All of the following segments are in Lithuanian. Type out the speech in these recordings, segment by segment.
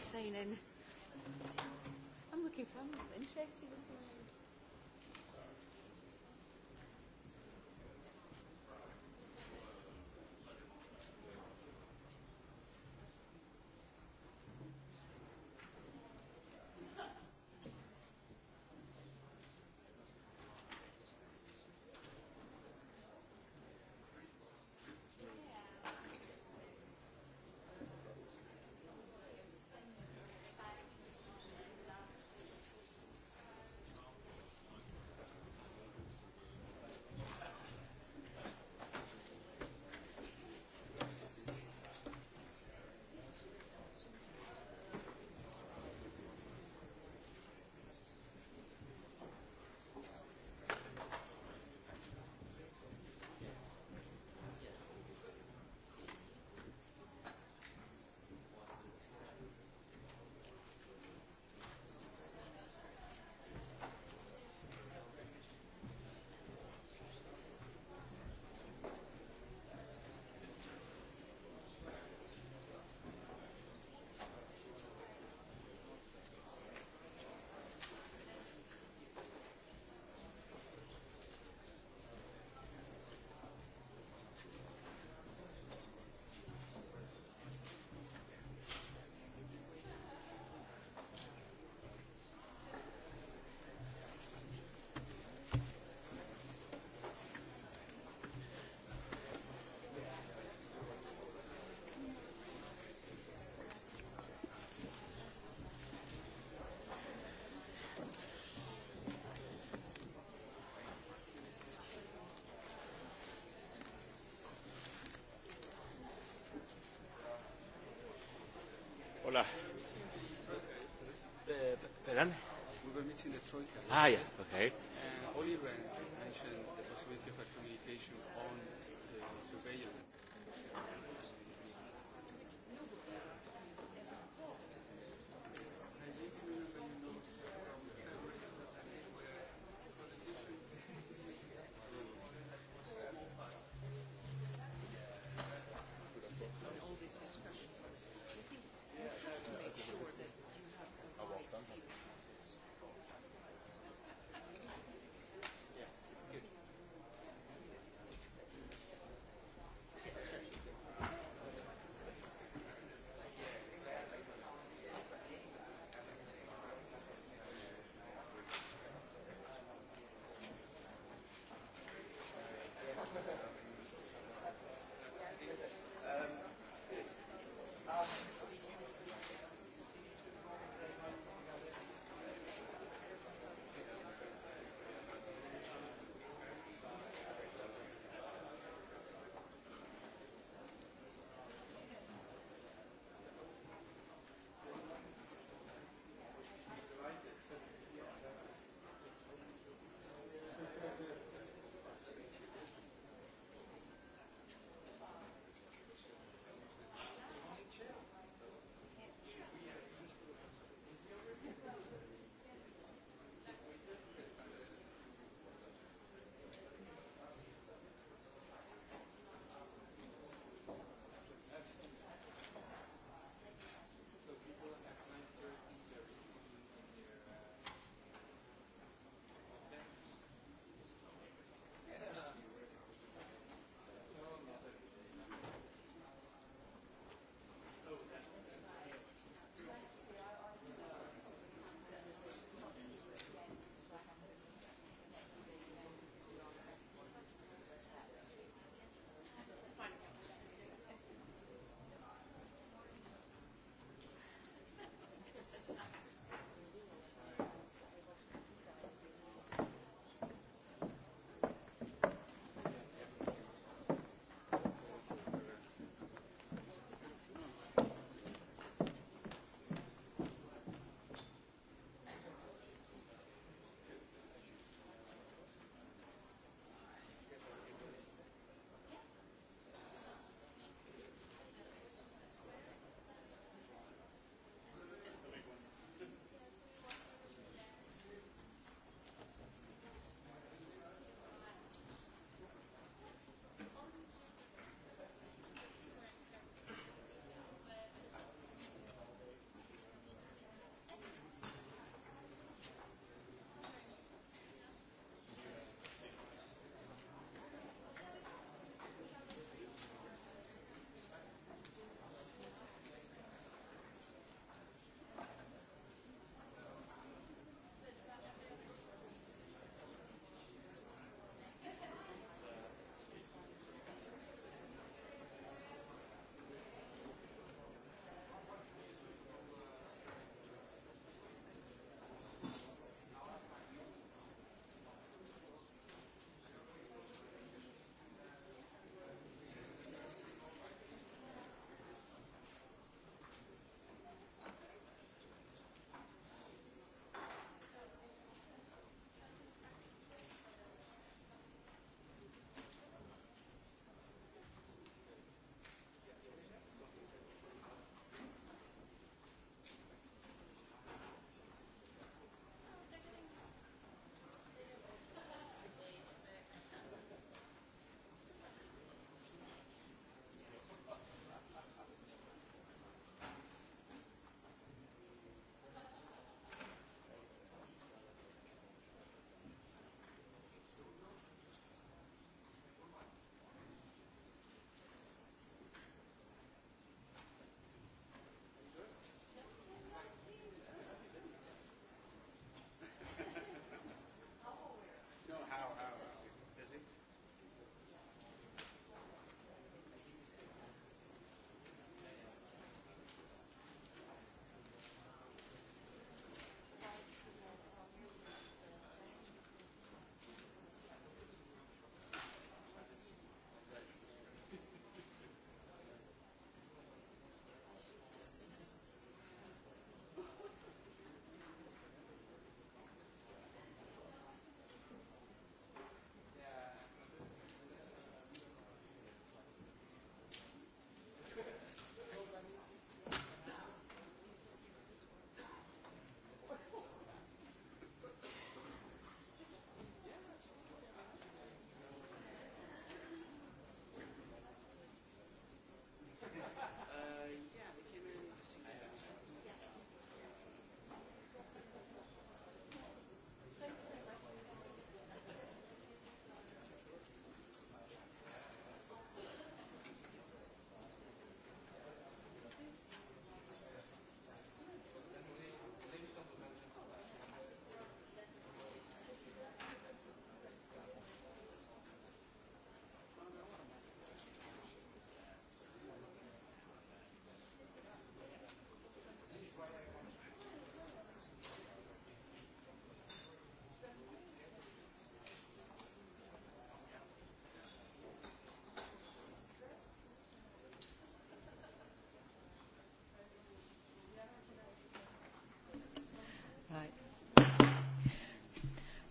Seinen. I'm looking for, I'm interested. Hola. Eh, Pardon? We were meeting the Troika. Ah, yeah, okay. And Oliver mentioned the possibility of a communication on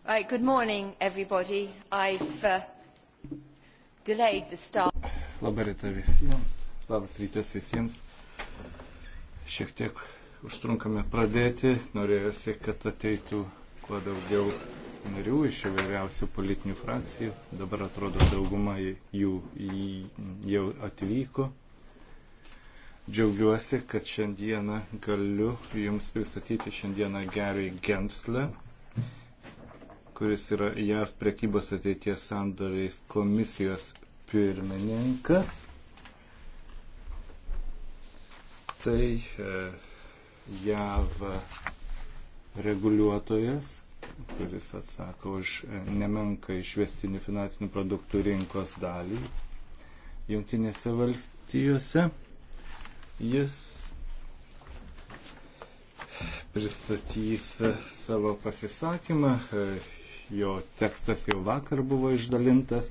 Right, good morning, everybody. I've uh, delayed the start. Labą rytą visiems. Labas rytas visiems. Šiek tiek užtrunkame pradėti. Norėjusi, kad ateitų kuo daugiau narių iš įvairiausių politinių frakcijų. Dabar atrodo dauguma jų jau atvyko. Džiaugiuosi, kad šiandieną galiu Jums pristatyti šiandieną Gary Genslę, kuris yra JAV prekybos ateities sandoriais komisijos pirmininkas. Tai e, JAV reguliuotojas, kuris atsako už e, nemenką išvestinių finansinių produktų rinkos dalį Junktinėse valstijose. Jis pristatys savo pasisakymą. E, jo tekstas jau vakar buvo išdalintas.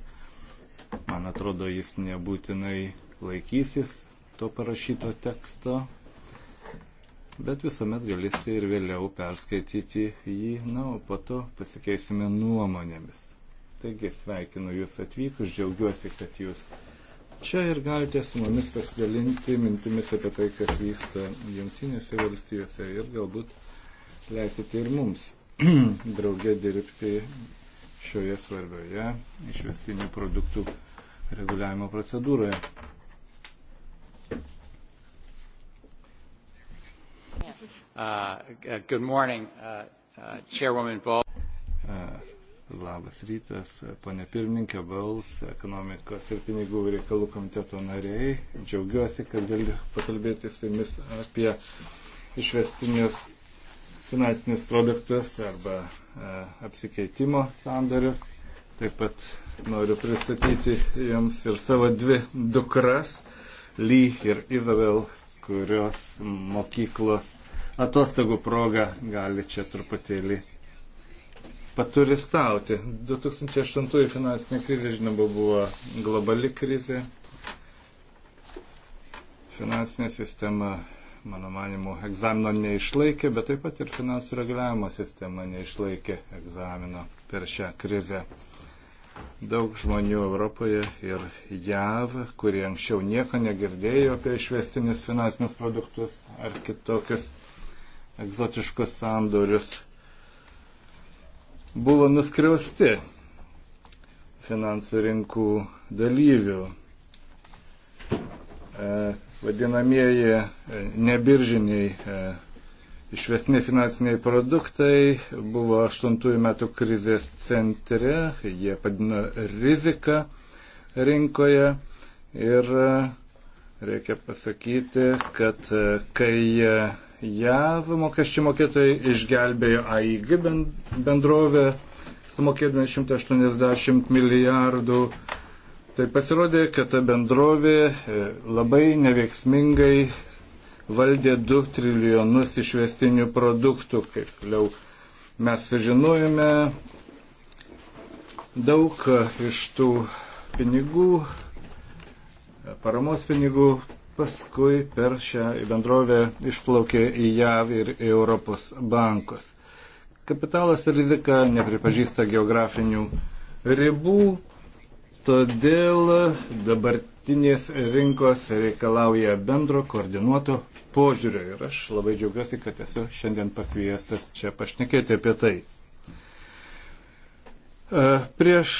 Man atrodo, jis nebūtinai laikysis to parašyto teksto, bet visuomet galėsite ir vėliau perskaityti jį, na, o po to pasikeisime nuomonėmis. Taigi sveikinu Jūs atvykus, džiaugiuosi, kad Jūs čia ir galite su mumis pasidalinti mintimis apie tai, kas vyksta Junktinėse valstijose ir galbūt leisite ir mums draugė dirbti šioje svarbioje išvestinių produktų reguliavimo procedūroje. Uh, uh good morning, uh, uh, Chairwoman Bowles. Uh, labas rytas, uh, ponė pirmininkė Bowles, ekonomikos ir pinigų reikalų komiteto nariai. Džiaugiuosi, kad galiu pakalbėti su jumis apie išvestinės finansinis produktas arba e, apsikeitimo sandaris. Taip pat noriu pristatyti jums ir savo dvi dukras, Ly ir Izabel, kurios mokyklos atostogų proga gali čia truputėlį paturistauti. 2008 finansinė krizė, žinoma, buvo globali krizė. Finansinė sistema mano manimo, egzamino neišlaikė, bet taip pat ir finansų reguliavimo sistema neišlaikė egzamino per šią krizę. Daug žmonių Europoje ir JAV, kurie anksčiau nieko negirdėjo apie išvestinius finansinius produktus ar kitokius egzotiškus sandorius, buvo nuskriausti finansų rinkų dalyvių. E, vadinamieji e, nebiržiniai e, išvesni finansiniai produktai buvo 8 metų krizės centre, jie padino riziką rinkoje ir e, reikia pasakyti, kad kai JAV mokesčių mokėtojai išgelbėjo AIG bendrovę, sumokėdami 180 milijardų Tai pasirodė, kad ta bendrovė e, labai neveiksmingai valdė 2 trilijonus išvestinių produktų, kaip jau mes sužinojome. Daug iš tų pinigų, e, paramos pinigų paskui per šią bendrovę išplaukė į JAV ir į Europos bankus. Kapitalas rizika nepripažįsta geografinių ribų, Todėl dabartinės rinkos reikalauja bendro koordinuoto požiūrio ir aš labai džiaugiuosi, kad esu šiandien pakviestas čia pašnekėti apie tai. E, prieš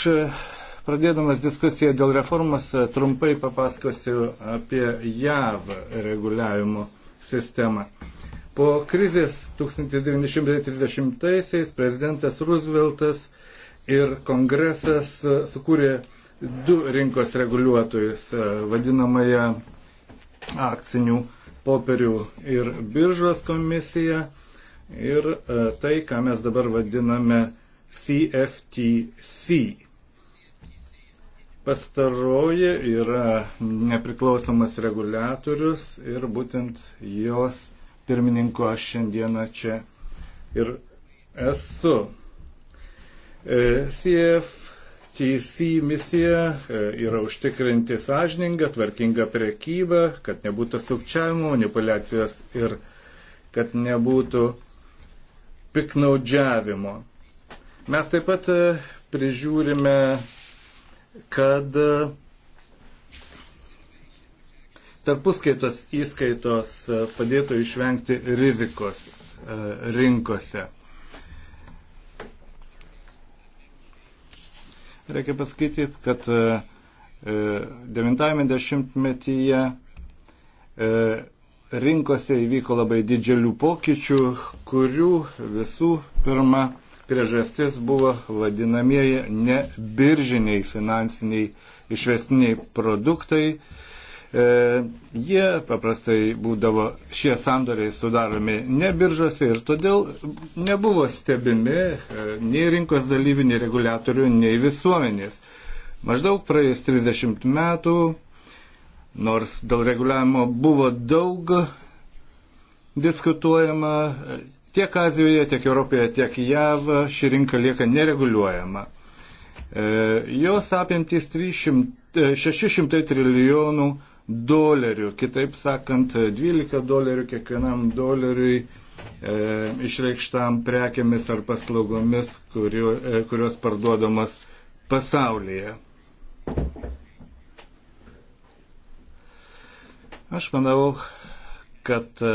pradėdamas diskusiją dėl reformas e, trumpai papasakosiu apie JAV reguliavimo sistemą. Po krizės 1930-aisiais prezidentas Rooseveltas ir kongresas e, sukūrė du rinkos reguliuotojus e, - vadinamąją akcinių popierių ir biržos komisiją ir e, tai, ką mes dabar vadiname CFTC. Pastaroji yra nepriklausomas reguliatorius ir būtent jos pirmininko aš šiandieną čia ir esu. E, CF FTC misija e, yra užtikrinti sąžiningą, tvarkingą priekybą, kad nebūtų sukčiavimo, manipulacijos ir kad nebūtų piknaudžiavimo. Mes taip pat e, prižiūrime, kad e, tarpuskaitos įskaitos padėtų išvengti rizikos rinkose. Reikia pasakyti, kad 90-metyje e, e, e, rinkose įvyko labai didžiulių pokyčių, kurių visų pirma priežastis buvo vadinamieji nebiržiniai finansiniai išvestiniai produktai, E, jie paprastai būdavo šie sandoriai sudaromi ne biržose ir todėl nebuvo stebimi e, nei rinkos dalyvių, nei reguliatorių, nei visuomenės. Maždaug praėjus 30 metų, nors dėl reguliavimo buvo daug diskutuojama, tiek Azijoje, tiek Europoje, tiek JAV ši rinka lieka nereguliuojama. E, jos apimtys 300, 600 trilijonų dolerių. Kitaip sakant, 12 dolerių kiekvienam doleriui e, išreikštam prekiamis ar paslaugomis, kuriu, e, kurios parduodamas pasaulyje. Aš manau, kad e,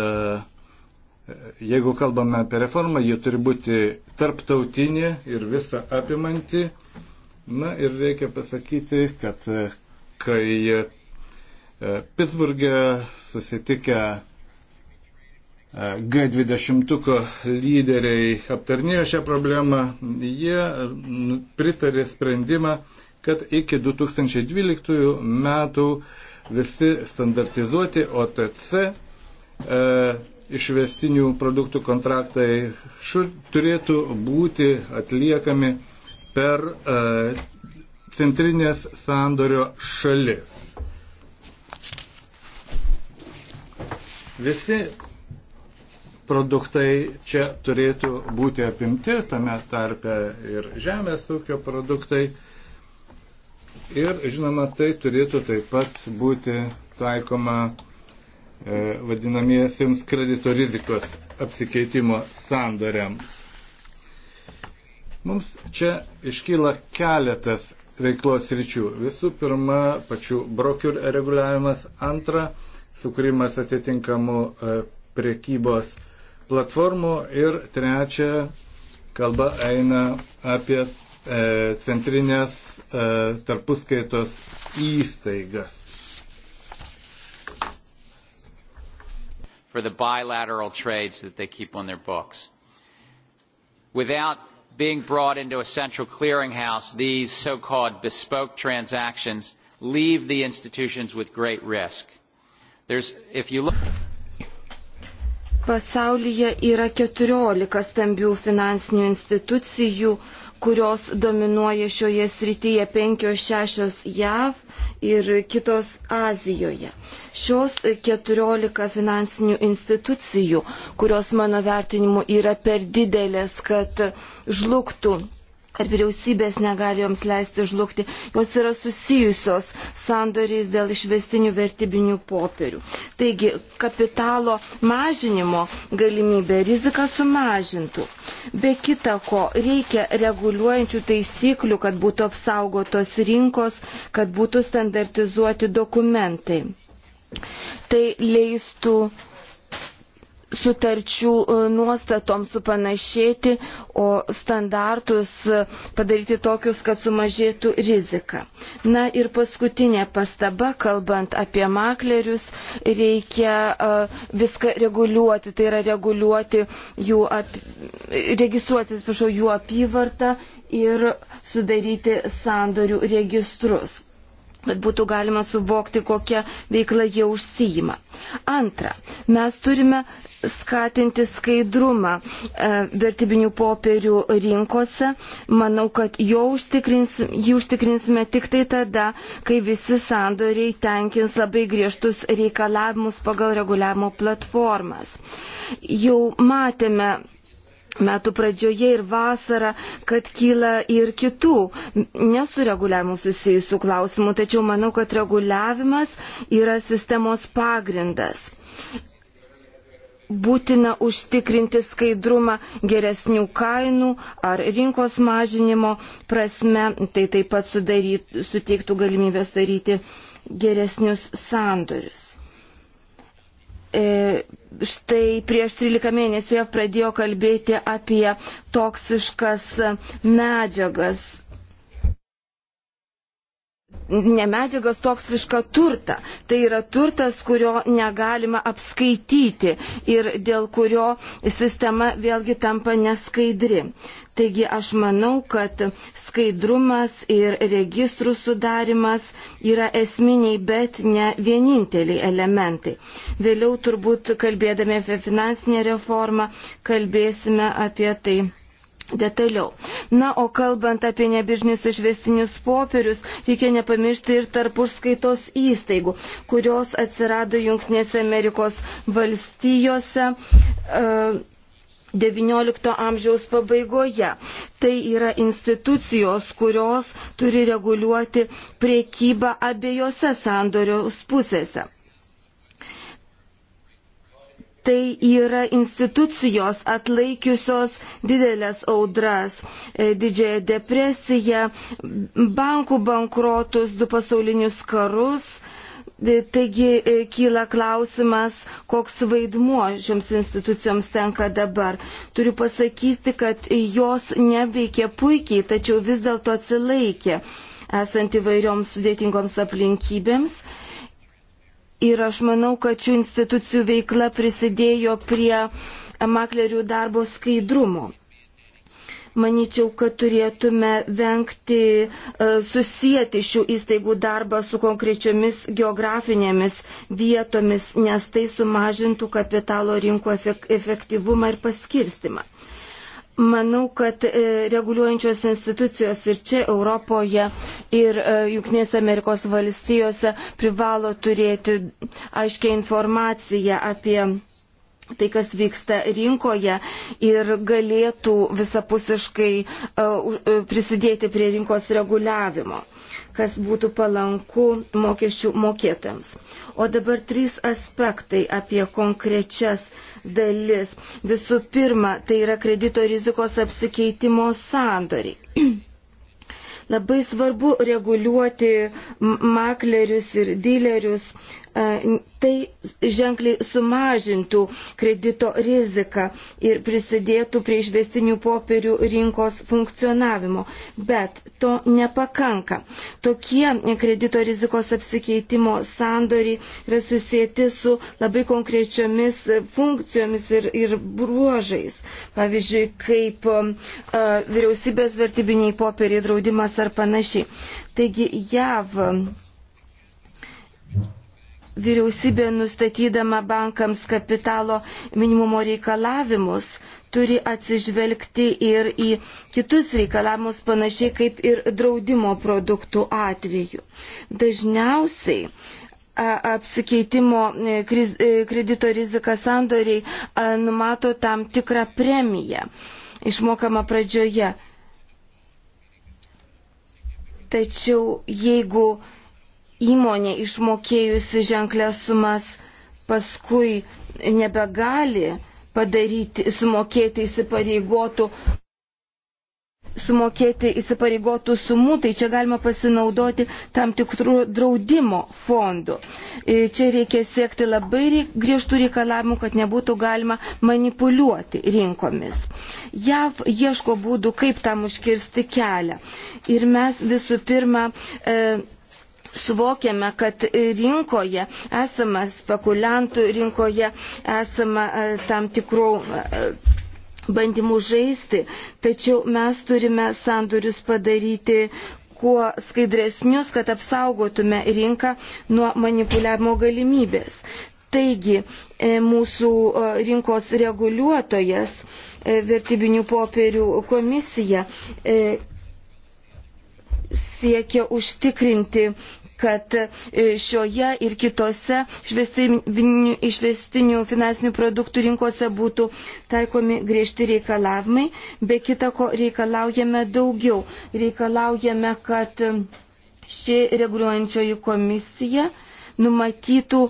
jeigu kalbame apie reformą, ji turi būti tarptautinė ir visą apimanti. Na ir reikia pasakyti, kad e, kai E, Pittsburgė susitikę e, G20 lyderiai aptarnėjo šią problemą, jie pritarė sprendimą, kad iki 2012 metų visi standartizuoti OTC e, išvestinių produktų kontraktai šu, turėtų būti atliekami per e, centrinės sandorio šalis. Visi produktai čia turėtų būti apimti, tame tarpe ir žemės ūkio produktai. Ir, žinoma, tai turėtų taip pat būti taikoma e, vadinamiesiems kredito rizikos apsikeitimo sandoriams. Mums čia iškyla keletas veiklos ryčių. Visų pirma, pačių brokerių reguliavimas. Antra, sukūrimas atitinkamų e, prekybos platformų ir trečia, kalba eina apie e, centrinės e, tarpuskaitos įstaigas. for the bilateral trades that they keep on their books. Without being brought into a central clearinghouse, these so-called bespoke transactions leave the institutions with great risk. Look... Pasaulyje yra 14 stambių finansinių institucijų, kurios dominuoja šioje srityje 5-6 JAV ir kitos Azijoje. Šios 14 finansinių institucijų, kurios mano vertinimu yra per didelės, kad žlugtų kad vyriausybės negali joms leisti žlugti, jos yra susijusios sandoriais dėl išvestinių vertybinių popierių. Taigi kapitalo mažinimo galimybė riziką sumažintų. Be kita ko, reikia reguliuojančių taisyklių, kad būtų apsaugotos rinkos, kad būtų standartizuoti dokumentai. Tai leistų sutarčių e, nuostatoms supanašėti, o standartus e, padaryti tokius, kad sumažėtų rizika. Na ir paskutinė pastaba, kalbant apie maklerius, reikia e, viską reguliuoti, tai yra reguliuoti jų, ap... registruoti, atsiprašau, jų apyvartą ir sudaryti sandorių registrus kad būtų galima suvokti, kokią veiklą jie užsijima. Antra, mes turime skatinti skaidrumą e, vertybinių popierių rinkose. Manau, kad užtikrins, jį užtikrinsime tik tai tada, kai visi sandoriai tenkins labai griežtus reikalavimus pagal reguliavimo platformas. Jau matėme metų pradžioje ir vasarą, kad kyla ir kitų nesureguliavimų susijusių klausimų, tačiau manau, kad reguliavimas yra sistemos pagrindas. Būtina užtikrinti skaidrumą geresnių kainų ar rinkos mažinimo prasme, tai taip pat sudaryt, suteiktų galimybės daryti geresnius sandorius. E, štai prieš 13 mėnesių jie pradėjo kalbėti apie toksiškas medžiagas ne medžiagas toksišką turtą. Tai yra turtas, kurio negalima apskaityti ir dėl kurio sistema vėlgi tampa neskaidri. Taigi aš manau, kad skaidrumas ir registrų sudarimas yra esminiai, bet ne vieninteliai elementai. Vėliau turbūt kalbėdami apie finansinę reformą kalbėsime apie tai detaliau. Na, o kalbant apie nebižnius išvestinius popierius, reikia nepamiršti ir tarp užskaitos įstaigų, kurios atsirado Junktinėse Amerikos valstijose. Uh, e, XIX amžiaus pabaigoje. Tai yra institucijos, kurios turi reguliuoti priekybą abiejose sandoriaus pusėse tai yra institucijos atlaikiusios didelės audras, e, didžiąją depresiją, bankų bankrotus, du pasaulinius karus. E, taigi e, kyla klausimas, koks vaidmuo šioms institucijoms tenka dabar. Turiu pasakyti, kad jos neveikė puikiai, tačiau vis dėlto atsilaikė esant įvairioms sudėtingoms aplinkybėms. Ir aš manau, kad šių institucijų veikla prisidėjo prie maklerių darbo skaidrumo. Maničiau, kad turėtume vengti e, susijęti šių įstaigų darbą su konkrečiomis geografinėmis vietomis, nes tai sumažintų kapitalo rinkų efektyvumą ir paskirstimą. Manau, kad e, reguliuojančios institucijos ir čia Europoje ir e, Junktinės Amerikos valstijose privalo turėti aiškę informaciją apie tai, kas vyksta rinkoje ir galėtų visapusiškai e, prisidėti prie rinkos reguliavimo, kas būtų palanku mokesčių mokėtojams. O dabar trys aspektai apie konkrečias dalis. Visų pirma, tai yra kredito rizikos apsikeitimo sandoriai. Labai svarbu reguliuoti maklerius ir dilerius tai ženkliai sumažintų kredito riziką ir prisidėtų prie išvestinių popierių rinkos funkcionavimo. Bet to nepakanka. Tokie kredito rizikos apsikeitimo sandoriai yra susijęti su labai konkrečiomis funkcijomis ir, ir bruožais. Pavyzdžiui, kaip a, vyriausybės vertybiniai popieriai draudimas ar panašiai. Taigi JAV vyriausybė nustatydama bankams kapitalo minimumo reikalavimus turi atsižvelgti ir į kitus reikalavimus panašiai kaip ir draudimo produktų atveju. Dažniausiai apsikeitimo e, e, kredito rizika sandoriai numato tam tikrą premiją išmokama pradžioje. Tačiau jeigu įmonė išmokėjusi ženklės sumas paskui nebegali padaryti, sumokėti įsipareigotų sumokėti įsipareigotų sumų, tai čia galima pasinaudoti tam tikrų draudimo fondų. E, čia reikia siekti labai griežtų reikalavimų, kad nebūtų galima manipuliuoti rinkomis. JAV ieško būdų, kaip tam užkirsti kelią. Ir mes visų pirma e, suvokiame, kad rinkoje esama spekuliantų, rinkoje esama e, tam tikrų e, bandymų žaisti, tačiau mes turime sandorius padaryti kuo skaidresnius, kad apsaugotume rinką nuo manipuliavimo galimybės. Taigi e, mūsų rinkos reguliuotojas, vertybinių popierių komisija siekia užtikrinti kad e, šioje ir kitose išvestinių finansinių produktų rinkose būtų taikomi griežti reikalavimai, be kita ko reikalaujame daugiau. Reikalaujame, kad ši reguliuojančioji komisija numatytų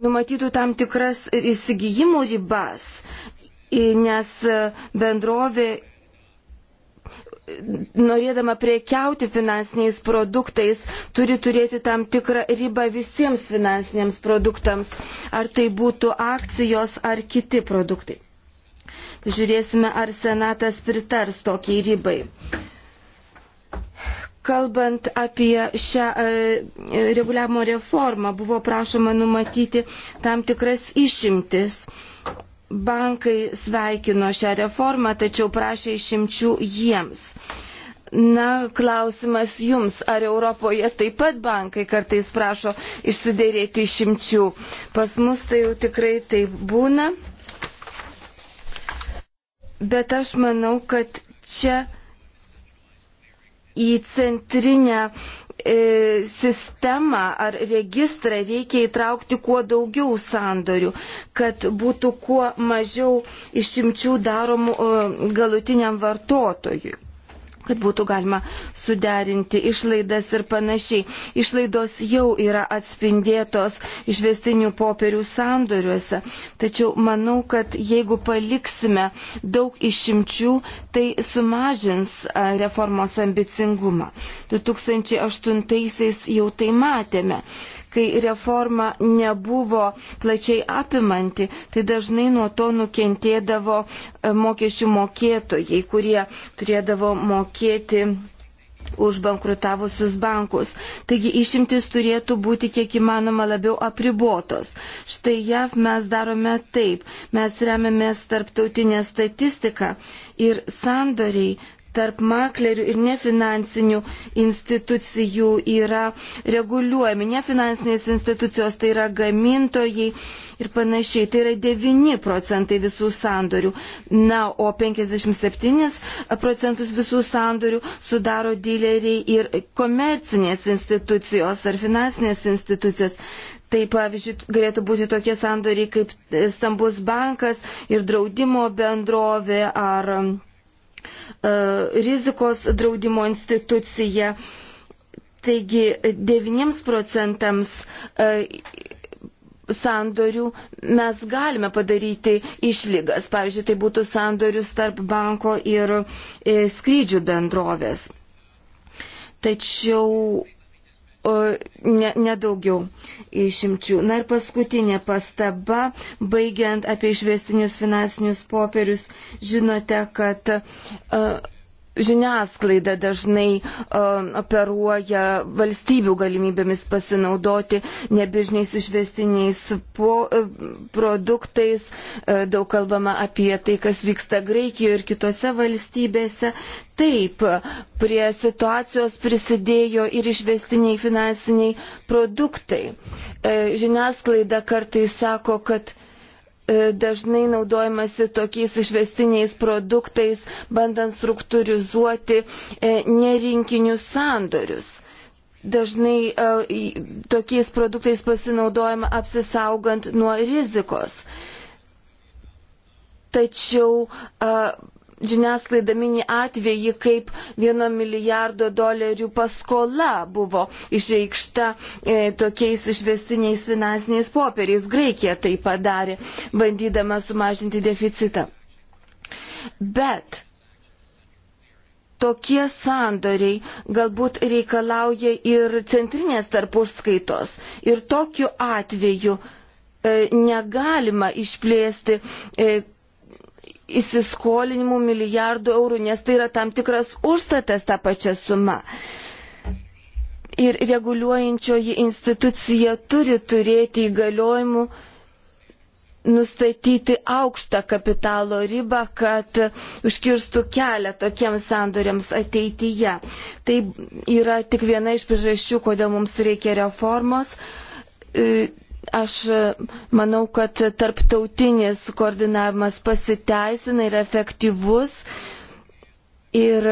numatytų tam tikras įsigijimų ribas, nes bendrovė norėdama priekiauti finansiniais produktais, turi turėti tam tikrą ribą visiems finansiniams produktams, ar tai būtų akcijos ar kiti produktai. Pažiūrėsime, ar Senatas pritars tokiai ribai. Kalbant apie šią e, reguliavimo reformą, buvo prašoma numatyti tam tikras išimtis bankai sveikino šią reformą, tačiau prašė išimčių jiems. Na, klausimas jums, ar Europoje taip pat bankai kartais prašo išsiderėti išimčių? Pas mus tai jau tikrai taip būna. Bet aš manau, kad čia į centrinę E, sistemą ar registrą reikia įtraukti kuo daugiau sandorių, kad būtų kuo mažiau išimčių daromų galutiniam vartotojui kad būtų galima suderinti išlaidas ir panašiai. Išlaidos jau yra atspindėtos išvestinių popierių sandoriuose, tačiau manau, kad jeigu paliksime daug išimčių, tai sumažins reformos ambicingumą. 2008 jau tai matėme kai reforma nebuvo plačiai apimanti, tai dažnai nuo to nukentėdavo e, mokesčių mokėtojai, kurie turėdavo mokėti už bankrutavusius bankus. Taigi išimtis turėtų būti kiek įmanoma labiau apribotos. Štai JAV mes darome taip, mes remiamės tarptautinę statistiką ir sandoriai tarp maklerių ir nefinansinių institucijų yra reguliuojami. Nefinansinės institucijos tai yra gamintojai ir panašiai. Tai yra 9 procentai visų sandorių. Na, o 57 procentus visų sandorių sudaro dileriai ir komercinės institucijos ar finansinės institucijos. Tai pavyzdžiui, galėtų būti tokie sandoriai kaip stambus bankas ir draudimo bendrovė ar E, rizikos draudimo institucija. Taigi 9 procentams e, sandorių mes galime padaryti išlygas. Pavyzdžiui, tai būtų sandorius tarp banko ir e, skrydžių bendrovės. Tačiau nedaugiau ne išimčių. Na ir paskutinė pastaba, baigiant apie išvestinius finansinius popierius, žinote, kad uh, žiniasklaida dažnai um, operuoja valstybių galimybėmis pasinaudoti nebežniais išvestiniais po, e, produktais. E, daug kalbama apie tai, kas vyksta Graikijoje ir kitose valstybėse. Taip, prie situacijos prisidėjo ir išvestiniai finansiniai produktai. Žiniasklaida kartais sako, kad E, dažnai naudojamasi tokiais išvestiniais produktais, bandant struktūrizuoti e, nerinkinius sandorius. Dažnai e, tokiais produktais pasinaudojama apsisaugant nuo rizikos. Tačiau žiniasklaida mini atvejį, kaip vieno milijardo dolerių paskola buvo išreikšta e, tokiais išvestiniais finansiniais popieriais. Graikija tai padarė, bandydama sumažinti deficitą. Bet tokie sandoriai galbūt reikalauja ir centrinės tarpuskaitos. Ir tokiu atveju e, negalima išplėsti. E, įsiskolinimų milijardų eurų, nes tai yra tam tikras užstatas tą pačią sumą. Ir reguliuojančioji institucija turi turėti įgaliojimų nustatyti aukštą kapitalo ribą, kad užkirstų kelią tokiems sandoriams ateityje. Tai yra tik viena iš priežasčių, kodėl mums reikia reformos e, Aš e, manau, kad tarptautinis koordinavimas pasiteisina ir efektyvus. Ir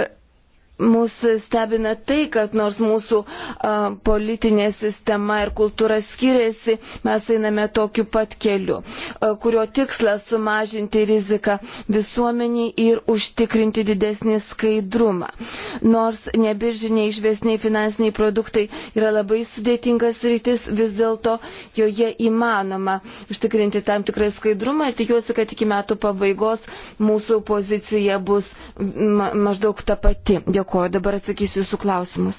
Mūsų stebina tai, kad nors mūsų a, politinė sistema ir kultūra skiriasi, mes einame tokiu pat keliu, a, kurio tikslas sumažinti riziką visuomeniai ir užtikrinti didesnį skaidrumą. Nors nebiržiniai išvesniai finansiniai produktai yra labai sudėtingas rytis, vis dėlto joje įmanoma užtikrinti tam tikrą skaidrumą ir tikiuosi, kad iki metų pabaigos mūsų pozicija bus ma maždaug ta pati. Dėkui. Dėkuoju, dabar atsakysiu jūsų klausimus.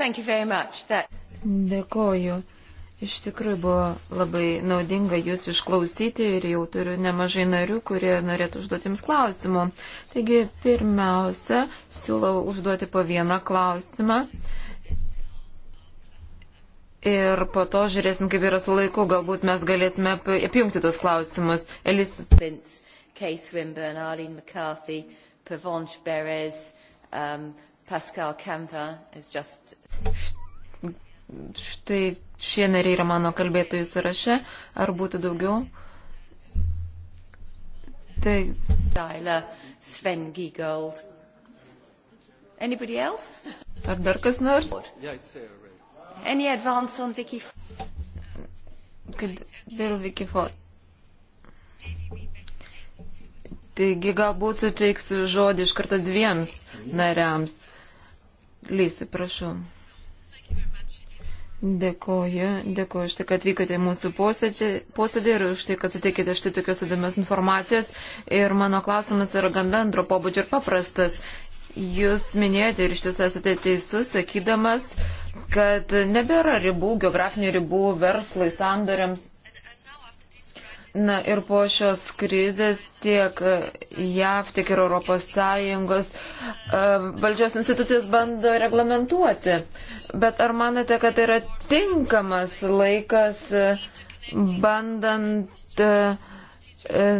That... Dėkuoju. Iš tikrųjų buvo labai naudinga jūs išklausyti ir jau turiu nemažai narių, kurie norėtų užduoti jums klausimų. Taigi, pirmiausia, siūlau užduoti po vieną klausimą. Ir po to žiūrėsim, kaip yra su laiku, galbūt mes galėsime apjungti tos klausimus. Elis. Tins. Kay Swinburne, Arlene McCarthy, Pavanche Beres, um, Pascal Campa is just. Štai šie nariai yra mano kalbėtojų sąraše. Ar būtų daugiau? Tai. Tyler, Sven Giegold. Anybody else? Ar dar kas nors? Any advance on Vicky Ford? Kad dėl Vicky Ford. Taigi galbūt suteiksiu žodį iš karto dviems nariams. Lysi, prašau. Dėkoju, dėkoju už tai, kad atvykote į mūsų posėdį, posėdį ir už tai, kad suteikėte štai tokios įdomios informacijos. Ir mano klausimas yra gan bendro pobūdžio ir paprastas. Jūs minėjote ir iš tiesų esate teisus, sakydamas, kad nebėra ribų, geografinių ribų verslui, sandoriams Na ir po šios krizės tiek JAV, tiek ir ES e, valdžios institucijos bando reglamentuoti. Bet ar manote, kad tai yra tinkamas laikas e, bandant e,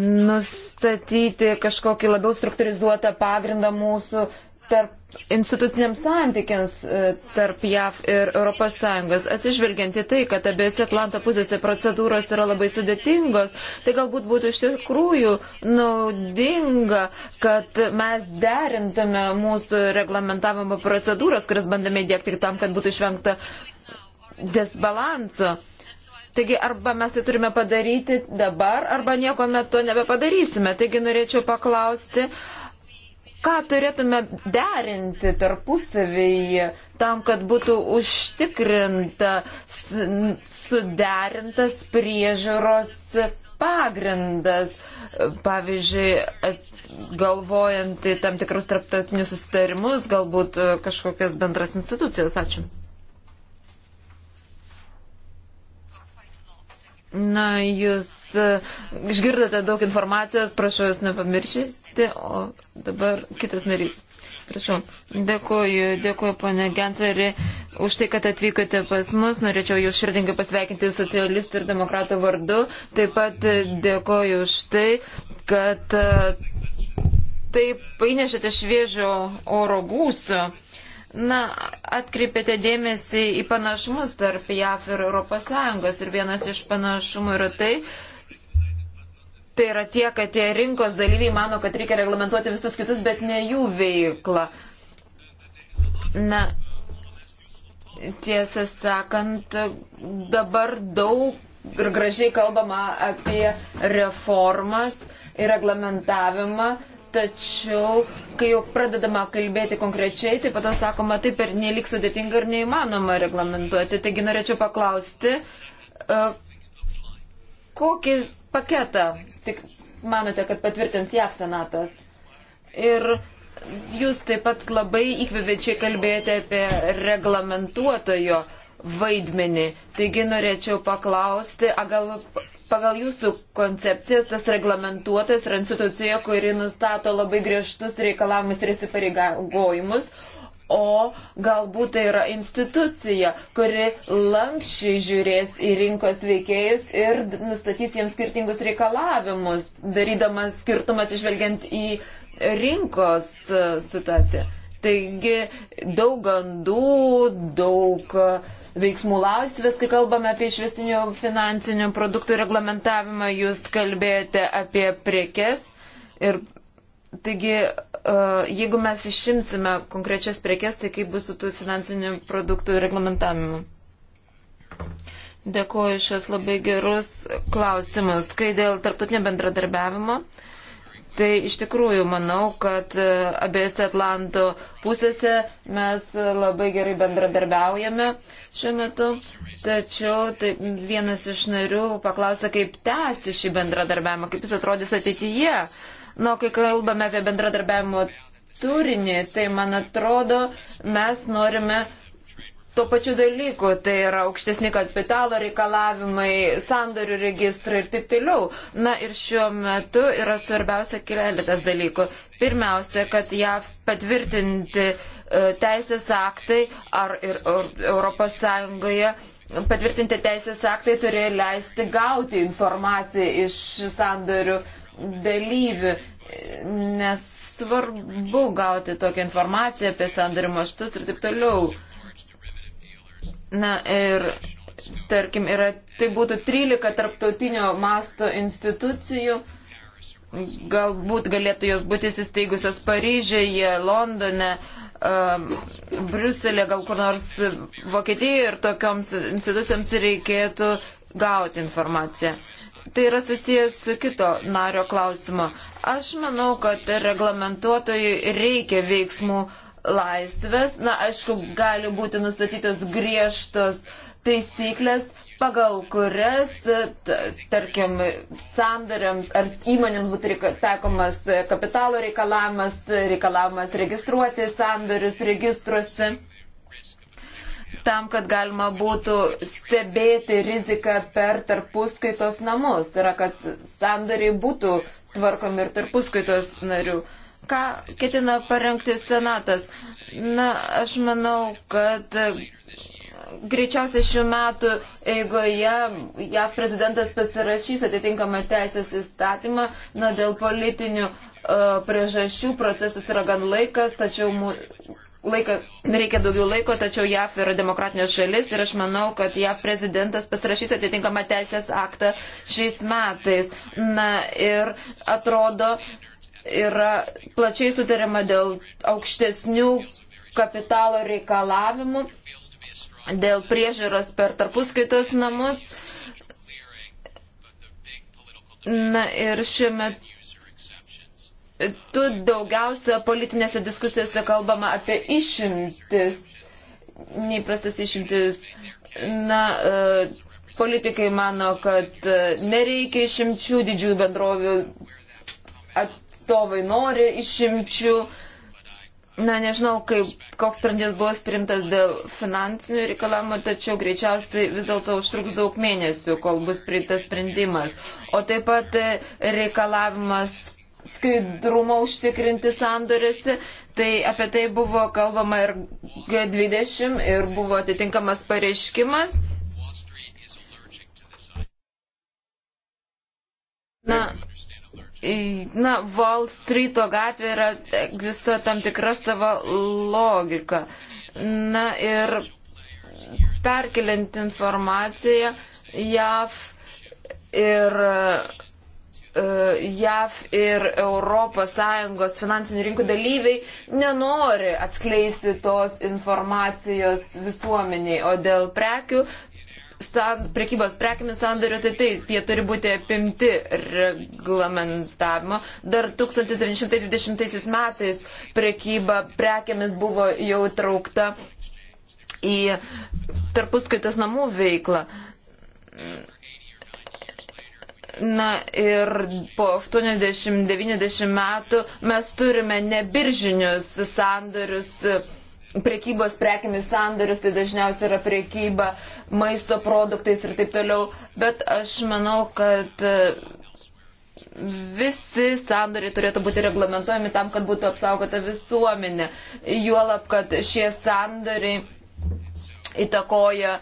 nustatyti kažkokį labiau struktūrizuotą pagrindą mūsų tarp instituciniams santykiams e, tarp JAV ir ES. Atsižvelgiant į tai, kad abiejose Atlanto pusėse procedūros yra labai sudėtingos, tai galbūt būtų iš tikrųjų naudinga, kad mes derintume mūsų reglamentavimo procedūras, kurias bandame įdėkti tam, kad būtų išvengta disbalanso. Taigi arba mes tai turime padaryti dabar, arba nieko metu nebepadarysime. Taigi norėčiau paklausti, ką turėtume derinti tarpusavyje tam, kad būtų užtikrinta suderintas priežiūros pagrindas, pavyzdžiui, galvojant į tam tikrus tarptautinius sustarimus, galbūt e, kažkokias bendras institucijas. Ačiū. Na, jūs e, išgirdote daug informacijos, prašau, jūs nepamiršyti atsakyti, o dabar kitas narys. Prašau. Dėkuoju, dėkuoju, ponė Gensleri, už tai, kad atvykote pas mus. Norėčiau jūs širdingai pasveikinti socialistų ir demokratų vardu. Taip pat dėkuoju už tai, kad e, taip įnešėte šviežio oro gūsio. Na, atkreipėte dėmesį į panašumus tarp JAF ir ES ir vienas iš panašumų yra tai, Tai yra tie, kad tie rinkos dalyviai mano, kad reikia reglamentuoti visus kitus, bet ne jų veiklą. Na, tiesą sakant, dabar daug ir gražiai kalbama apie reformas ir reglamentavimą, tačiau kai jau pradedama kalbėti konkrečiai, tai pato sakoma, taip ir nelik sudėtinga ir neįmanoma reglamentuoti. Taigi norėčiau paklausti, e, kokis paketą, tik manote, kad patvirtins JAV senatas. Ir jūs taip pat labai įkvevečiai kalbėjote apie reglamentuotojo vaidmenį. Taigi norėčiau paklausti, gal pagal jūsų koncepcijas tas reglamentuotas yra institucija, kuri nustato labai griežtus reikalavimus ir įsipareigojimus, o galbūt tai yra institucija, kuri lankščiai žiūrės į rinkos veikėjus ir nustatys jiems skirtingus reikalavimus, darydamas skirtumą atsižvelgiant į rinkos e, situaciją. Taigi daug gandų, daug veiksmų laisvės, kai kalbame apie išvestinių finansinių produktų reglamentavimą, jūs kalbėjote apie priekes ir Taigi, e, jeigu mes išimsime konkrečias prekes, tai kaip bus su tų finansinių produktų reglamentavimu? Dėkuoju šios labai gerus klausimus. Kai dėl tarptautinio bendradarbiavimo, tai iš tikrųjų manau, kad e, abiejose Atlanto pusėse mes labai gerai bendradarbiaujame šiuo metu. Tačiau tai vienas iš narių paklausė, kaip tęsti šį bendradarbiavimą, kaip jis atrodys ateityje. Nu, kai kalbame apie bendradarbiavimo turinį, tai man atrodo, mes norime tuo pačiu dalyku, tai yra aukštesni kapitalo reikalavimai, sandorių registrai ir taip toliau. Na ir šiuo metu yra svarbiausia keletas dalykų. Pirmiausia, kad JAV patvirtinti e, teisės aktai ar ir Europos Sąjungoje patvirtinti teisės aktai turėjo leisti gauti informaciją iš sandorių dalyvių, nes svarbu gauti tokią informaciją apie sandarių maštus ir taip toliau. Na ir, tarkim, yra, tai būtų 13 tarptautinio masto institucijų, galbūt galėtų jos būti įsteigusios Paryžiuje, Londone, um, Bruselė, gal kur nors Vokietijoje ir tokioms institucijoms reikėtų gauti informaciją. Tai yra susijęs su kito nario klausimu. Aš manau, kad reglamentuotojui reikia veiksmų laisvės. Na, aišku, gali būti nustatytos griežtos taisyklės, pagal kurias, tarkim, sandariams ar įmonėms būtų taikomas kapitalo reikalavimas, reikalavimas registruoti sandarius registruose tam, kad galima būtų stebėti riziką per tarpuskaitos namus. Tai yra, kad sandoriai būtų tvarkomi ir tarpuskaitos narių. Ką ketina parengti Senatas? Na, aš manau, kad greičiausiai šių metų eigoje JAV prezidentas pasirašys atitinkamą teisės įstatymą na, dėl politinių e, priežasčių procesas yra gan laikas, tačiau laika, reikia daugiau laiko, tačiau JAF yra demokratinė šalis ir aš manau, kad JAF prezidentas pasirašys atitinkamą teisės aktą šiais metais. Na ir atrodo, yra plačiai sutarima dėl aukštesnių kapitalo reikalavimų, dėl priežiūros per tarpuskaitos namus. Na ir šiuo metu Tu daugiausia politinėse diskusijose kalbama apie išimtis, neįprastas išimtis. Na, e, politikai mano, kad e, nereikia išimčių, didžiųjų bendrovių atstovai nori išimčių. Na, nežinau, kaip, koks sprendimas buvo sprimtas dėl finansinių reikalavimų, tačiau greičiausiai vis dėlto užtruks daug mėnesių, kol bus prieitas sprendimas. O taip pat e, reikalavimas skaidrumą užtikrinti sandorėse. Tai apie tai buvo kalbama ir G20 ir buvo atitinkamas pareiškimas. Na, na, Wall Street'o gatvė yra, egzistuoja tam tikra savo logika. Na ir perkeliant informaciją, JAV ir E, JAV ir ES finansinių rinkų dalyviai nenori atskleisti tos informacijos visuomeniai, o dėl prekių. San, prekybos prekiamis sandario, tai taip, jie turi būti apimti reglamentavimo. Dar 1920 metais prekyba prekiamis buvo jau traukta į tarpuskaitas namų veiklą. Na ir po 80-90 metų mes turime nebiržinius sandorius, prekybos prekiamis sandorius, tai dažniausiai yra prekyba maisto produktais ir taip toliau. Bet aš manau, kad e, visi sandoriai turėtų būti reglamentuojami tam, kad būtų apsaugota visuomenė. Juolab, kad šie sandoriai įtakoja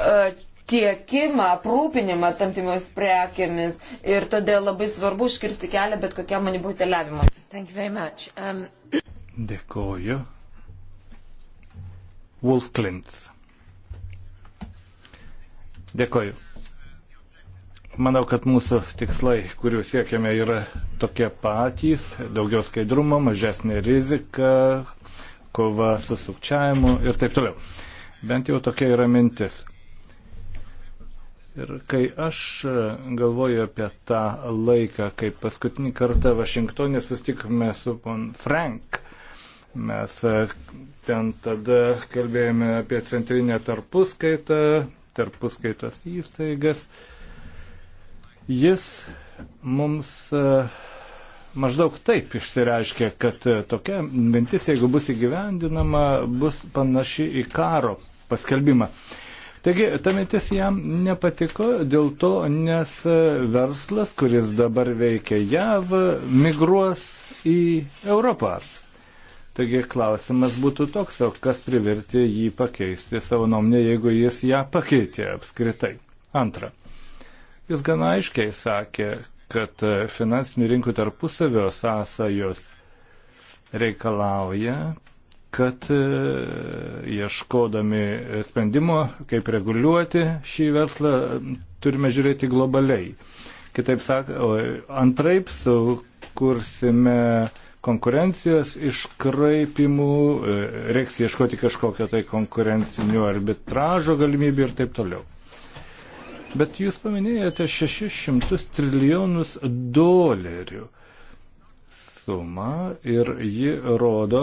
uh, tiekimą, aprūpinimą tam timis prekiamis ir todėl labai svarbu užkirsti kelią bet kokiam manipuliavimui. Um... Dėkoju. Wolf Klints. Dėkoju. Manau, kad mūsų tikslai, kurių siekiame, yra tokie patys - daugiau skaidrumo, mažesnė rizika, kova su sukčiavimu ir taip toliau. Bent jau tokia yra mintis. Ir kai aš e, galvoju apie tą laiką, kai paskutinį kartą Vašingtonė sustikome su pon Frank, mes e, ten tada kalbėjome apie centrinę tarpuskaitą, tarpuskaitos įstaigas. Jis mums e, maždaug taip išsireiškia, kad tokia mintis, jeigu bus įgyvendinama, bus panaši į karo paskelbimą. Taigi, ta mintis jam nepatiko dėl to, nes verslas, kuris dabar veikia JAV, migruos į Europą. Taigi klausimas būtų toks, o kas privertė jį pakeisti savo nuomonę, jeigu jis ją pakeitė apskritai. Antra. Jis gana aiškiai sakė, kad finansinių rinkų tarpusavio sąsajos reikalauja kad e, ieškodami sprendimo, kaip reguliuoti šį verslą, turime žiūrėti globaliai. Kitaip sakant, antraip sukursime konkurencijos iškraipimų, e, reiks ieškoti kažkokio tai konkurencinio arbitražo galimybių ir taip toliau. Bet jūs paminėjote 600 trilijonus dolerių sumą ir ji rodo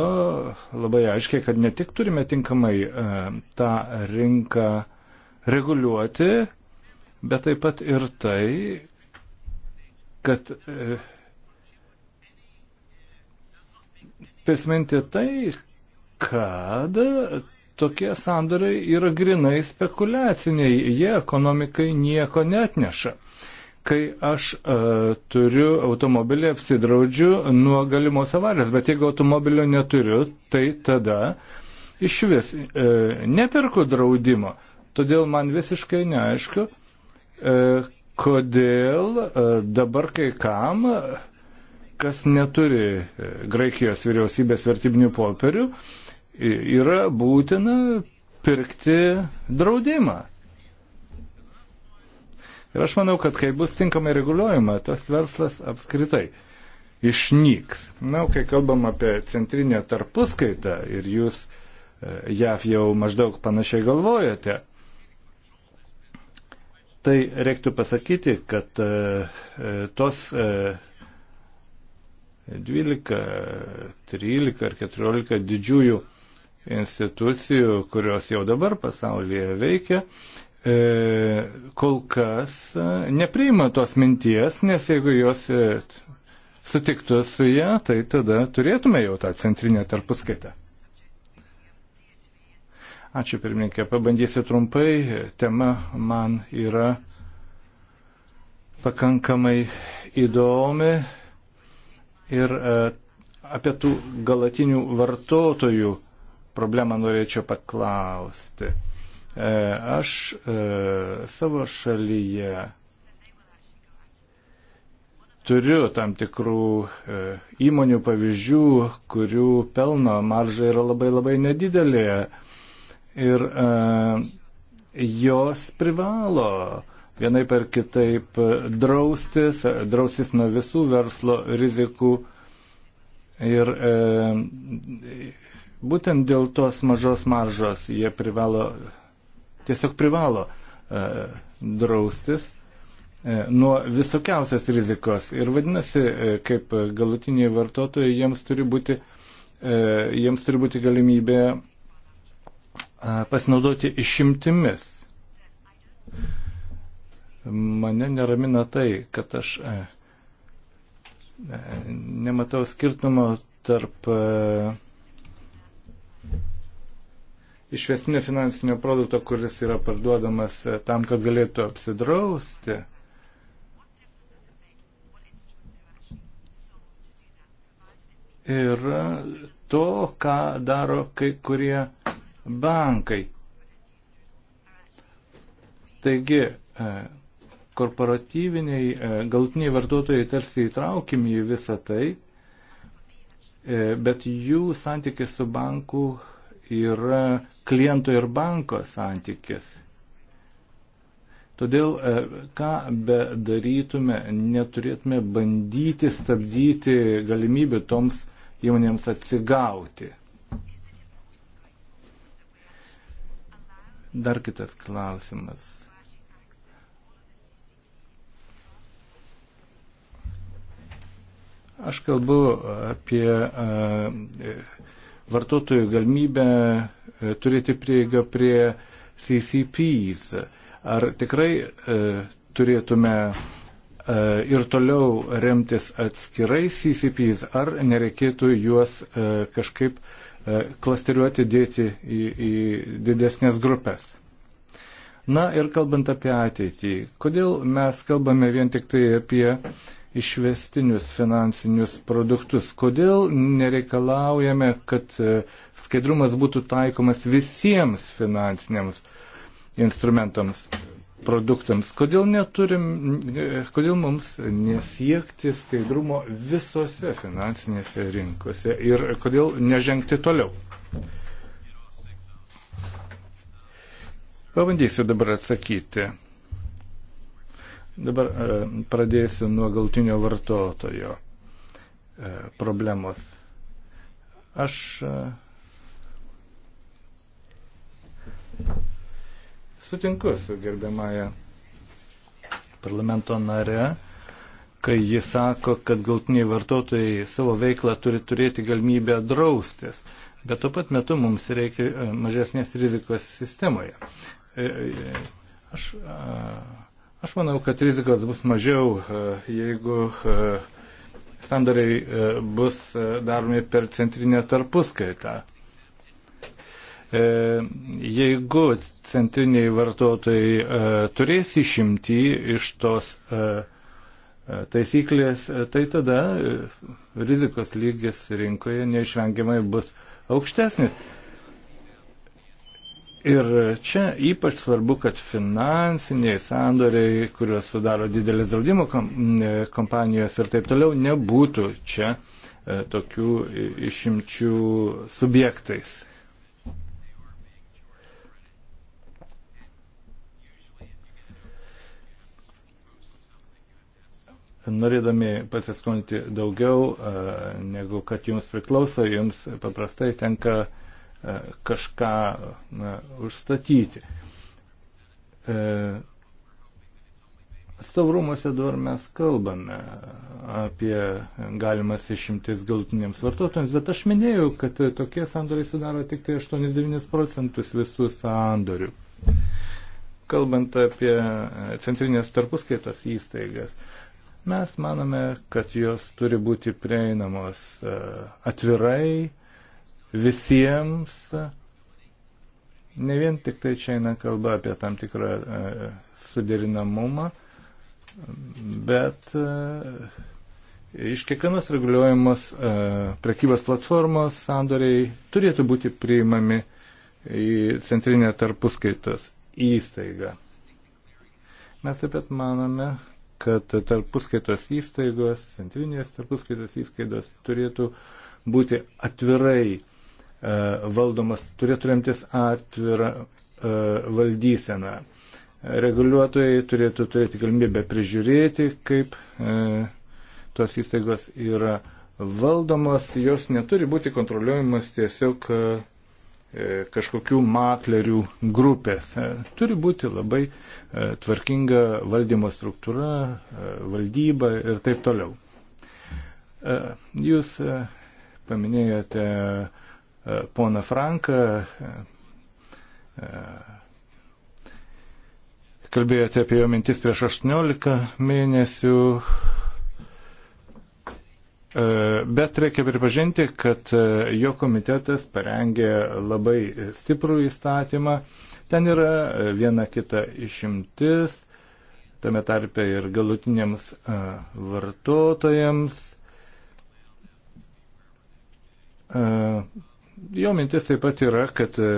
labai aiškiai, kad ne tik turime tinkamai e, tą rinką reguliuoti, bet taip pat ir tai, kad e, prisiminti tai, kad tokie sandoriai yra grinai spekuliaciniai, jie ekonomikai nieko net neša kai aš e, turiu automobilį, apsidraudžiu nuo galimos avarijos, bet jeigu automobilio neturiu, tai tada iš vis e, neperku draudimo. Todėl man visiškai neaišku, e, kodėl e, dabar kai kam, kas neturi Graikijos vyriausybės vertybinių popierių, yra būtina pirkti draudimą. Ir aš manau, kad kai bus tinkamai reguliuojama, tas verslas apskritai išnyks. Na, kai kalbam apie centrinę tarpuskaitą ir jūs e, JAV jau maždaug panašiai galvojate, tai reiktų pasakyti, kad e, e, tos 12, 13 ar 14 didžiųjų institucijų, kurios jau dabar pasaulyje veikia, E, kol kas e, nepriima tos minties, nes jeigu jos e, sutiktų su ją, tai tada turėtume jau tą centrinę tarpuskaitą. Ačiū pirmininkė, pabandysiu trumpai. Tema man yra pakankamai įdomi ir apie tų galatinių vartotojų problemą norėčiau paklausti. E, aš e, savo šalyje turiu tam tikrų e, įmonių pavyzdžių, kurių pelno marža yra labai labai nedidelė. Ir jos privalo vienai per kitaip draustis, draustis nuo visų verslo rizikų. Ir e, būtent dėl tos mažos maržos jie privalo tiesiog privalo e, draustis e, nuo visokiausios rizikos. Ir vadinasi, e, kaip galutiniai vartotojai, jiems turi būti, jiems turi būti galimybė pasinaudoti išimtimis. Mane neramina tai, kad aš nematau skirtumo tarp uh, išvestinio finansinio produkto, kuris yra parduodamas e, tam, kad galėtų apsidrausti. Ir e, to, ką daro kai kurie bankai. Taigi, e, korporatyviniai galtiniai vartotojai tarsi įtraukimi į visą tai, bet jų santykis su banku yra kliento ir banko santykis. Todėl, e, ką bedarytume, neturėtume bandyti stabdyti galimybių toms įmonėms atsigauti. Dar kitas klausimas. Aš kalbu apie uh, vartotojų galimybę e, turėti prieigą prie CCPs. Ar tikrai e, turėtume e, ir toliau remtis atskirais CCPs, ar nereikėtų juos e, kažkaip e, klasteriuoti, dėti į, į didesnės grupės? Na ir kalbant apie ateitį, kodėl mes kalbame vien tik tai apie e, išvestinius finansinius produktus. Kodėl nereikalaujame, kad e, skaidrumas būtų taikomas visiems finansiniams instrumentams, produktams? Kodėl, neturim, e, kodėl mums nesiekti skaidrumo visose finansinėse rinkose ir kodėl nežengti toliau? Pabandysiu dabar atsakyti. Dabar e, pradėsiu nuo galtinio vartotojo e, problemos. Aš e, sutinku su gerbiamąją parlamento nare, kai ji sako, kad galtiniai vartotojai savo veiklą turi turėti galimybę draustis, bet tuo pat metu mums reikia mažesnės rizikos sistemoje. Aš a, Aš manau, kad rizikos bus mažiau, e, jeigu e, sandoriai e, bus daromi per centrinę tarpuskaitą. Jeigu centriniai vartotojai turės išimti iš tos taisyklės, tai tada rizikos lygis rinkoje neišvengiamai bus aukštesnis. Ir čia ypač svarbu, kad finansiniai sandoriai, kuriuos sudaro didelis draudimo kompanijos ir taip toliau, nebūtų čia e, tokių išimčių subjektais. Norėdami pasiskolinti daugiau e, negu kad jums priklauso, jums paprastai tenka uh, E, kažką na, e, užstatyti. E, Stavrumuose dabar mes kalbame apie galimas išimtis galutiniams vartotojams, bet aš minėjau, kad tokie sandoriai sudaro tik tai 8-9 procentus visų sandorių. Kalbant apie centrinės tarpuskaitos įstaigas, mes manome, kad jos turi būti prieinamos atvirai, visiems. Ne vien tik tai čia eina kalba apie tam tikrą e, suderinamumą, bet e, iš kiekvienos reguliuojamos e, prekybos platformos sandoriai turėtų būti priimami į centrinę tarpuskaitos įstaigą. Mes taip pat manome, kad tarpuskaitos įstaigos, centrinės tarpuskaitos įstaigos turėtų būti atvirai E, valdomas turėtų remtis atvirą e, valdyseną. Reguliuotojai turėtų turėti galimybę prižiūrėti, kaip e, tos įstaigos yra valdomos, jos neturi būti kontroliuojamas tiesiog kažkokių maklerių grupės. Turi būti labai tvarkinga valdymo struktūra, valdyba ir taip toliau. Jūs paminėjote poną Franką. Kalbėjote apie jo mintis prieš 18 mėnesių, bet reikia pripažinti, kad e, jo komitetas parengė labai stiprų įstatymą. Ten yra e, viena kita išimtis, tame tarpe ir galutiniams e, vartotojams Jo mintis taip pat yra, kad e,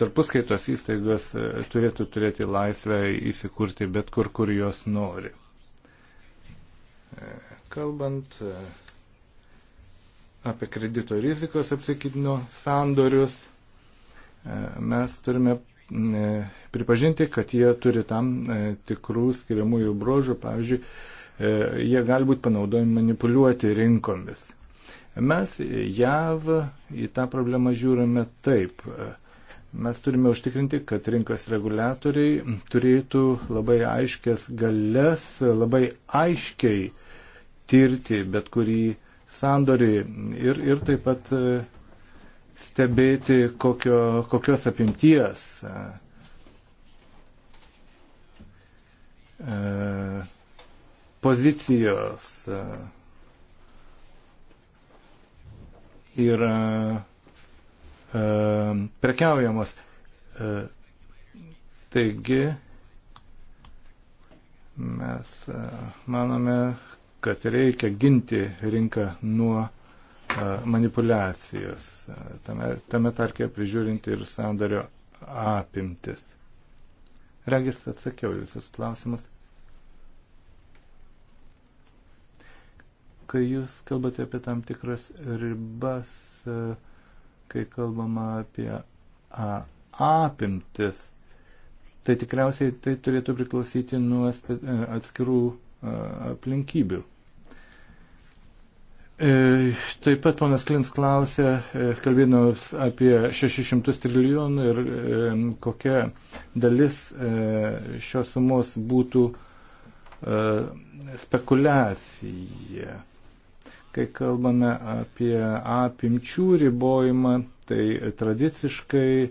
tarpuskaitos įstaigos e, turėtų turėti laisvę įsikurti bet kur, kur jos nori. E, kalbant apie kredito rizikos apsikydino sandorius, mes turime pripažinti, kad jie turi tam tikrų skiriamųjų brožų, pavyzdžiui, jie gali būti panaudojami manipuliuoti rinkomis. Mes JAV į tą problemą žiūrime taip. Mes turime užtikrinti, kad rinkos reguliatoriai turėtų labai aiškės galės, labai aiškiai tirti bet kurį sandorį ir, ir taip pat e, stebėti, kokio, kokios apimties e, e, pozicijos yra e, prekiaujamos. E, taigi mes e, manome, kad reikia ginti rinką nuo e, manipulacijos, e, tame, tame tarkė prižiūrinti ir sandario apimtis. Regis atsakiau visus klausimus. Kai jūs kalbate apie tam tikras ribas, e, kai kalbama apie apimtis, tai tikriausiai tai turėtų priklausyti nuo e, atskirų e, aplinkybių. Taip pat ponas Klins klausė, kalbėdamas apie 600 trilijonų ir kokia dalis šios sumos būtų spekulacija. Kai kalbame apie apimčių ribojimą, tai tradiciškai,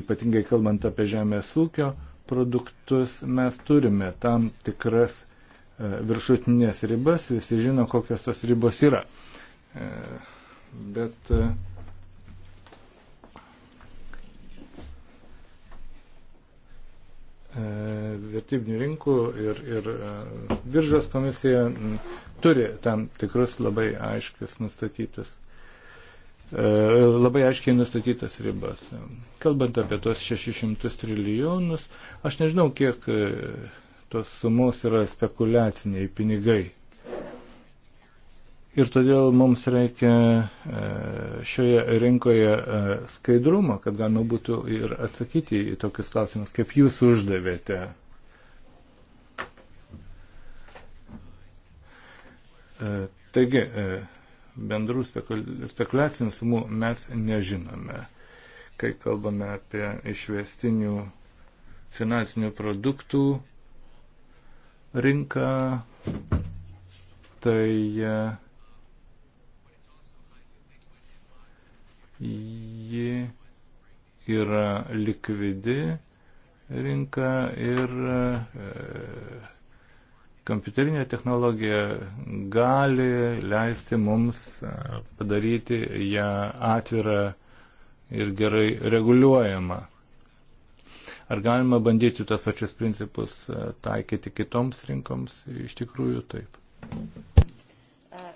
ypatingai kalbant apie žemės ūkio produktus, mes turime tam tikras e, viršutinės ribas, visi žino, kokios tos ribos yra. E, bet e, vertybinių rinkų ir, ir biržos komisija turi tam tikrus labai aiškius nustatytus, e, labai aiškiai nustatytas ribas. Kalbant apie tos 600 trilijonus, aš nežinau, kiek e, tos sumos yra spekuliaciniai pinigai. Ir todėl mums reikia e, šioje rinkoje skaidrumo, kad galima būtų ir atsakyti į tokius klausimus, kaip jūs uždavėte E, taigi, e, bendrų spekuliacinių sumų mes nežinome. Kai kalbame apie išvestinių finansinių produktų rinką, tai e, ji yra likvidi rinka ir Kompiuterinė technologija gali leisti mums e, padaryti ją atvirą ir gerai reguliuojamą. Ar galima bandyti tas pačias principus e, taikyti kitoms rinkoms? Iš tikrųjų taip. Uh...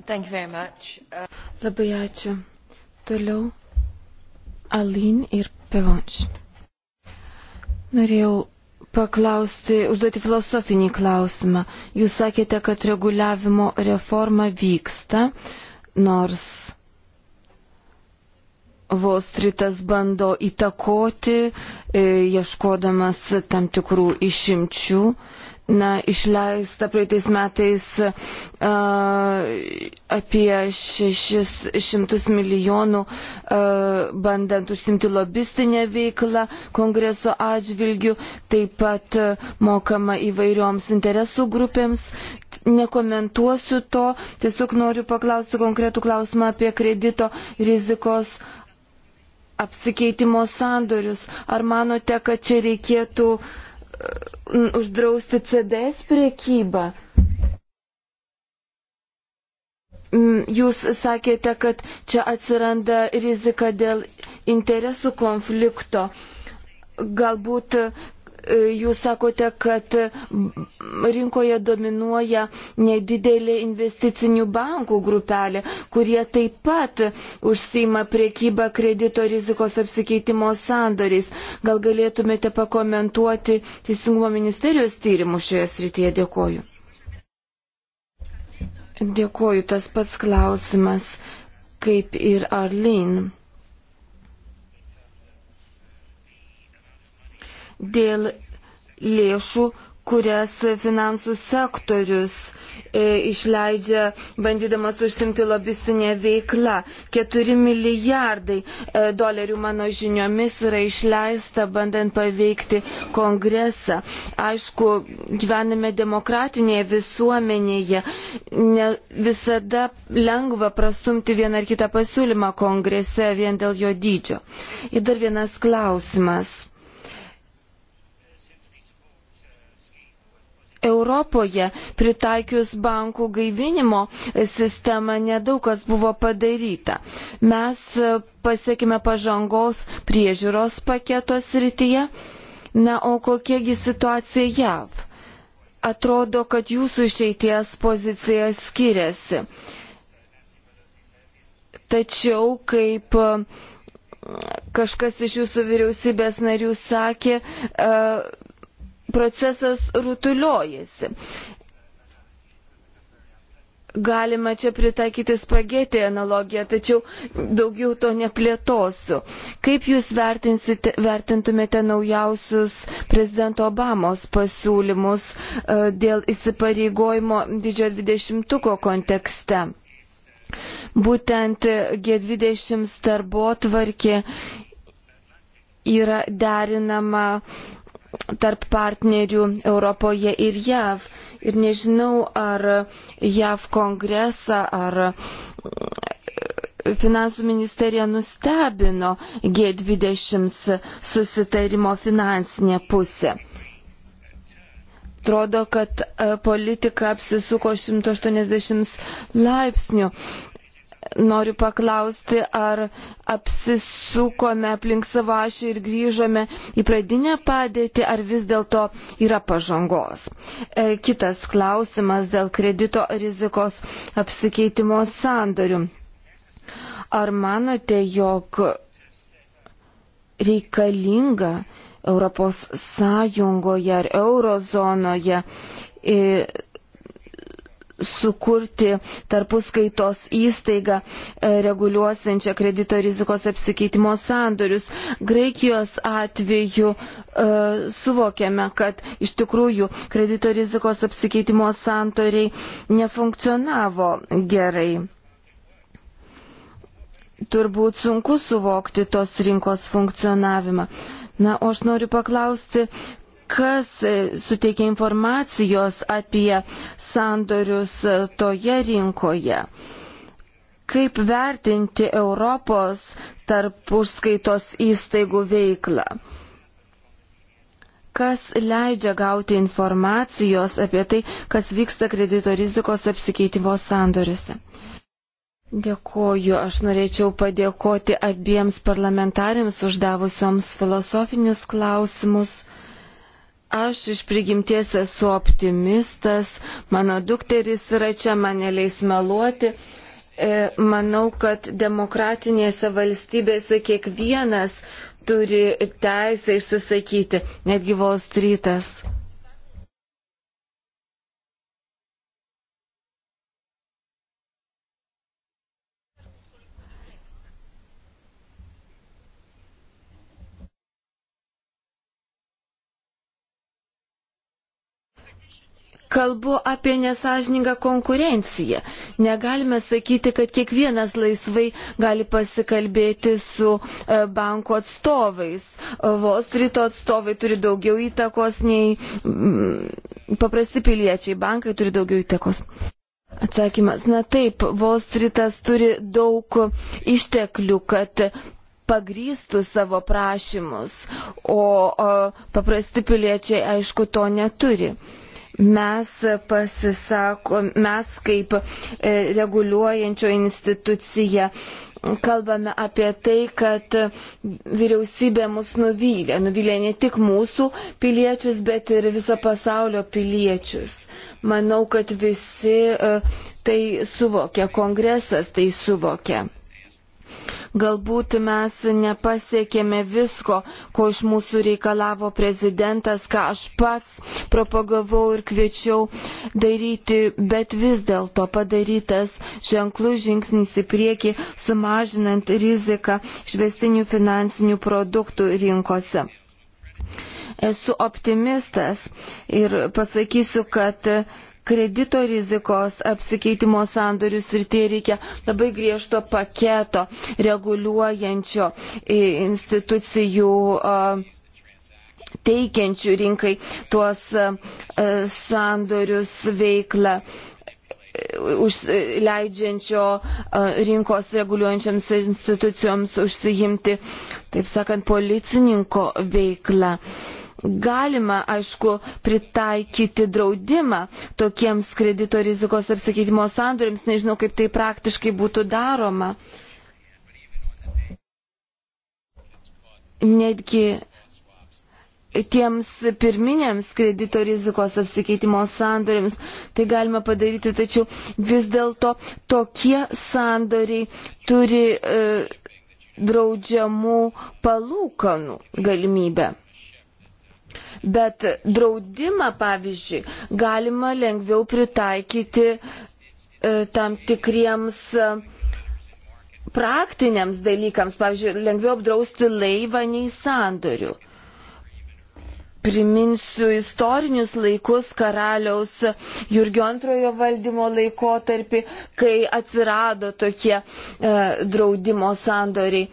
uh Labai ačiū. Toliau Alin ir Pevonš. Norėjau paklausti, užduoti filosofinį klausimą. Jūs sakėte, kad reguliavimo reforma vyksta, nors Volstritas bando įtakoti, e, ieškodamas tam tikrų išimčių na, išleista praeitais metais uh, apie 600 milijonų, uh, bandant užsimti lobistinę veiklą kongreso atžvilgių, taip pat uh, mokama įvairioms interesų grupėms. Nekomentuosiu to, tiesiog noriu paklausti konkretų klausimą apie kredito rizikos apsikeitimo sandorius. Ar manote, kad čia reikėtų uh, uždrausti CDS priekybą. Mm, jūs sakėte, kad čia atsiranda rizika dėl interesų konflikto. Galbūt E, jūs sakote, kad rinkoje dominuoja nedidelė investicinių bankų grupelė, kurie taip pat užsima priekybą kredito rizikos apsikeitimo sandoriais. Gal galėtumėte pakomentuoti Teisingumo ministerijos tyrimus šioje srityje? Dėkoju. Dėkoju, tas pats klausimas kaip ir Arlin. dėl lėšų, kurias finansų sektorius e, išleidžia bandydamas užsimti lobistinę veiklą. 4 milijardai e, dolerių mano žiniomis yra išleista bandant paveikti kongresą. Aišku, gyvename demokratinėje visuomenėje. Ne visada lengva prastumti vieną ar kitą pasiūlymą kongrese vien dėl jo dydžio. Ir dar vienas klausimas Europoje pritaikius bankų gaivinimo sistemą nedaug kas buvo padaryta. Mes pasiekime pažangos priežiūros paketos rytyje. Na, o kokiegi situacija JAV? Atrodo, kad jūsų išeities pozicija skiriasi. Tačiau, kaip e, kažkas iš jūsų vyriausybės narių sakė, uh, procesas rutuliojasi. Galima čia pritaikyti spagetį analogiją, tačiau daugiau to neplėtosiu. Kaip Jūs vertintumėte naujausius prezidento Obamos pasiūlymus e, dėl įsipareigojimo didžiojo dvidešimtuko kontekste? Būtent G20 darbo tvarkė yra derinama uh, tarp partnerių Europoje ir JAV. Ir nežinau, ar JAV kongresą, ar mm, finansų ministerija nustebino G20 susitarimo finansinė pusė. Atrodo, kad e, politika apsisuko 180 laipsnių noriu paklausti, ar apsisukome aplink savo ašį ir grįžome į pradinę padėtį, ar vis dėlto yra pažangos. E, kitas klausimas dėl kredito rizikos apsikeitimo sandorių. Ar manote, jog reikalinga Europos Sąjungoje ar Eurozonoje e, sukurti tarpuskaitos įstaigą e, reguliuosiančią kredito rizikos apsikeitimo sandorius. Graikijos atveju e, suvokiame, kad iš tikrųjų kredito rizikos apsikeitimo sandoriai nefunkcionavo gerai. Turbūt sunku suvokti tos rinkos funkcionavimą. Na, o aš noriu paklausti, kas e, suteikia informacijos apie sandorius e, toje rinkoje. Kaip vertinti Europos tarp užskaitos įstaigų veiklą? Kas leidžia gauti informacijos apie tai, kas vyksta kredito rizikos apsikeitimo sandoriuose? Dėkoju, aš norėčiau padėkoti abiems parlamentarėms uždavusioms filosofinius klausimus. Aš iš prigimties esu optimistas, mano dukteris yra čia, mane leis meluoti. E, manau, kad demokratinėse valstybėse kiekvienas turi teisę išsisakyti, netgi Volstrytas. Kalbu apie nesažiningą konkurenciją. Negalime sakyti, kad kiekvienas laisvai gali pasikalbėti su e, banko atstovais. Vos ryto atstovai turi daugiau įtakos nei mm, paprasti piliečiai. Bankai turi daugiau įtakos. Atsakymas. Na taip, Wall Streetas turi daug išteklių, kad pagrystų savo prašymus, o, o paprasti piliečiai aišku to neturi. Uh, Mes pasisakom, mes kaip e, reguliuojančio institucija kalbame apie tai, kad vyriausybė mus nuvylė. Nuvylė ne tik mūsų piliečius, bet ir viso pasaulio piliečius. Manau, kad visi e, tai suvokia, kongresas tai suvokia. Galbūt mes nepasiekėme visko, ko iš mūsų reikalavo prezidentas, ką aš pats propagavau ir kviečiau daryti, bet vis dėlto padarytas ženklus žingsnis į priekį, sumažinant riziką švestinių finansinių produktų rinkose. Esu optimistas ir pasakysiu, kad kredito rizikos apsikeitimo sandorių srityje reikia labai griežto paketo reguliuojančio e, institucijų teikiančių rinkai tuos sandorius veiklą e, e, leidžiančio rinkos reguliuojančiams institucijoms užsijimti, taip sakant, policininko veiklą. Galima, aišku, pritaikyti draudimą tokiems kredito rizikos apsikeitimo sandoriams, nežinau, kaip tai praktiškai būtų daroma. Netgi tiems pirminiams kredito rizikos apsikeitimo sandoriams tai galima padaryti, tačiau vis dėlto tokie sandoriai turi e, draudžiamų palūkanų galimybę. Bet draudimą, pavyzdžiui, galima lengviau pritaikyti e, tam tikriems e, praktiniams dalykams, pavyzdžiui, lengviau apdrausti laivą nei sandorių. Priminsiu istorinius laikus karaliaus Jurgio antrojo valdymo laikotarpį, kai atsirado tokie e, draudimo sandoriai.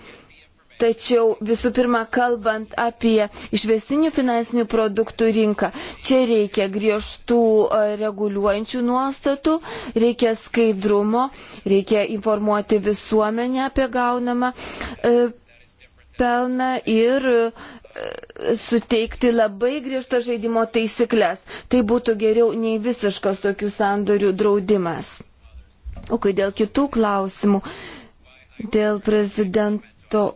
Tačiau visų pirma, kalbant apie išvestinių finansinių produktų rinką, čia reikia griežtų e, reguliuojančių nuostatų, reikia skaidrumo, reikia informuoti visuomenę apie gaunamą e, pelną ir e, suteikti labai griežtas žaidimo taisyklės. Tai būtų geriau nei visiškas tokių sandorių draudimas. O kai dėl kitų klausimų, dėl prezidento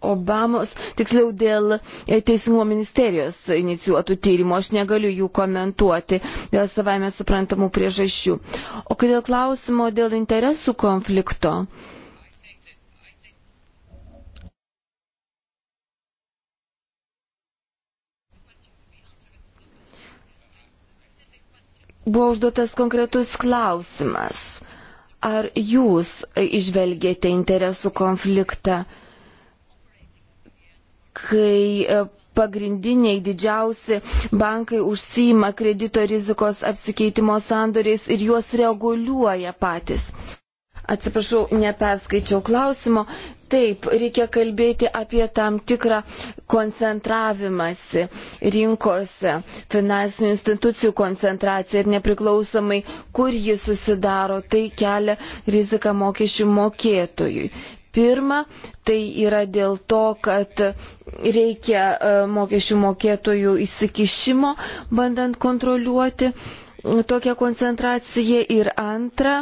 Obamos, tiksliau dėl e, Teisingumo ministerijos inicijuotų tyrimų, aš negaliu jų komentuoti dėl savaime suprantamų priežasčių. O kai dėl klausimo dėl interesų konflikto. Buvo užduotas konkretus klausimas. Ar jūs e, išvelgėte interesų konfliktą? kai e, pagrindiniai didžiausi bankai užsima kredito rizikos apsikeitimo sandoriais ir juos reguliuoja patys. Atsiprašau, neperskaičiau klausimo. Taip, reikia kalbėti apie tam tikrą koncentravimąsi rinkose, finansinių institucijų koncentraciją ir nepriklausomai, kur ji susidaro, tai kelia riziką mokesčių mokėtojui. Pirma, tai yra dėl to, kad reikia e, mokesčių mokėtojų įsikišimo, bandant kontroliuoti e, tokią koncentraciją. Ir antra,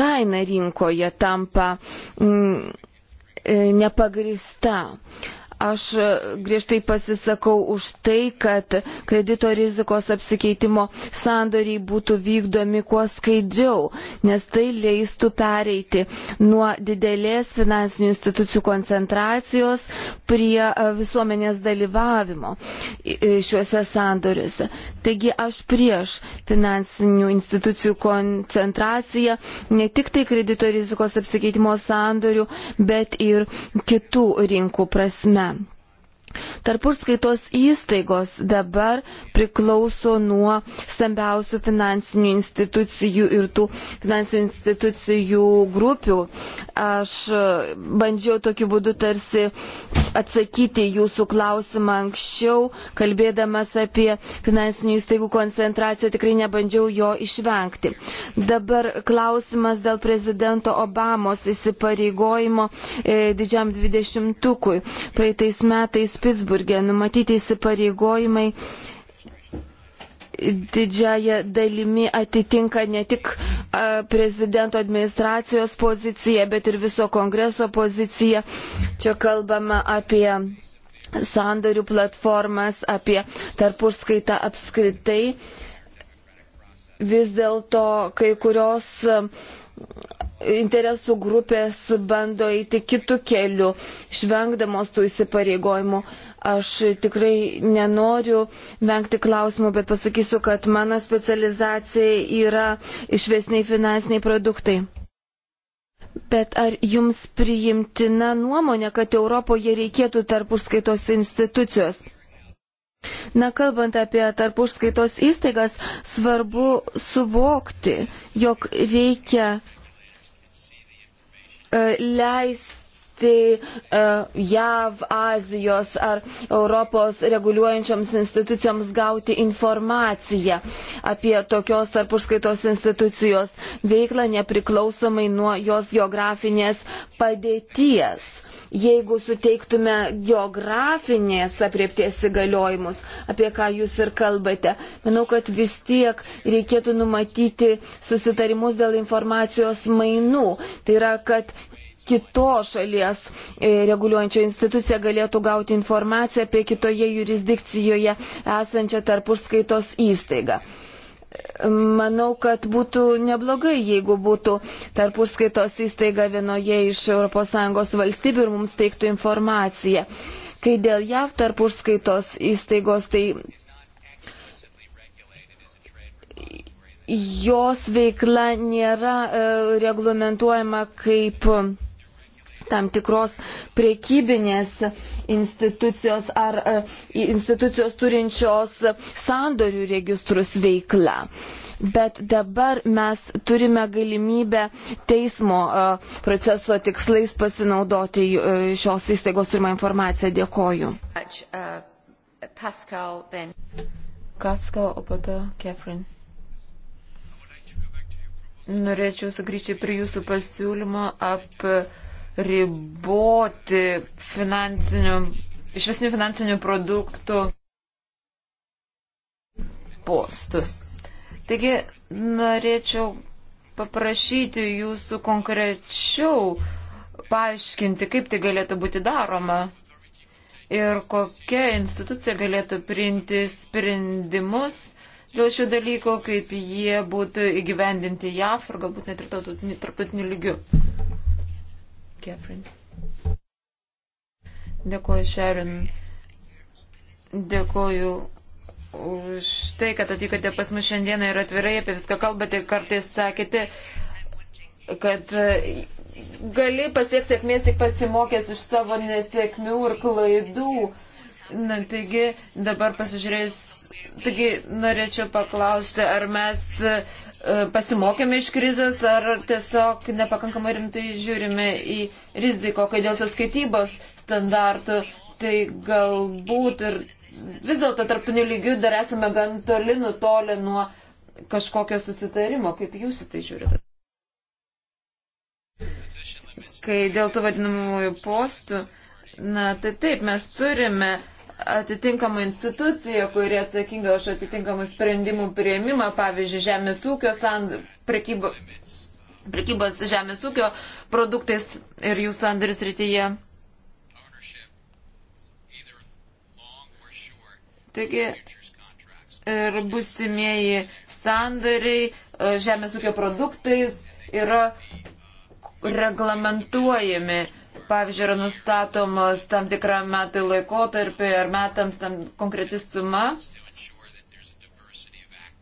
kaina rinkoje tampa mm, e, nepagrista. Aš e, griežtai pasisakau už tai, kad kredito rizikos apsikeitimo sandoriai būtų vykdomi kuo skaidriau, nes tai leistų pereiti nuo didelės finansinių institucijų koncentracijos prie e, visuomenės dalyvavimo šiuose sandoriuose. Taigi aš prieš finansinių institucijų koncentraciją ne tik tai kredito rizikos apsikeitimo sandorių, bet ir kitų rinkų prasme. Tarpuskaitos įstaigos dabar priklauso nuo stambiausių finansinių institucijų ir tų finansinių institucijų grupių. Aš bandžiau tokiu būdu tarsi atsakyti jūsų klausimą anksčiau, kalbėdamas apie finansinių įstaigų koncentraciją, tikrai nebandžiau jo išvengti. Dabar klausimas dėl prezidento Obamos įsipareigojimo e, didžiam dvidešimtukui. Praeitais metais Pittsburgė numatyti įsipareigojimai didžiaja dalimi atitinka ne tik prezidento administracijos poziciją, bet ir viso kongreso poziciją. Čia kalbama apie sandorių platformas, apie tarpuskaitą apskritai. Vis dėlto kai kurios interesų grupės bando eiti kitų kelių, švengdamos tų įsipareigojimų. Aš tikrai nenoriu vengti klausimų, bet pasakysiu, kad mano specializacija yra išvesniai finansiniai produktai. Bet ar jums priimtina nuomonė, kad Europoje reikėtų tarpuskaitos institucijos? Na, kalbant apie tarpuskaitos įstaigas, svarbu suvokti, jog reikia E, leisti e, JAV, Azijos ar Europos reguliuojančioms institucijoms gauti informaciją apie tokios tarp užskaitos institucijos veiklą nepriklausomai nuo jos geografinės padėties jeigu suteiktume geografinės apriepties įgaliojimus, apie ką jūs ir kalbate. Manau, kad vis tiek reikėtų numatyti susitarimus dėl informacijos mainų. Tai yra, kad kitos šalies e, reguliuojančio institucija galėtų gauti informaciją apie kitoje jurisdikcijoje esančią tarpuskaitos įstaigą. Manau, kad būtų neblogai, jeigu būtų tarpuskaitos įstaiga vienoje iš ES valstybių ir mums teiktų informaciją. Kai dėl JAV tarpuskaitos įstaigos, tai jos veikla nėra e, reglamentuojama kaip tam tikros priekybinės institucijos ar e, institucijos turinčios sandorių registrus veikla. Bet dabar mes turime galimybę teismo e, proceso tikslais pasinaudoti e, šios įstaigos turimą informaciją. Dėkoju. Uh, Pascal, Pascal, o pada Catherine. Norėčiau sugrįžti prie jūsų pasiūlymo apie riboti finansinių, išvesnių finansinių produktų postus. Taigi norėčiau paprašyti jūsų konkrečiau paaiškinti, kaip tai galėtų būti daroma ir kokia institucija galėtų priimti sprendimus dėl šių dalykų, kaip jie būtų įgyvendinti JAF ir galbūt net ir tarptautiniu lygiu. Catherine. Dėkuoju, Sharon. Dėkuoju už tai, kad atvykote pas mus šiandieną ir atvirai apie viską kalbate. Kartais sakėte, kad e, gali pasiekti sėkmės tik pasimokęs iš savo nesėkmių ir klaidų. Na, taigi dabar pasižiūrėjus, taigi norėčiau paklausti, ar mes. Uh, E, pasimokėme iš krizės ar tiesiog nepakankamai rimtai žiūrime į riziką, kai dėl saskaitybos standartų, tai galbūt ir vis dėlto tarptautiniu lygiu dar esame gan toli nutolę nuo kažkokio susitarimo, kaip jūs į tai žiūrite. Kai dėl tų vadinamųjų postų, na tai taip, mes turime uh, atitinkama institucija, kuri atsakinga už atitinkamų sprendimų prieimimą, pavyzdžiui, žemės ūkio, sand... prekybo... prekybos žemės ūkio produktais ir jų sandaris rytyje. Taigi ir busimieji sandariai e, žemės ūkio produktais yra reglamentuojami pavyzdžiui, yra nustatomos tam tikrą metų laikotarpį ar metams tam konkreti suma.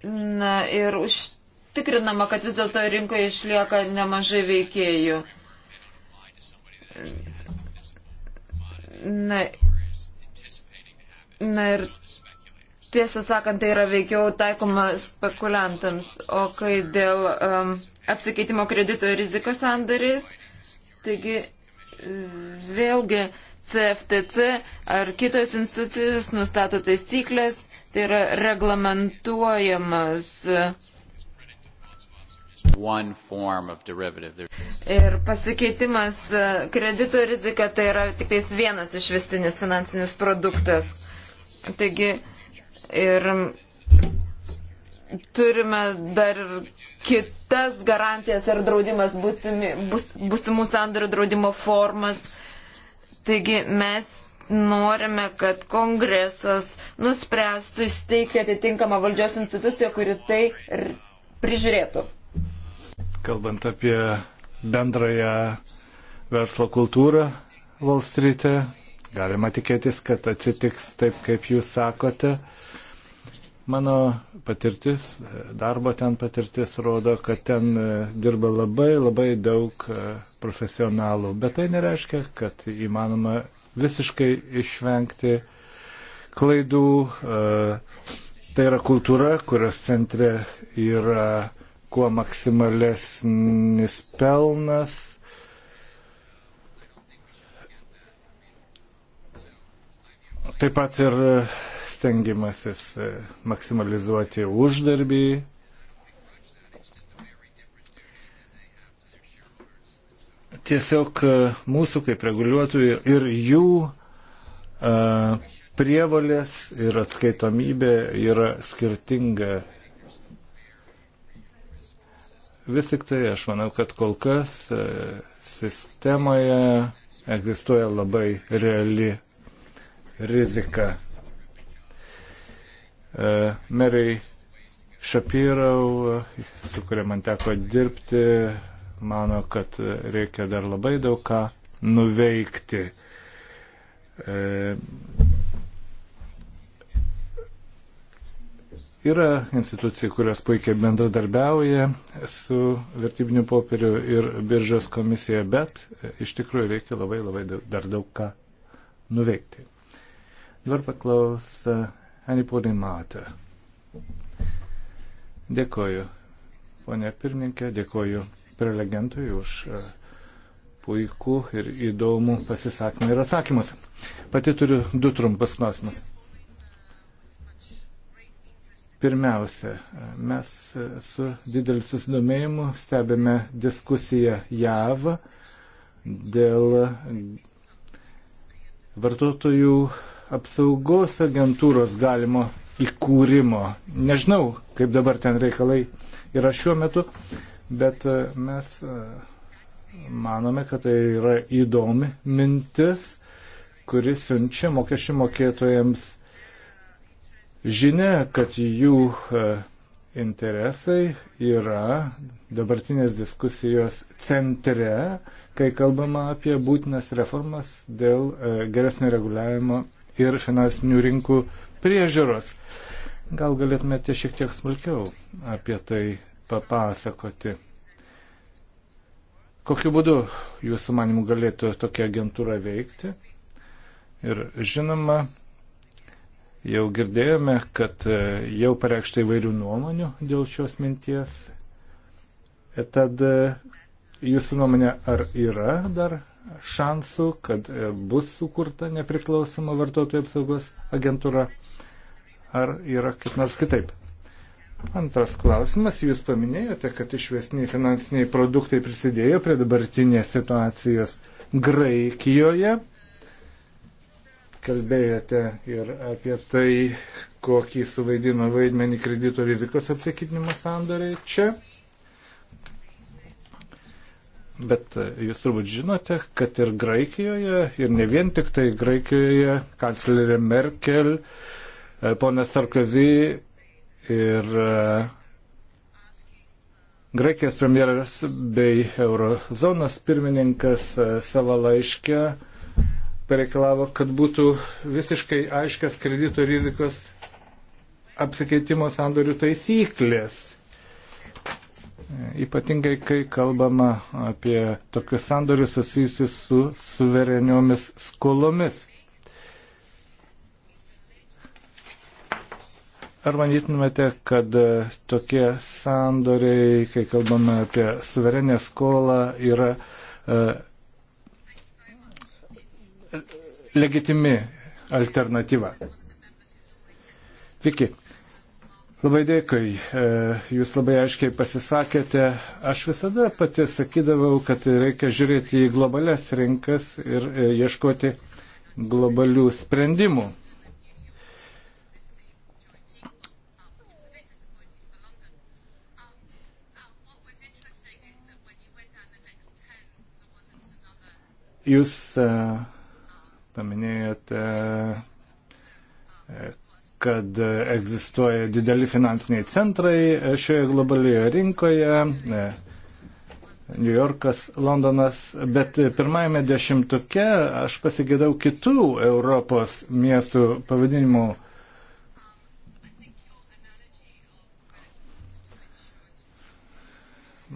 Na, ir užtikrinama, kad vis dėlto rinkoje išlieka nemažai veikėjų. Na, na ir tiesą sakant, tai yra veikiau taikoma spekuliantams. O kai dėl um, apsikeitimo kredito rizikos sandariais, taigi vėlgi CFTC ar kitos institucijos nustato taisyklės, tai yra reglamentuojamas. Ir pasikeitimas e, kredito rizika tai yra tik tais vienas iš vistinis finansinis produktas. Taigi ir turime dar kitas garantijas ar draudimas būsimi, bus, būsimų sandorių draudimo formas. Taigi mes norime, kad kongresas nuspręstų įsteigti atitinkamą valdžios instituciją, kuri tai prižiūrėtų. Kalbant apie bendrąją verslo kultūrą Wall Street'e, galima tikėtis, kad atsitiks taip, kaip jūs sakote. Mano patirtis, darbo ten patirtis rodo, kad ten e, dirba labai labai daug e, profesionalų, bet tai nereiškia, kad įmanoma visiškai išvengti klaidų. E, tai yra kultūra, kurios centre yra kuo maksimalesnis pelnas. Taip pat ir stengimasis e, maksimalizuoti uždarbį. Tiesiog e, mūsų kaip reguliuotojų ir jų e, prievalės ir atskaitomybė yra skirtinga. Vis tik tai aš manau, kad kol kas sistemoje egzistuoja labai reali rizika. E, Meriai Šapyrau, su kuria man teko dirbti, mano, kad reikia dar labai daug ką nuveikti. E, yra institucijų, kurios puikiai bendradarbiauja su vertybiniu popieriu ir biržos komisija, bet e, iš tikrųjų reikia labai labai daug, dar daug ką nuveikti. Dabar paklausa Ani Podimata. Dėkoju, ponė pirmininkė, dėkoju prelegentui už e, puikų ir įdomų pasisakymą ir atsakymus. Pati turiu du trumpas klausimus. Pirmiausia, e, mes e, su dideliu susidomėjimu stebime diskusiją JAV dėl vartotojų apsaugos agentūros galimo įkūrimo. Nežinau, kaip dabar ten reikalai yra šiuo metu, bet e, mes e, manome, kad tai yra įdomi mintis, kuris siunčia mokesčių mokėtojams žinia, kad jų e, interesai yra dabartinės diskusijos centre, kai kalbama apie būtinas reformas dėl geresnio reguliavimo ir finansinių rinkų priežiūros. Gal galėtumėte šiek tiek smulkiau apie tai papasakoti? Kokiu būdu jūsų manimų galėtų tokia agentūra veikti? Ir žinoma, jau girdėjome, kad e, jau pareikšta įvairių nuomonių dėl šios minties. E, tad e, jūsų nuomonė, ar yra dar šansų, kad e, bus sukurta nepriklausoma vartotojų apsaugos agentūra, ar yra kaip nors kitaip. Antras klausimas, jūs paminėjote, kad išvesniai finansiniai produktai prisidėjo prie dabartinės situacijos Graikijoje. Kalbėjote ir apie tai, kokį suvaidino vaidmenį kredito rizikos apsikydinimo sandoriai čia. Bet e, jūs turbūt žinote, kad ir Graikijoje, ir ne vien tik tai Graikijoje, kanclerė Merkel, e, ponas Sarkozy ir e, Graikijos premjeras bei eurozonos pirmininkas savo laiškę pareikalavo, kad būtų visiškai aiškas kredito rizikos apsikeitimo sandorių taisyklės Ypatingai, kai kalbama apie tokius sandorius susijusius su suvereniomis skolomis. Ar manytumėte, kad tokie sandoriai, kai kalbame apie suverenę skolą, yra uh, legitimi alternatyva? Viki. Labai dėkui, e, jūs labai aiškiai pasisakėte. Aš visada pati sakydavau, kad reikia žiūrėti į globales rinkas ir e, ieškoti globalių sprendimų. Jūs e, paminėjote kad egzistuoja dideli finansiniai centrai šioje globalioje rinkoje. New Yorkas, Londonas, bet pirmajame dešimtuke aš pasigėdau kitų Europos miestų pavadinimų.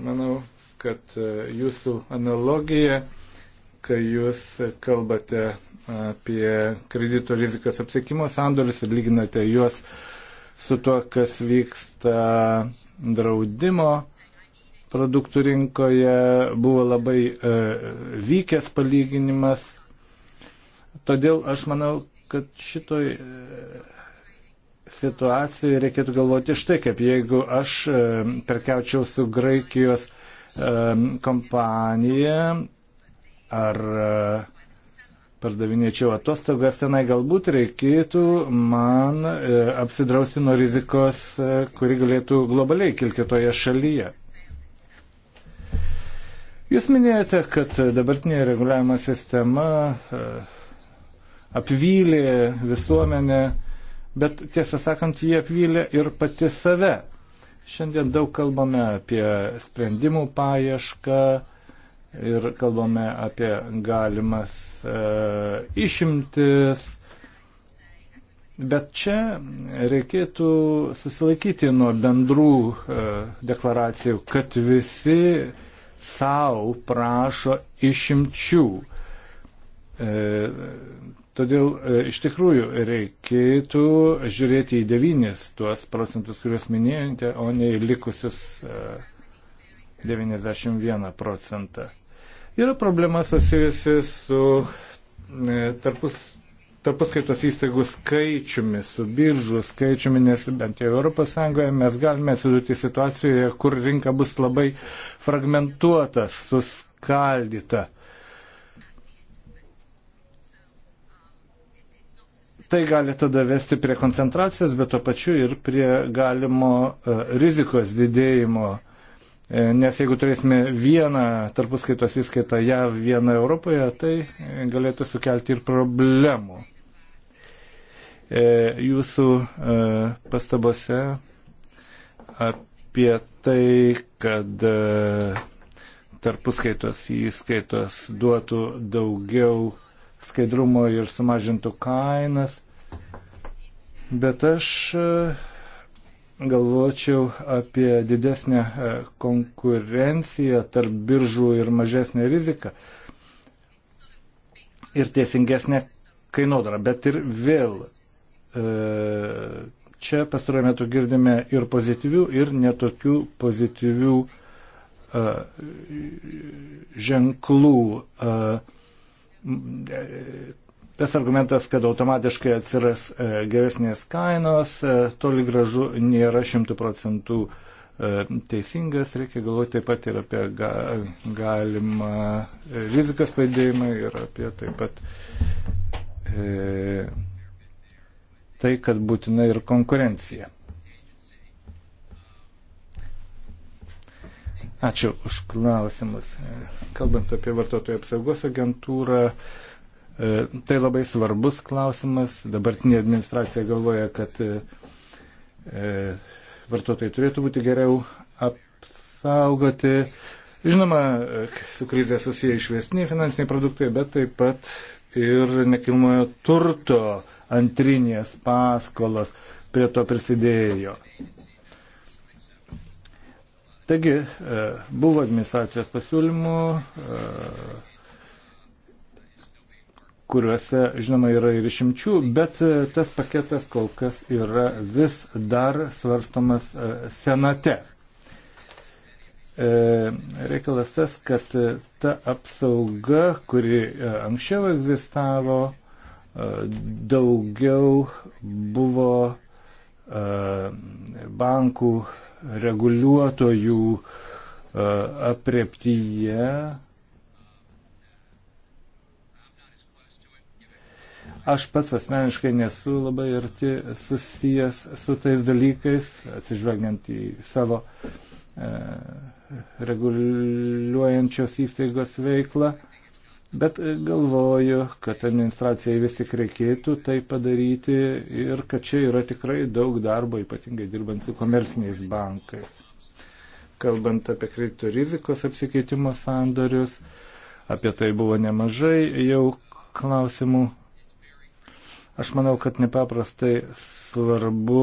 Manau, kad e, jūsų analogija, kai jūs kalbate apie kredito rizikas apsiekimo sandorius ir lyginate juos su tuo, kas vyksta draudimo produktų rinkoje, buvo labai e, vykęs palyginimas. Todėl aš manau, kad šitoj e, situacijai reikėtų galvoti štai kaip, jeigu aš e, perkiaučiau su Graikijos e, kompanija ar e, pardavinėčiau atostogas tenai, galbūt reikėtų man e, apsidrausti nuo rizikos, e, kuri galėtų globaliai kilti toje šalyje. Jūs minėjote, kad dabartinė reguliavimo sistema e, apvylė visuomenę, bet tiesą sakant, jie apvylė ir pati save. Šiandien daug kalbame apie sprendimų paiešką, ir kalbame apie galimas e, išimtis. Bet čia reikėtų susilaikyti nuo bendrų e, deklaracijų, kad visi savo prašo išimčių. E, todėl iš tikrųjų reikėtų žiūrėti į devynis tuos procentus, kuriuos minėjote, o ne į likusius 91 procentą. Yra problema susijusi su e, tarpus, tarpuskaitos įstaigų skaičiumi, su biržų skaičiumi, nes bent jau ES mes galime atsidurti situacijoje, kur rinka bus labai fragmentuota, suskaldyta. Tai gali tada vesti prie koncentracijos, bet to pačiu ir prie galimo e, rizikos didėjimo E, nes jeigu turėsime vieną tarpuskaitos įskaitą JAV, vieną Europoje, tai galėtų sukelti ir problemų. E, jūsų e, pastabose apie tai, kad tarpuskaitos įskaitos duotų daugiau skaidrumo ir sumažintų kainas. Bet aš galvočiau apie didesnę e, konkurenciją tarp biržų ir mažesnę riziką ir teisingesnę kainodarą. Bet ir vėl e, čia pastarojame metu girdime ir pozityvių, ir netokių pozityvių e, ženklų Tas argumentas, kad automatiškai atsiras e, geresnės kainos, e, toli gražu nėra šimtų procentų e, teisingas, reikia galvoti taip pat ir apie ga, galimą rizikas padėjimą ir apie taip pat e, tai, kad būtina ir konkurencija. Ačiū už klausimus. Kalbant apie vartotojų apsaugos agentūrą, e, E, tai labai svarbus klausimas. Dabartinė administracija galvoja, kad e, e, vartotojai turėtų būti geriau apsaugoti. Žinoma, su krize susiję išvestiniai finansiniai produktai, bet taip pat ir nekilmojo turto antrinės paskolas prie to prisidėjo. Taigi, buvo administracijos pasiūlymų, kuriuose, žinoma, yra ir išimčių, bet e, tas paketas kol kas yra vis dar svarstomas e, senate. E, reikalas tas, kad ta apsauga, kuri anksčiau egzistavo, daugiau buvo bankų reguliuotojų apreptyje Aš pats asmeniškai nesu labai arti susijęs su tais dalykais, atsižvelgiant į savo e, reguliuojančios įstaigos veiklą, bet galvoju, kad administracijai vis tik reikėtų tai padaryti ir kad čia yra tikrai daug darbo, ypatingai dirbant su komerciniais bankais. Kalbant apie kredito rizikos apsikeitimo sandorius, apie tai buvo nemažai jau klausimų Aš manau, kad nepaprastai svarbu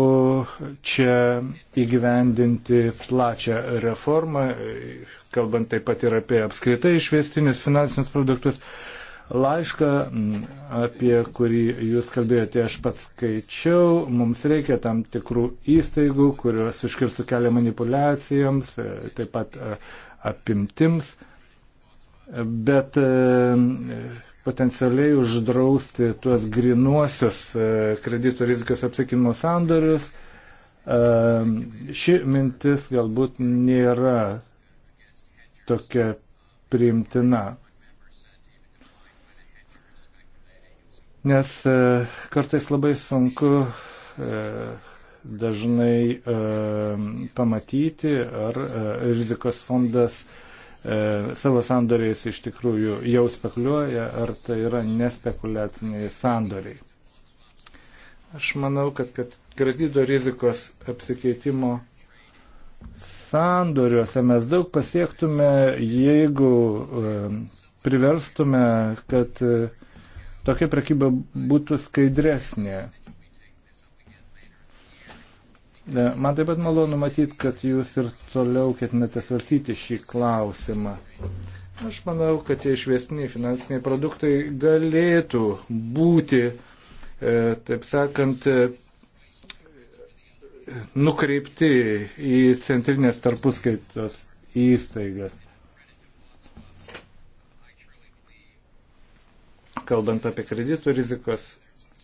čia įgyvendinti plačią reformą, kalbant taip pat ir apie apskritai išvestinius finansinius produktus. Laišką, apie kurį jūs kalbėjote, aš pats skaičiau, mums reikia tam tikrų įstaigų, kurios iškirstų kelią manipulacijoms, e, taip pat e, apimtims, bet e, potencialiai uždrausti tuos grinuosius e, kreditų rizikos apsikinimo sandorius. E, ši mintis galbūt nėra tokia priimtina. Nes e, kartais labai sunku dažnai pamatyti, ar rizikos fondas E, savo sandoriais iš tikrųjų jau spekuliuoja, ar tai yra nespekuliaciniai sandoriai. Aš manau, kad, kad kredido rizikos apsikeitimo sandoriuose mes daug pasiektume, jeigu e, priverstume, kad e, tokia prekyba būtų skaidresnė. Man taip pat malonu matyti, kad jūs ir toliau ketinate svarstyti šį klausimą. Aš manau, kad tie išvestiniai finansiniai produktai galėtų būti, e, taip sakant, e, nukreipti į centrinės tarpuskaitos įstaigas. Kalbant apie kreditų rizikos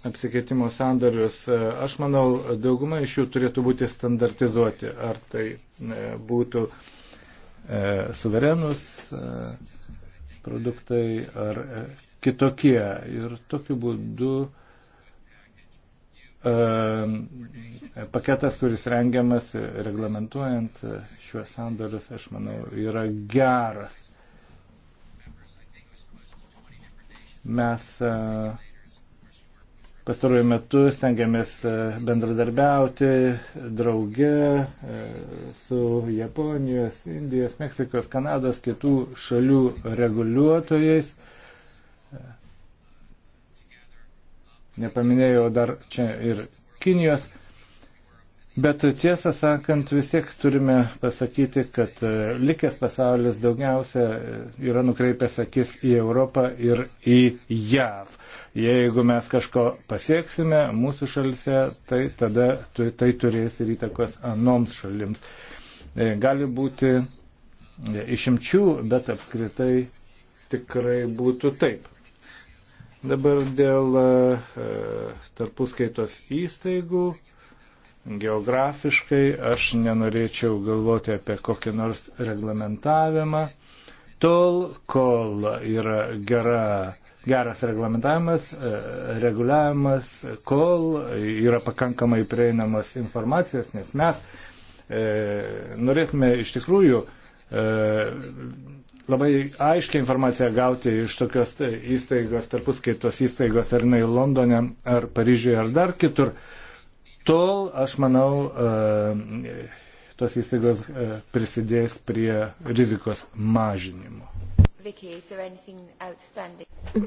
apsikeitimo sandorius, e, aš manau, dauguma iš jų turėtų būti standartizuoti. Ar tai e, būtų e, suverenus e, produktai ar e, kitokie. Ir tokiu būdu e, paketas, kuris rengiamas reglamentuojant šiuos sandorius, aš manau, yra geras. Mes uh, Pastaruoju metu stengiamės e, bendradarbiauti drauge e, su Japonijos, Indijos, Meksikos, Kanados, kitų šalių reguliuotojais. E, nepaminėjau dar čia ir Kinijos Bet tiesą sakant, vis tiek turime pasakyti, kad e, likęs pasaulis daugiausia e, yra nukreipęs akis į Europą ir į JAV. Jeigu mes kažko pasieksime mūsų šalise, tai tada tai turės ir įtakos anoms šalims. E, gali būti išimčių, bet apskritai tikrai būtų taip. Dabar dėl tarpuskaitos įstaigų Geografiškai aš nenorėčiau galvoti apie kokį nors reglamentavimą. Tol, kol yra gera, geras reglamentavimas, e, reguliavimas, kol yra pakankamai prieinamas informacijas, nes mes e, norėtume iš tikrųjų e, labai aiškią informaciją gauti iš tokios e, įstaigos, tarpus kaip tos įstaigos, ar jinai Londone, ar Paryžiuje, ar dar kitur. E, tol, aš manau, e, tos įstaigos e, prisidės prie rizikos mažinimo.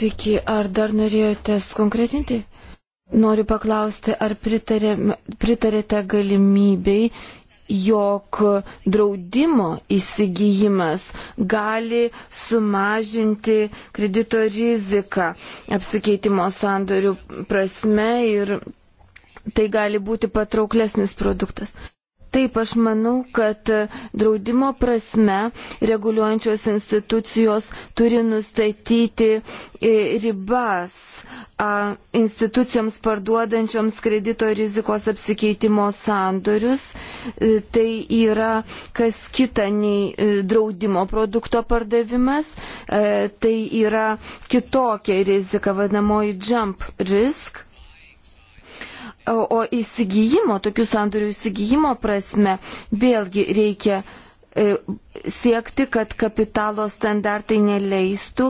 Viki, ar dar norėjote konkretinti? Noriu paklausti, ar pritarė, pritarėte galimybei, jog draudimo įsigijimas gali sumažinti kredito riziką apsikeitimo sandorių prasme ir tai gali būti patrauklesnis produktas. Taip, aš manau, kad draudimo prasme reguliuojančios institucijos turi nustatyti e, ribas a, institucijoms parduodančioms kredito rizikos apsikeitimo sandorius. E, tai yra kas kita nei e, draudimo produkto pardavimas. A, tai yra kitokia rizika, vadinamoji jump risk O, o įsigijimo, tokių sandorių įsigijimo prasme, vėlgi reikia e, siekti, kad kapitalo standartai neleistų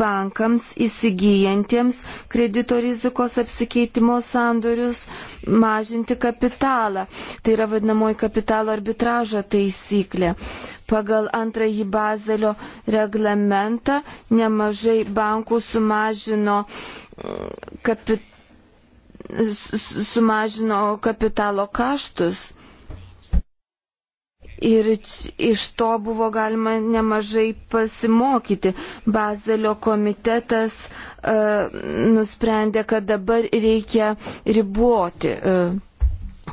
bankams įsigijantiems kredito rizikos apsikeitimo sandorius mažinti kapitalą. Tai yra vadinamoji kapitalo arbitražo taisyklė. Pagal antrąjį bazelio reglamentą nemažai bankų sumažino mm, kapitalą sumažino kapitalo kaštus. Ir iš to buvo galima nemažai pasimokyti. Bazelio komitetas uh, nusprendė, kad dabar reikia riboti uh,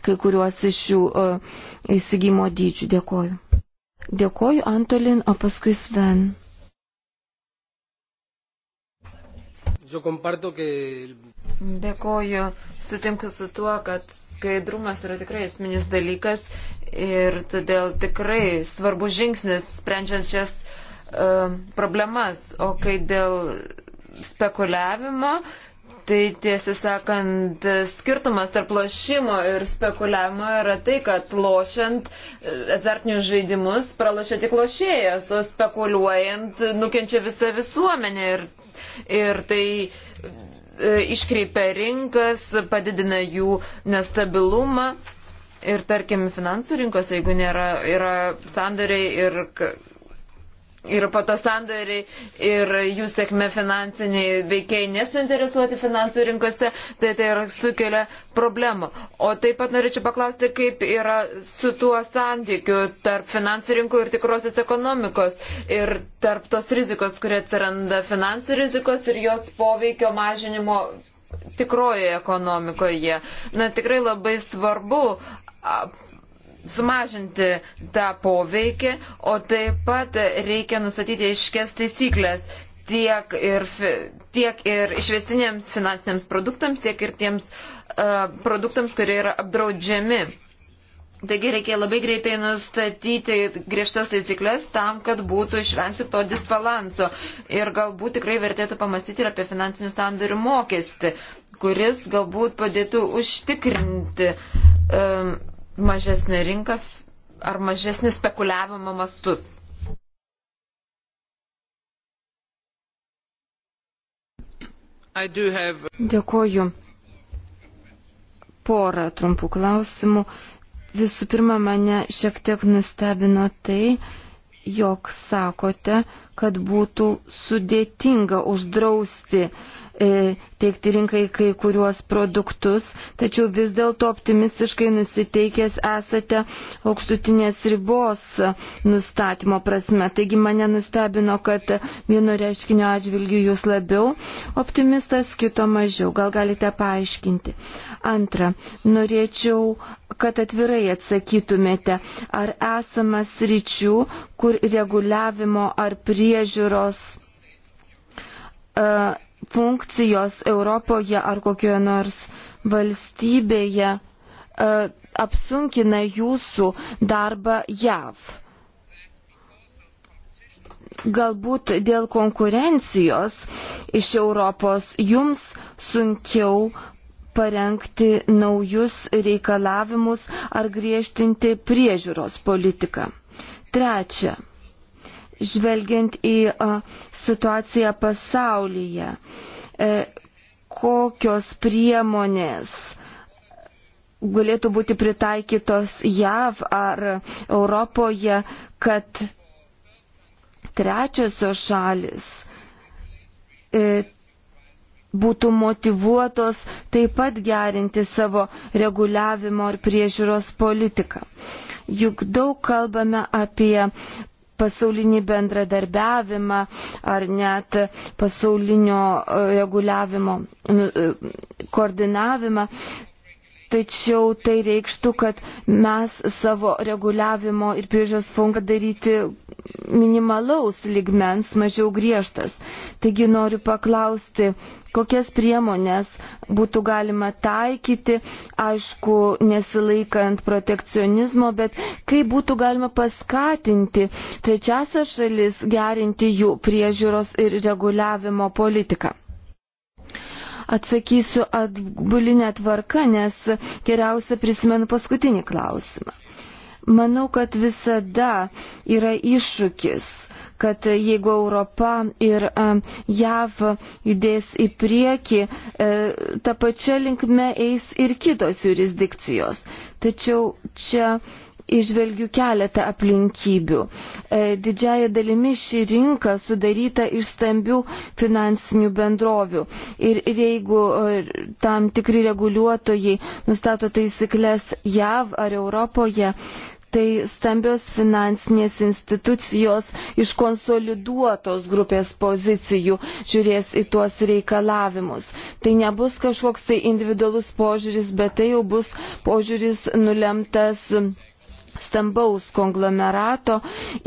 kai kuriuos iš jų uh, e, įsigymo dydžių. Dėkoju. Dėkoju Antolin, o paskui Sven. Dėkoju, sutinku su tuo, kad skaidrumas yra tikrai esminis dalykas ir todėl tikrai svarbus žingsnis sprendžiant šias uh, problemas. O kai dėl spekuliavimo, tai tiesą sakant, skirtumas tarp lošimo ir spekuliavimo yra tai, kad lošiant e, azartinius žaidimus pralašia tik lošėjas, o spekuliuojant nukenčia visa visuomenė ir ir tai e, iškreipia rinkas, padidina jų nestabilumą. Ir tarkim, finansų rinkose, jeigu nėra, yra sandoriai ir ir po to sandoriai ir jų sėkme finansiniai veikiai nesuinteresuoti finansų rinkose, tai tai yra sukelia problemų. O taip pat norėčiau paklausti, kaip yra su tuo santykiu tarp finansų rinkų ir tikrosios ekonomikos ir tarp tos rizikos, kurie atsiranda finansų rizikos ir jos poveikio mažinimo tikrojoje ekonomikoje. Na tikrai labai svarbu sumažinti tą poveikį, o taip pat reikia nustatyti iškes taisyklės tiek ir, tiek ir išvesiniams finansiniams produktams, tiek ir tiems uh, produktams, kurie yra apdraudžiami. Taigi reikia labai greitai nustatyti griežtas taisyklės tam, kad būtų išvengti to disbalanso. Ir galbūt tikrai vertėtų pamastyti ir apie finansinių sandorių mokestį, kuris galbūt padėtų užtikrinti um, mažesnė rinka ar mažesnį spekuliavimo mastus. Have... Dėkoju. Porą trumpų klausimų. Visų pirma, mane šiek tiek nustebino tai, jog sakote, kad būtų sudėtinga uždrausti E, teikti rinkai kai kuriuos produktus, tačiau vis dėlto optimistiškai nusiteikęs esate aukštutinės ribos nustatymo prasme. Taigi mane nustebino, kad vieno reiškinio atžvilgių jūs labiau optimistas, kito mažiau. Gal galite paaiškinti? Antra, norėčiau kad atvirai atsakytumėte, ar esamas ryčių, kur reguliavimo ar priežiūros uh, funkcijos Europoje ar kokioje nors valstybėje e, apsunkina jūsų darbą JAV. Galbūt dėl konkurencijos iš Europos jums sunkiau parengti naujus reikalavimus ar griežtinti priežiūros politiką. Trečia, žvelgiant į situaciją pasaulyje, e, kokios priemonės galėtų būti pritaikytos JAV ar Europoje, kad trečiosios šalis e, būtų motivuotos taip pat gerinti savo reguliavimo ir priežiūros politiką. Juk daug kalbame apie pasaulinį bendradarbiavimą ar net pasaulinio e, reguliavimo nu, e, koordinavimą. Tačiau tai reikštų, kad mes savo reguliavimo ir priežios funkciją daryti minimalaus ligmens, mažiau griežtas. Taigi noriu paklausti, kokias priemonės būtų galima taikyti, aišku, nesilaikant protekcionizmo, bet kaip būtų galima paskatinti trečiasias šalis gerinti jų priežiūros ir reguliavimo politiką. Atsakysiu atbulinę tvarką, nes geriausia prisimenu paskutinį klausimą. Manau, kad visada yra iššūkis kad jeigu Europa ir e, JAV judės į priekį, e, ta pačia linkme eis ir kitos jurisdikcijos. Tačiau čia išvelgiu keletą aplinkybių. E, didžiaja dalimi ši rinka sudaryta iš stambių finansinių bendrovių. Ir, ir jeigu tam tikri reguliuotojai nustato taisyklės JAV ar Europoje, tai stambios finansinės institucijos iš konsoliduotos grupės pozicijų žiūrės į tuos reikalavimus. Tai nebus kažkoks tai individualus požiūris, bet tai jau bus požiūris nulemtas stambaus konglomerato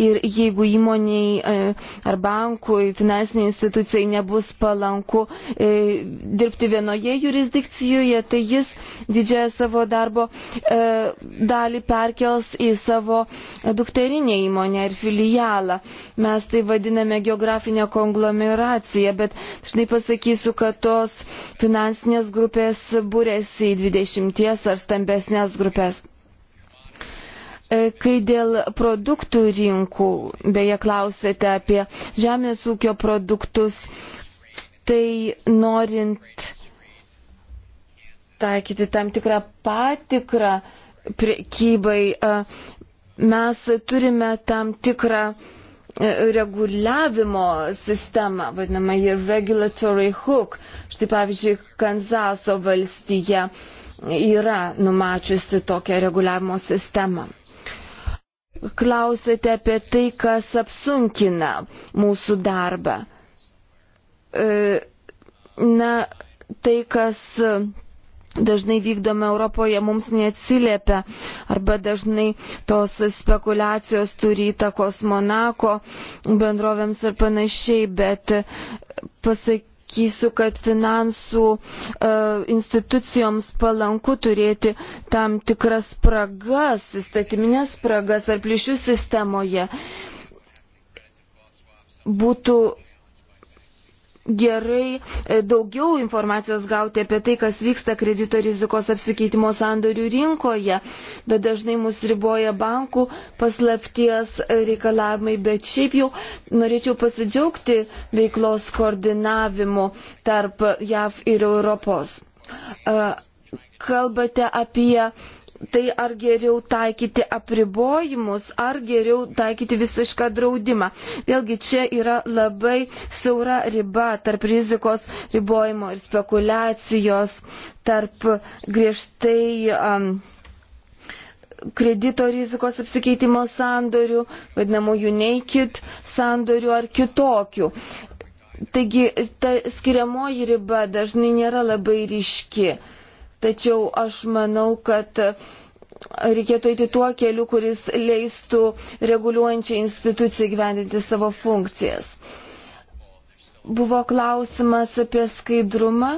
ir jeigu įmoniai e, ar bankui, finansiniai institucijai nebus palanku e, dirbti vienoje jurisdikcijoje, tai jis didžiąją savo darbo e, dalį perkels į savo dukterinę įmonę ir filialą. Mes tai vadiname geografinę konglomeraciją, bet štai pasakysiu, kad tos finansinės grupės būrėsi į 20 ar stambesnės grupės. E, kai dėl produktų rinkų, beje, klausėte apie žemės ūkio produktus, tai norint taikyti tam tikrą patikrą priekybai, e, mes turime tam tikrą e, reguliavimo sistemą, vadinamąjį regulatory hook. Štai pavyzdžiui, Kanzaso valstija yra numačiusi tokią reguliavimo sistemą klausėte apie tai, kas apsunkina mūsų darbą. E, na, tai, kas dažnai vykdome Europoje, mums neatsiliepia arba dažnai tos spekulacijos turi įtakos Monako bendrovėms ir panašiai, bet pasakyti pasakysiu, kad finansų e, institucijoms palanku turėti tam tikras spragas, įstatyminės spragas ar plyšius sistemoje. Būtų gerai e, daugiau informacijos gauti apie tai, kas vyksta kredito rizikos apsikeitimo sandorių rinkoje, bet dažnai mus riboja bankų paslapties e, reikalavimai, bet šiaip jau norėčiau pasidžiaugti veiklos koordinavimu tarp JAV ir Europos. E, kalbate apie tai ar geriau taikyti apribojimus, ar geriau taikyti visišką draudimą. Vėlgi čia yra labai siaura riba tarp rizikos ribojimo ir spekulacijos, tarp griežtai um, kredito rizikos apsikeitimo sandorių, vadinamųjų naked sandorių ar kitokių. Taigi ta skiriamoji riba dažnai nėra labai ryški. Uh, Tačiau aš manau, kad reikėtų eiti tuo keliu, kuris leistų reguliuojančiai institucijai gyvendinti savo funkcijas. Buvo klausimas apie skaidrumą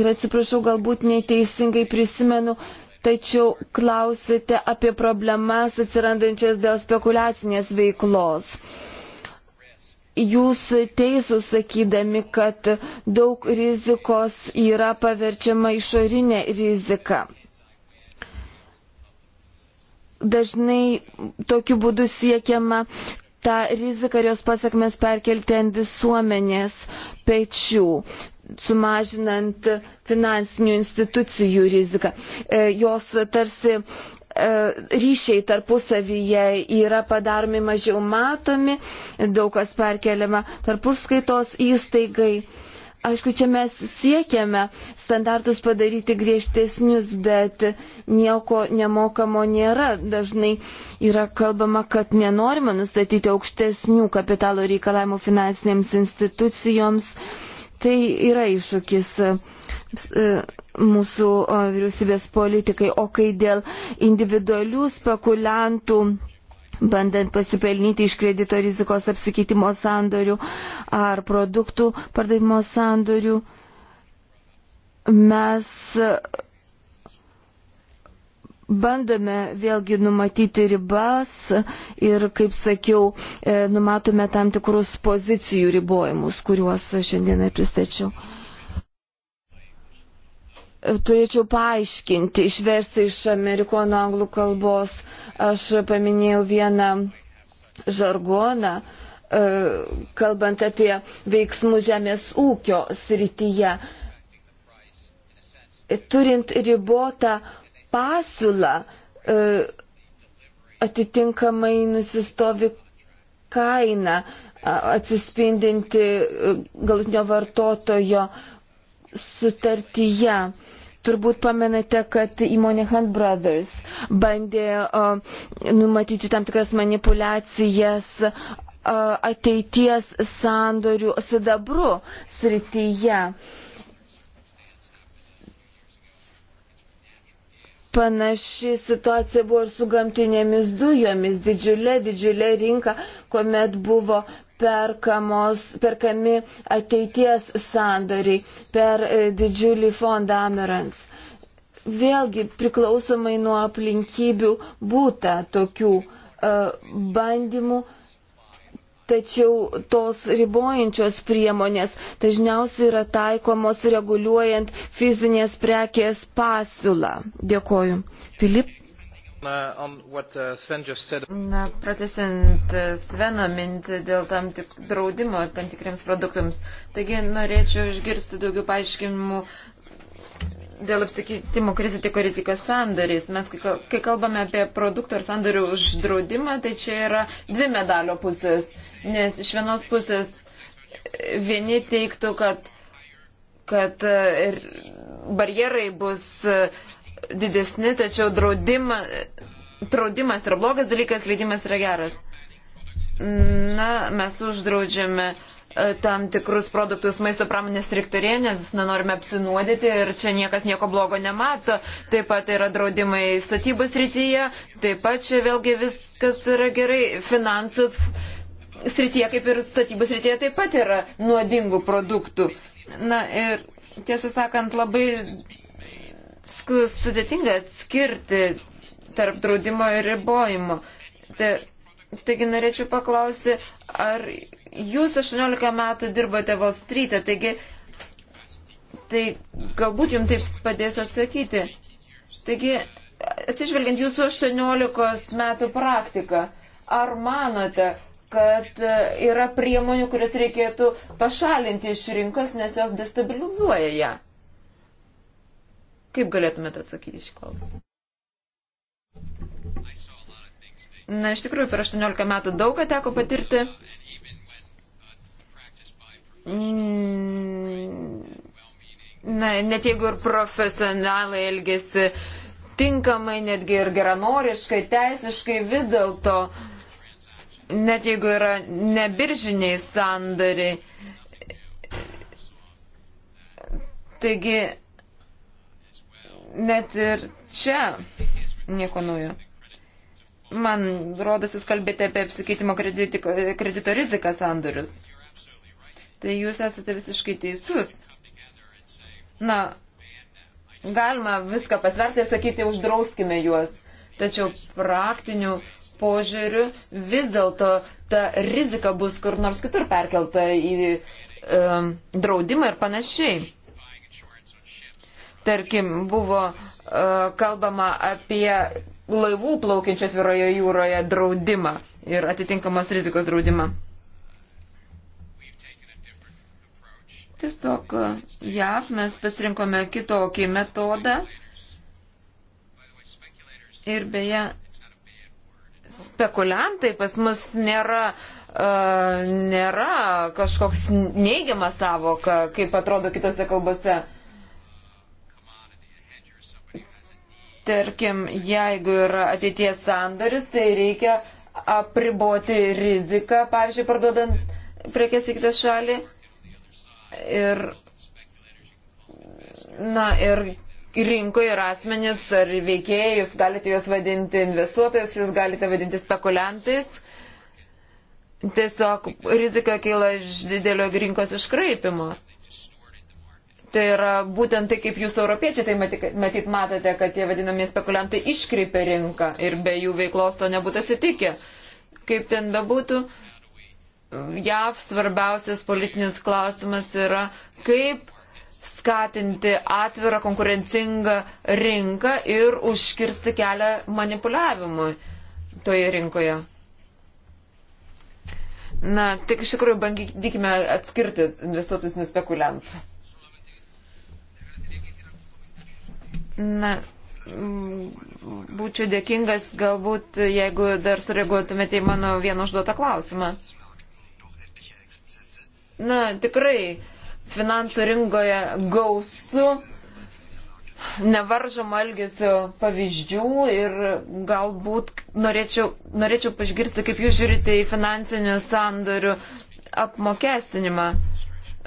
ir atsiprašau, galbūt neteisingai prisimenu, tačiau klausėte apie problemas atsirandančias dėl spekulacinės veiklos. Uh, Jūs teisūs sakydami, kad daug rizikos yra paverčiama išorinė rizika. Dažnai tokiu būdu siekiama tą riziką ir jos pasakmes perkelti ant visuomenės pečių sumažinant finansinių institucijų riziką. E, jos tarsi E, ryšiai tarpusavyje yra padaromi mažiau matomi, daug kas perkeliama tarpuskaitos įstaigai. Aišku, čia mes siekiame standartus padaryti griežtesnius, bet nieko nemokamo nėra. Dažnai yra kalbama, kad nenorima nustatyti aukštesnių kapitalo reikalavimų finansinėms institucijoms. Tai yra iššūkis e, mūsų vyriausybės politikai. O kai dėl individualių spekuliantų bandant pasipelnyti iš kredito rizikos apsikeitimo sandorių ar produktų pardavimo sandorių, mes bandome vėlgi numatyti ribas ir, kaip sakiau, e, numatome tam tikrus pozicijų ribojimus, kuriuos šiandieną pristačiau turėčiau paaiškinti, išversti iš amerikonų anglų kalbos. Aš paminėjau vieną žargoną, e, kalbant apie veiksmus žemės ūkio srityje. Turint ribotą pasiūlą, e, atitinkamai nusistovi kaina atsispindinti e, galutinio vartotojo sutartyje Turbūt pamenate, kad įmonė Hunt Brothers bandė uh, numatyti tam tikras manipulacijas uh, ateities sandorių sidabru srityje. Panaši situacija buvo ir su gamtinėmis dujomis. Didžiulė, didžiulė rinka, kuomet buvo perkamos, perkami ateities sandoriai per e, didžiulį fondą Amerans. Vėlgi priklausomai nuo aplinkybių būta tokių e, bandymų, tačiau tos ribojančios priemonės dažniausiai yra taikomos reguliuojant fizinės prekės pasiūlą. Dėkoju. Filip. Uh, uh, Na, pratesiant uh, Sveno mintį dėl tam tik draudimo tam tikriems produktams. Taigi norėčiau išgirsti daugiau paaiškinimų dėl apsikeitimo krizė tik kritikos sandoriais. Mes, kai kalbame apie produktų ar sandorių uždraudimą, tai čia yra dvi medalio pusės. Nes iš vienos pusės vieni teiktų, kad, kad e, barjerai bus e, didesni, tačiau draudima, draudimas yra blogas dalykas, leidimas yra geras. Na, mes uždraudžiame e, tam tikrus produktus maisto pramonės riktorė, nes nenorime apsinuodyti ir čia niekas nieko blogo nemato. Taip pat yra draudimai statybos rytyje, taip pat čia vėlgi viskas yra gerai. Finansų srityje, kaip ir statybos srityje, taip pat yra nuodingų produktų. Na ir tiesą sakant, labai sudėtinga atskirti tarp draudimo ir ribojimo. Ta, taigi norėčiau paklausti, ar jūs 18 metų dirbote Wall Street'e, taigi tai galbūt jums taip padės atsakyti. Taigi, atsižvelgiant jūsų 18 metų praktiką, ar manote, kad e, yra priemonių, kurias reikėtų pašalinti iš rinkos, nes jos destabilizuoja ją? Kaip galėtumėte atsakyti šį klausimą? Na, iš tikrųjų, per 18 metų daug ką teko patirti. Mm, na, net jeigu ir profesionalai elgesi tinkamai, netgi ir geranoriškai, teisiškai, vis dėlto, net jeigu yra nebiržiniai sandariai. Taigi, net ir čia nieko naujo. Man rodas, jūs kalbėte apie apsikeitimo kredito, kredito riziką sandorius. Tai jūs esate visiškai teisus. Na, galima viską pasverti ir sakyti, uždrauskime juos. Tačiau praktiniu požiūriu vis dėlto ta rizika bus kur nors kitur perkelta į um, draudimą ir panašiai. Tarkim, buvo e, kalbama apie laivų plaukiančių atviroje jūroje draudimą ir atitinkamos rizikos draudimą. Tiesiog e, JAV mes pasirinkome kitokį metodą ir beje spekuliantai pas mus nėra, uh, nėra kažkoks neigiamas savoka, kaip atrodo kitose kalbose. Uh, Tarkim, jeigu yra ateities sandoris, tai reikia apriboti riziką, pavyzdžiui, parduodant prekes į kitą šalį. Ir, na, ir rinkoje ir asmenis ar veikėjai, jūs galite juos vadinti investuotojais, jūs galite vadinti spekuliantais. Tiesiog rizika kyla iš didelio rinkos iškraipimo. Tai yra būtent tai, kaip jūs europiečiai tai matyt, matyt matote, kad tie vadinami spekuliantai iškreipia rinką ir be jų veiklos to nebūtų atsitikę. Kaip ten bebūtų, JAV svarbiausias politinis klausimas yra, kaip skatinti atvirą konkurencingą rinką ir užkirsti kelią manipuliavimui toje rinkoje. Na, tik iš tikrųjų bandykime atskirti investuotus nuo spekuliantų. Na, būčiau dėkingas galbūt, jeigu dar sureaguotumėte į mano vieną užduotą klausimą. Na, tikrai, finansų rinkoje gausu nevaržomo elgesio pavyzdžių ir galbūt norėčiau, norėčiau pažgirsti, kaip jūs žiūrite į finansinių sandorių apmokestinimą.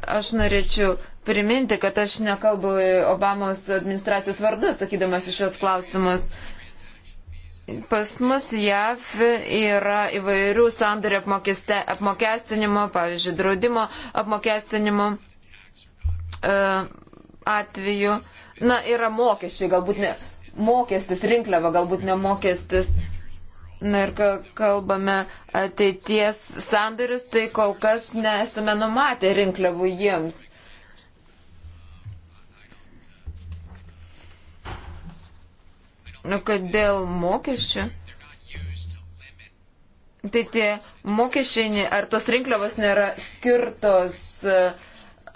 Aš norėčiau priminti, kad aš nekalbu Obamos administracijos vardu, atsakydamas iš šios klausimus. Pas mus JAV yra įvairių sandorių apmokestinimo, pavyzdžiui, draudimo apmokestinimo e, atveju. Na, yra mokesčiai, galbūt ne mokestis, rinkliava, galbūt ne mokestis. Na ir kalbame ateities sandorius, tai kol kas nesame numatę rinkliavų jiems. Nu, kad dėl mokesčių. Tai tie mokesčiai, ar tos rinkliavos nėra skirtos uh,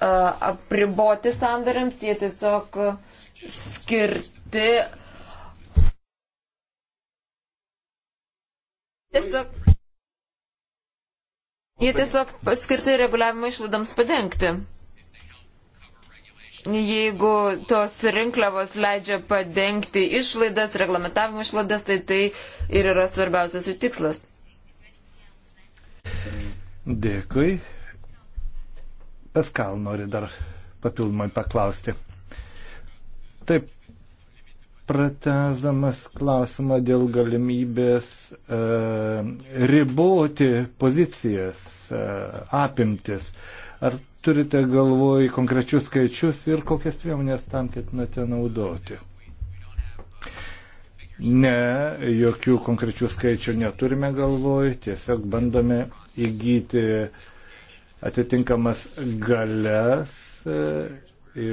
apriboti sandariams, jie tiesiog skirti tiesiog, jie tiesiog paskirti reguliavimo išlaidoms padengti. Jeigu tos rinkliavos leidžia padengti išlaidas, reglamentavimo išlaidas, tai tai ir yra svarbiausias jų tikslas. Dėkui. Paskal nori dar papildomai paklausti. Taip, pratesdamas klausimą dėl galimybės e, riboti pozicijas, e, apimtis. Ar turite galvoj konkrečius skaičius ir kokias priemonės tam ketinate naudoti? Ne, jokių konkrečių skaičių neturime galvoj, tiesiog bandome įgyti atitinkamas galias e,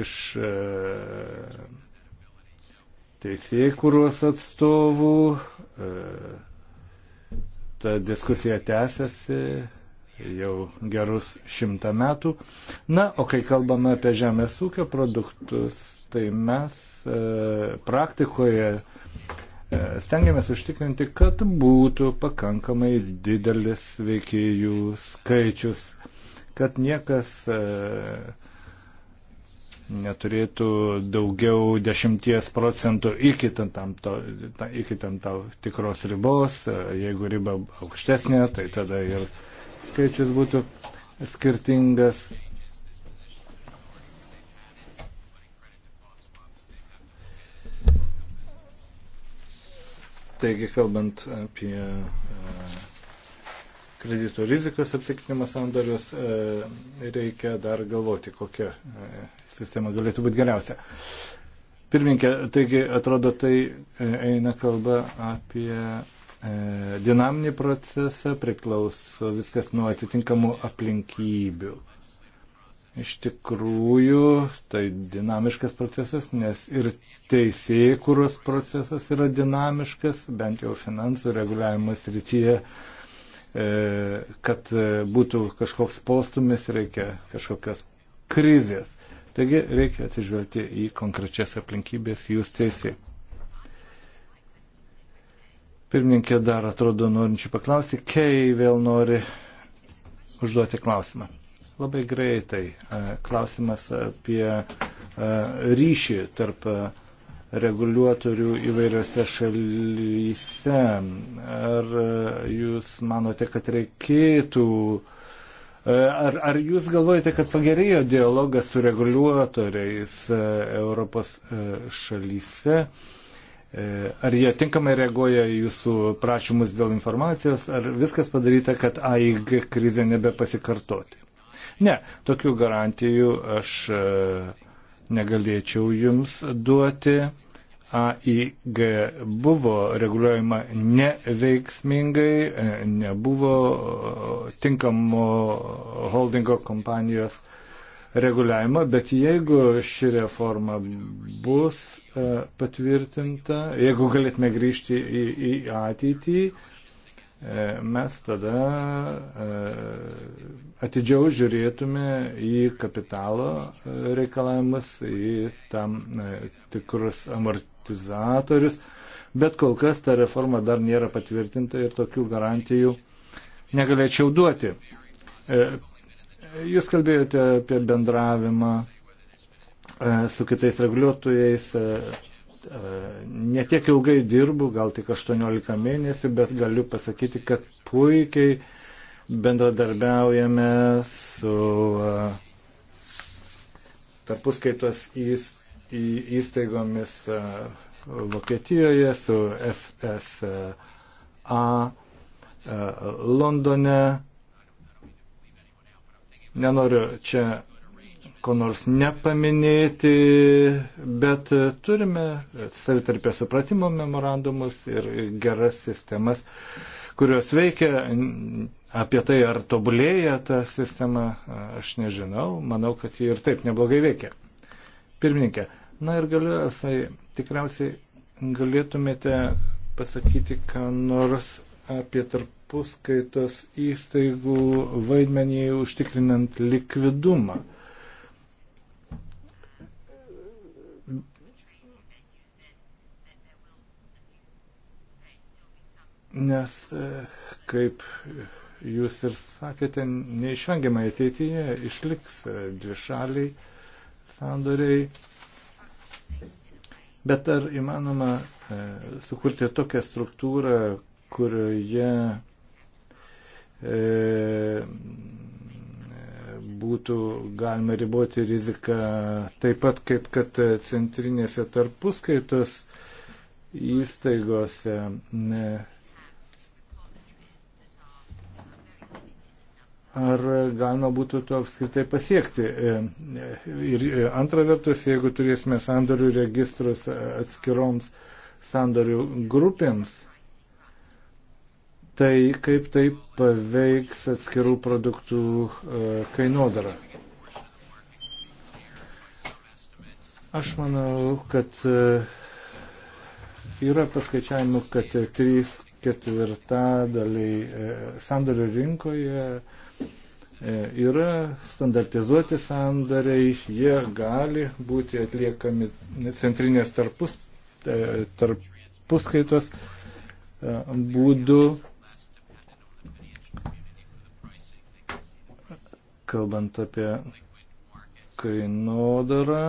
iš. E, teisėkūros atstovų. E, ta diskusija tęsiasi jau gerus šimtą metų. Na, o kai kalbame apie žemės ūkio produktus, tai mes e, praktikoje e, stengiamės užtikrinti, kad būtų pakankamai didelis veikėjų skaičius, kad niekas e, neturėtų daugiau 10 procentų iki tam, tam, to, iki tam tau tikros ribos. Jeigu riba aukštesnė, tai tada ir skaičius būtų skirtingas. Taigi, kalbant apie uh, kreditų rizikos apsikinimas sandorius, e, reikia dar galvoti, kokia e, sistema galėtų būti geriausia. Pirminkė, taigi atrodo, tai e, eina kalba apie dinaminį procesą, priklauso viskas nuo atitinkamų aplinkybių. Iš tikrųjų, tai dinamiškas procesas, nes ir teisėjai, kuros procesas yra dinamiškas, bent jau finansų reguliavimas rytyje. Uh, E, kad e, būtų kažkoks postumis, reikia kažkokios krizės. Taigi reikia atsižvelgti į konkrečias aplinkybės, jūs teisė. Pirmininkė dar atrodo norinčių paklausti, Kei vėl nori užduoti klausimą. Labai greitai e, klausimas apie ryšį tarp reguliuotorių įvairiose šalyse. Ar jūs manote, kad reikėtų, e, ar, ar jūs galvojate, kad pagerėjo dialogas su reguliuotoriais e, Europos e, šalyse? Ar jie tinkamai reaguoja į jūsų prašymus dėl informacijos, ar viskas padaryta, kad AIG krizė nebepasikartoti? Ne, tokių garantijų aš uh, negalėčiau jums duoti. AIG buvo reguliuojama neveiksmingai, nebuvo tinkamo holdingo kompanijos reguliavimą, bet jeigu ši reforma bus e, patvirtinta, jeigu galėtume grįžti į, į ateitį, E, mes tada e, atidžiau žiūrėtume į kapitalo e, reikalavimus, į tam tikrus amortizatorius, bet kol kas ta reforma dar nėra patvirtinta ir tokių garantijų negalėčiau duoti. Jūs kalbėjote apie bendravimą su kitais reguliuotojais, netiek ilgai dirbu, gal tik 18 mėnesių, bet galiu pasakyti, kad puikiai bendradarbiaujame su tarpuskaitos įstaigomis Vokietijoje, su FSA Londone. Nenoriu čia ko nors nepaminėti, bet turime savitarpio supratimo memorandumus ir geras sistemas, kurios veikia. Apie tai, ar tobulėja ta sistema, aš nežinau. Manau, kad ji ir taip neblogai veikia. Pirmininkė, na ir galiu, esai, tikriausiai galėtumėte pasakyti, ką nors apie tarpuskaitos įstaigų vaidmenį užtikrinant likvidumą. nes, e, kaip jūs ir sakėte, neišvengiamai ateityje išliks e, dvišaliai sandoriai. Bet ar įmanoma e, sukurti tokią struktūrą, kurioje e, būtų galima riboti riziką taip pat kaip kad centrinėse tarpuskaitos įstaigose. Ne, ar galima būtų to apskritai pasiekti. Ir antra vertus, jeigu turėsime sandorių registrus atskiroms sandorių grupėms, tai kaip tai paveiks atskirų produktų e, kainodarą. Aš manau, kad e, yra paskaičiavimų, kad 3 ketvirtadaliai e, sandorių rinkoje E, yra standartizuoti sandariai, jie gali būti atliekami centrinės tarpus, e, tarpuskaitos e, būdu. Kalbant apie kainodarą,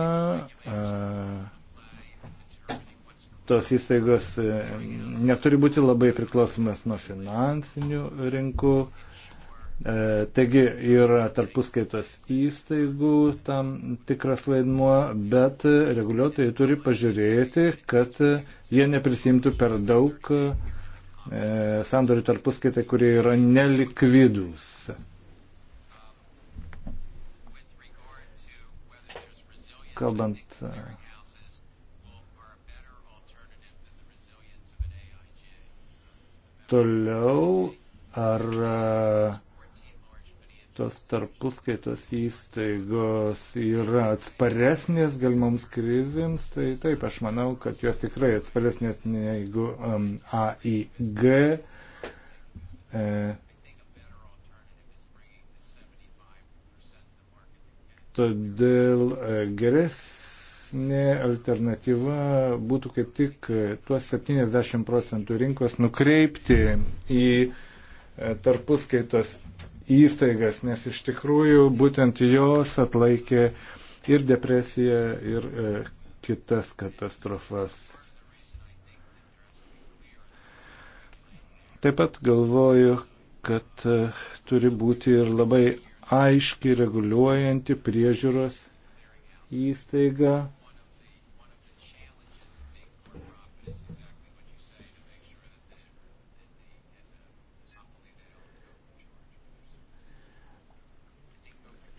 tos įstaigos neturi būti labai priklausomas nuo finansinių rinkų E, taigi yra tarpuskaitos įstaigų tam tikras vaidmuo, bet reguliuotojai turi pažiūrėti, kad jie neprisimtų per daug e, sandorių tarpuskaitai, kurie yra nelikvidus. Kalbant e, toliau, ar tos tarpuskaitos įstaigos yra atsparesnės galimoms krizėms, tai taip, aš manau, kad jos tikrai atsparesnės negu um, AIG. E, todėl e, geresnė alternatyva būtų kaip tik tuos 70 procentų rinkos nukreipti į e, tarpuskaitos įstaigas, nes iš tikrųjų būtent jos atlaikė ir depresiją, ir e, kitas katastrofas. Taip pat galvoju, kad e, turi būti ir labai aiški reguliuojanti priežiūros įstaiga,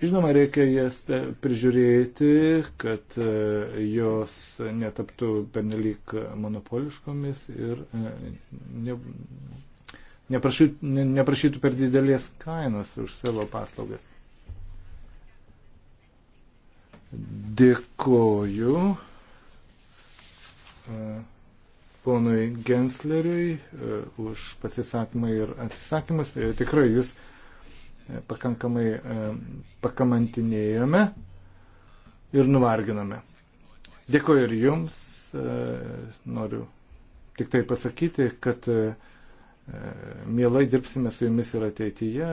Žinoma, reikia jas e, prižiūrėti, kad e, jos netaptų pernelyg monopoliškomis ir e, ne, neprašytų, ne, neprašytų per didelės kainos už savo paslaugas. Dėkoju ponui Gensleriui už pasisakymą ir atsisakymas. Tikrai jūs E, pakankamai e, pakamantinėjome ir nuvarginome. Dėkoju ir jums. E, noriu tik tai pasakyti, kad mielai dirbsime su jumis ir ateityje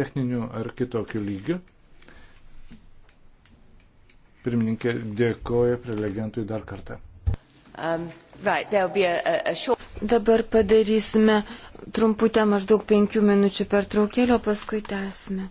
techniniu ar kitokiu lygiu. Pirmininkė dėkoja prelegentui dar kartą. Um, right, Dabar padarysime trumputę maždaug penkių minučių pertraukėlę, o paskui tęsime.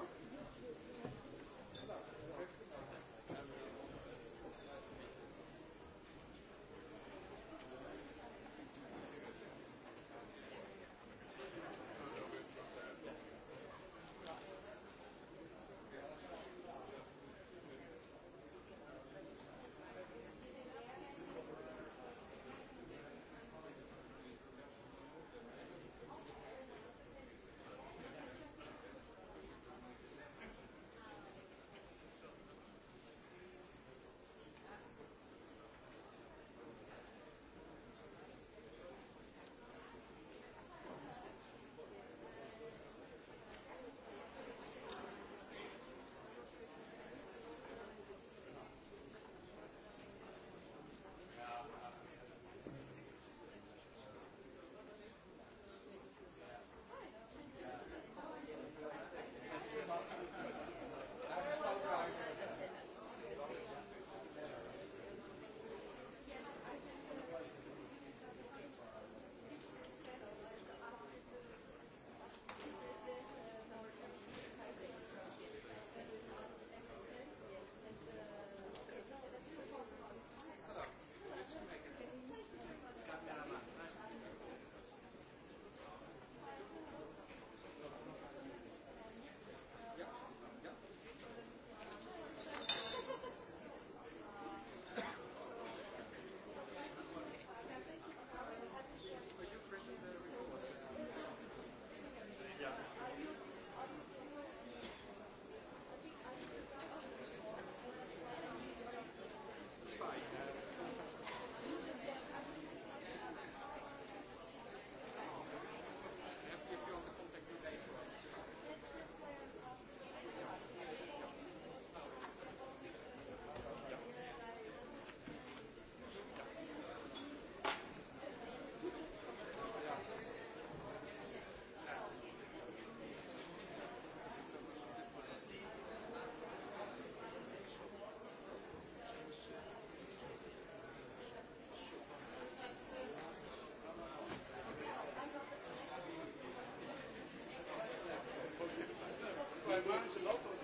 bij Maarten Lappert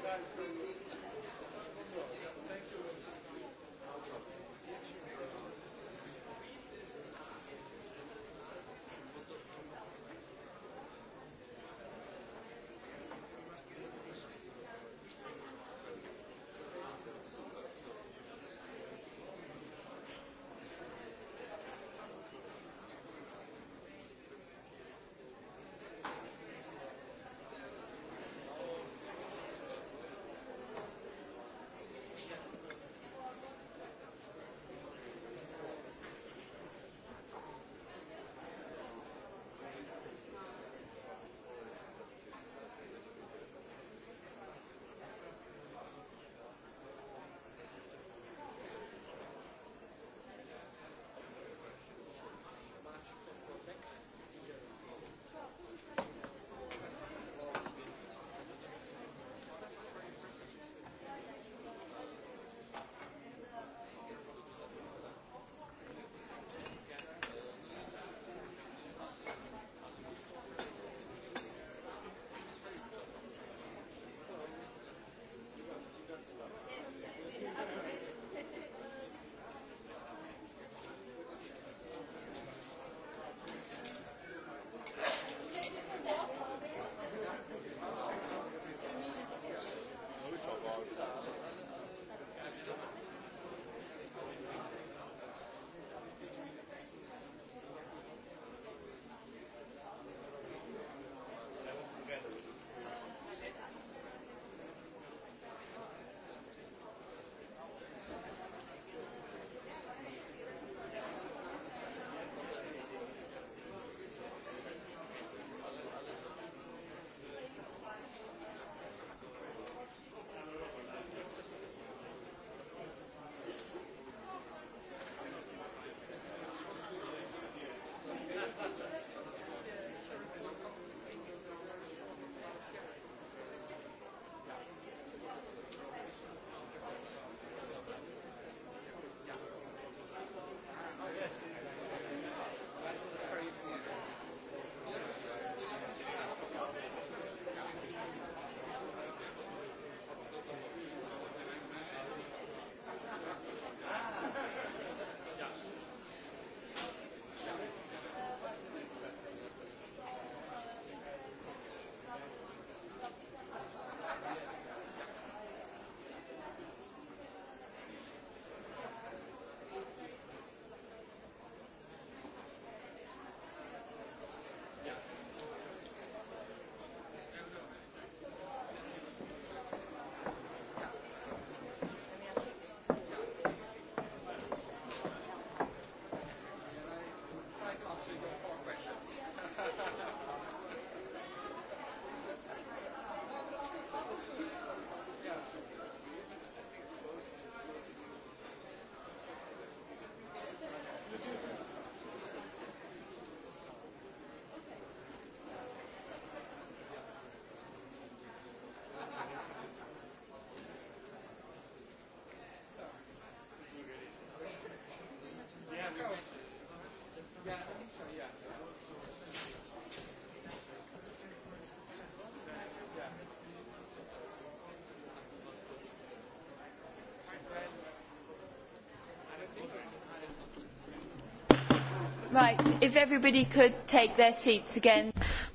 Right, if everybody could take their seats again.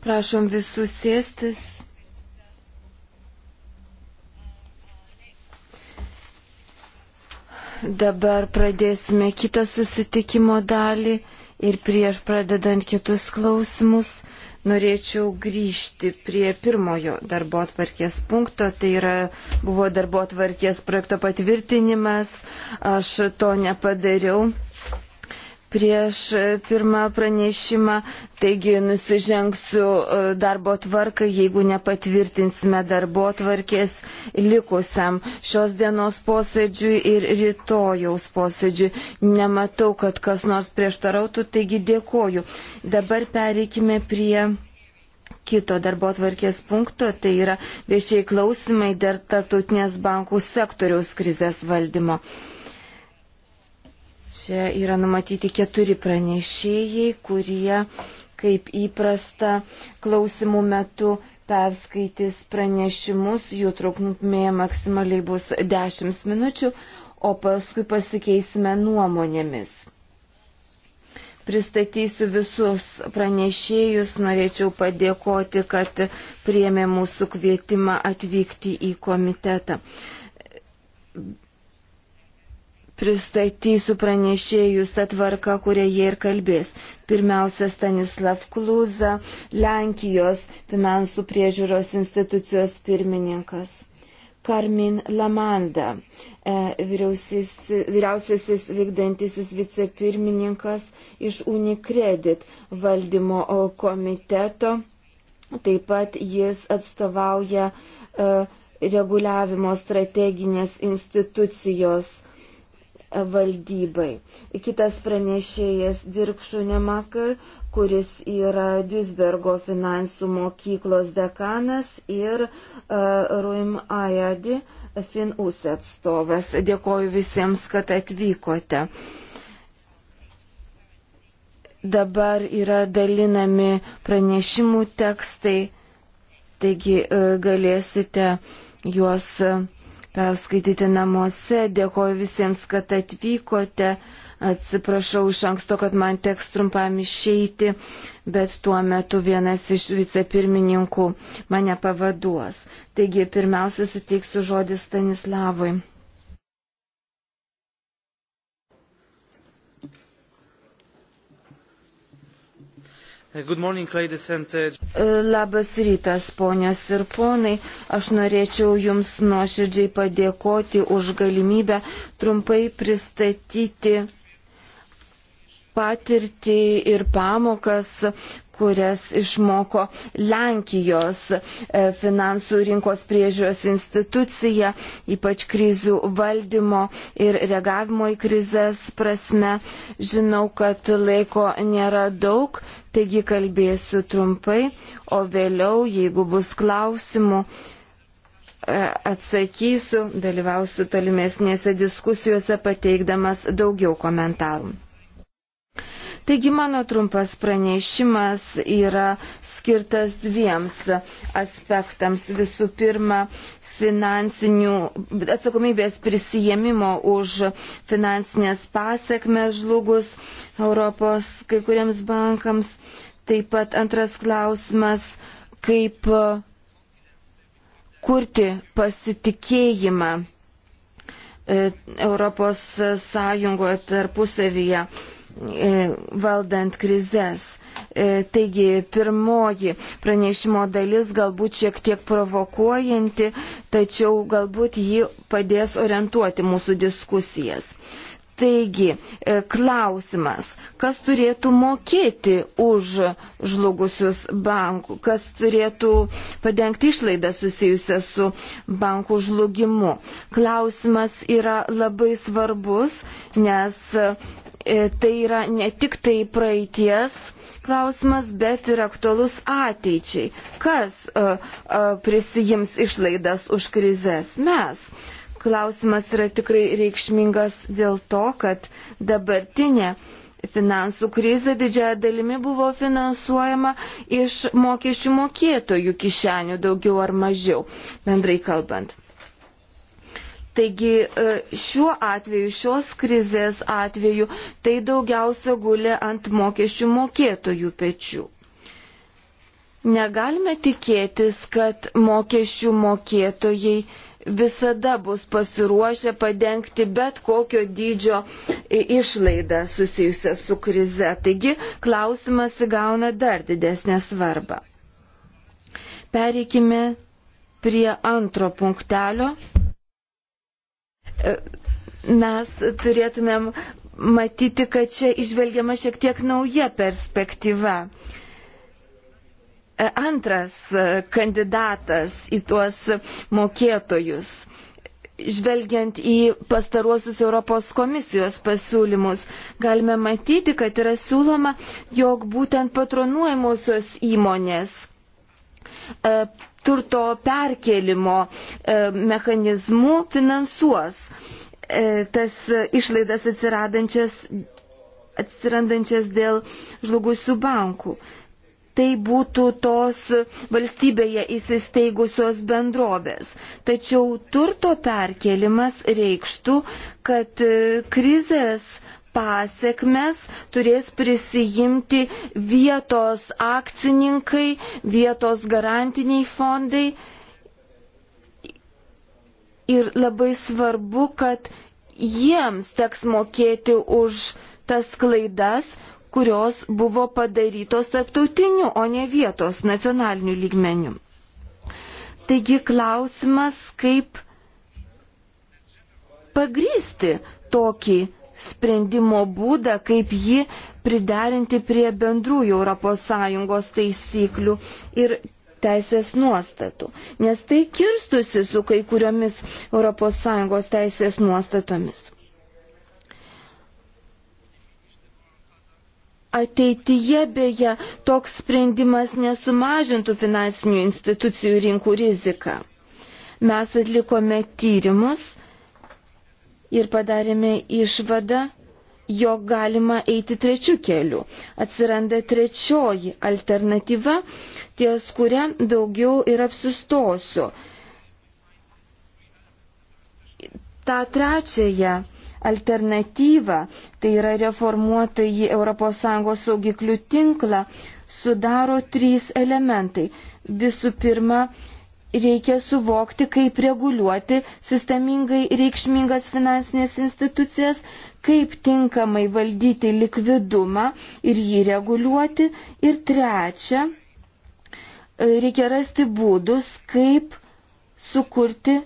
Prašom visų sėstis. Dabar pradėsime kitą susitikimo dalį ir prieš pradedant kitus klausimus norėčiau grįžti prie pirmojo darbo atvarkės punkto, tai yra buvo darbo atvarkės projekto patvirtinimas, aš to nepadariau prieš e, pirmą pranešimą, taigi nusižengsiu e, darbo tvarką, jeigu nepatvirtinsime darbo tvarkės likusiam šios dienos posėdžiui ir rytojaus posėdžiui. Nematau, kad kas nors prieštarautų, taigi dėkoju. Dabar pereikime prie kito darbo tvarkės punkto, tai yra viešiai klausimai dėl tarptautinės bankų sektoriaus krizės valdymo. Čia yra numatyti keturi pranešėjai, kurie, kaip įprasta, klausimų metu perskaitys pranešimus, jų trukmė maksimaliai bus 10 minučių, o paskui pasikeisime nuomonėmis. Pristatysiu visus pranešėjus, norėčiau padėkoti, kad priemė mūsų kvietimą atvykti į komitetą pristatysiu pranešėjus tą tvarką, kurie jie ir kalbės. Pirmiausia, Stanislav Kluza, Lenkijos finansų priežiūros institucijos pirmininkas. Karmin Lamanda, e, vyriausiasis vykdantisis vicepirmininkas iš Unicredit valdymo komiteto. Taip pat jis atstovauja e, reguliavimo strateginės institucijos valdybai. Kitas pranešėjas Dirk Šunemaker, kuris yra Duisbergo finansų mokyklos dekanas ir uh, Ruim Ajadi Finus atstovas. Dėkoju visiems, kad atvykote. Dabar yra dalinami pranešimų tekstai, taigi uh, galėsite juos. Uh, perskaityti namuose. Dėkoju visiems, kad atvykote. Atsiprašau iš anksto, kad man teks trumpam išeiti, bet tuo metu vienas iš vicepirmininkų mane pavaduos. Taigi pirmiausia suteiksiu žodį Stanislavui. Morning, and... Uh, labas rytas, ponios ir ponai. Aš norėčiau Jums nuoširdžiai padėkoti už galimybę trumpai pristatyti patirtį ir pamokas, kurias išmoko Lenkijos e, finansų rinkos priežiūros institucija, ypač krizių valdymo ir reagavimo į krizės prasme. Žinau, kad laiko nėra daug, Taigi kalbėsiu trumpai, o vėliau, jeigu bus klausimų, e, atsakysiu, dalyvausiu tolimesnėse diskusijose pateikdamas daugiau komentarų. Taigi mano trumpas pranešimas yra skirtas dviems aspektams. Visų pirma, finansinių atsakomybės prisijėmimo už finansinės pasiekmes žlugus Europos kai kuriems bankams. Taip pat antras klausimas, kaip e, kurti pasitikėjimą e, Europos Sąjungoje tarpusavyje e, valdant krizės. E, taigi pirmoji pranešimo dalis galbūt šiek tiek provokuojanti, tačiau galbūt ji padės orientuoti mūsų diskusijas. Taigi, e, klausimas, kas turėtų mokėti už žlugusius bankų, kas turėtų padengti išlaidą susijusią su bankų žlugimu. Klausimas yra labai svarbus, nes e, tai yra ne tik tai praeities, klausimas, bet ir aktualus ateičiai. Kas uh, uh, prisijims išlaidas už krizės? Mes. Klausimas yra tikrai reikšmingas dėl to, kad dabartinė finansų krizė didžiąją dalimi buvo finansuojama iš mokesčių mokėtojų kišenių daugiau ar mažiau, bendrai kalbant. Taigi e, šiuo atveju, šios krizės atveju, tai daugiausia gulė ant mokesčių mokėtojų pečių. Negalime tikėtis, kad mokesčių mokėtojai visada bus pasiruošę padengti bet kokio dydžio išlaidą susijusią su krize. Taigi klausimas įgauna dar didesnę svarbą. Pereikime prie antro punktelio mes turėtumėm matyti, kad čia išvelgiama šiek tiek nauja perspektyva. E, antras kandidatas į tuos mokėtojus žvelgiant į pastaruosius Europos komisijos pasiūlymus, galime matyti, kad yra siūloma, jog būtent patronuojamosios įmonės e, turto perkelimo e, mechanizmu finansuos e, tas išlaidas atsiradančias, atsirandančias dėl žlugusių bankų. Tai būtų tos valstybėje įsisteigusios bendrovės. Tačiau turto perkelimas reikštų, kad krizės pasiekmes turės prisijimti vietos akcininkai, vietos garantiniai fondai. Ir labai svarbu, kad jiems teks mokėti už tas klaidas, kurios buvo padarytos tarptautiniu, o ne vietos nacionaliniu lygmeniu. Taigi klausimas, kaip pagrysti tokį sprendimo būdą, kaip jį priderinti prie bendrųjų ES taisyklių ir teisės nuostatų, nes tai kirstusi su kai kuriomis ES teisės nuostatomis. Ateityje beje toks sprendimas nesumažintų finansinių institucijų rinkų riziką. Mes atlikome tyrimus ir padarėme išvadą, jo galima eiti trečių kelių. Atsiranda trečioji alternatyva, ties kuria daugiau ir apsistosiu. Ta trečiaja alternatyva, tai yra reformuota į ES saugiklių tinklą, sudaro trys elementai. Visų pirma, reikia suvokti, kaip reguliuoti sistemingai reikšmingas finansinės institucijas, kaip tinkamai valdyti likvidumą ir jį reguliuoti. Ir trečia, e, reikia rasti būdus, kaip sukurti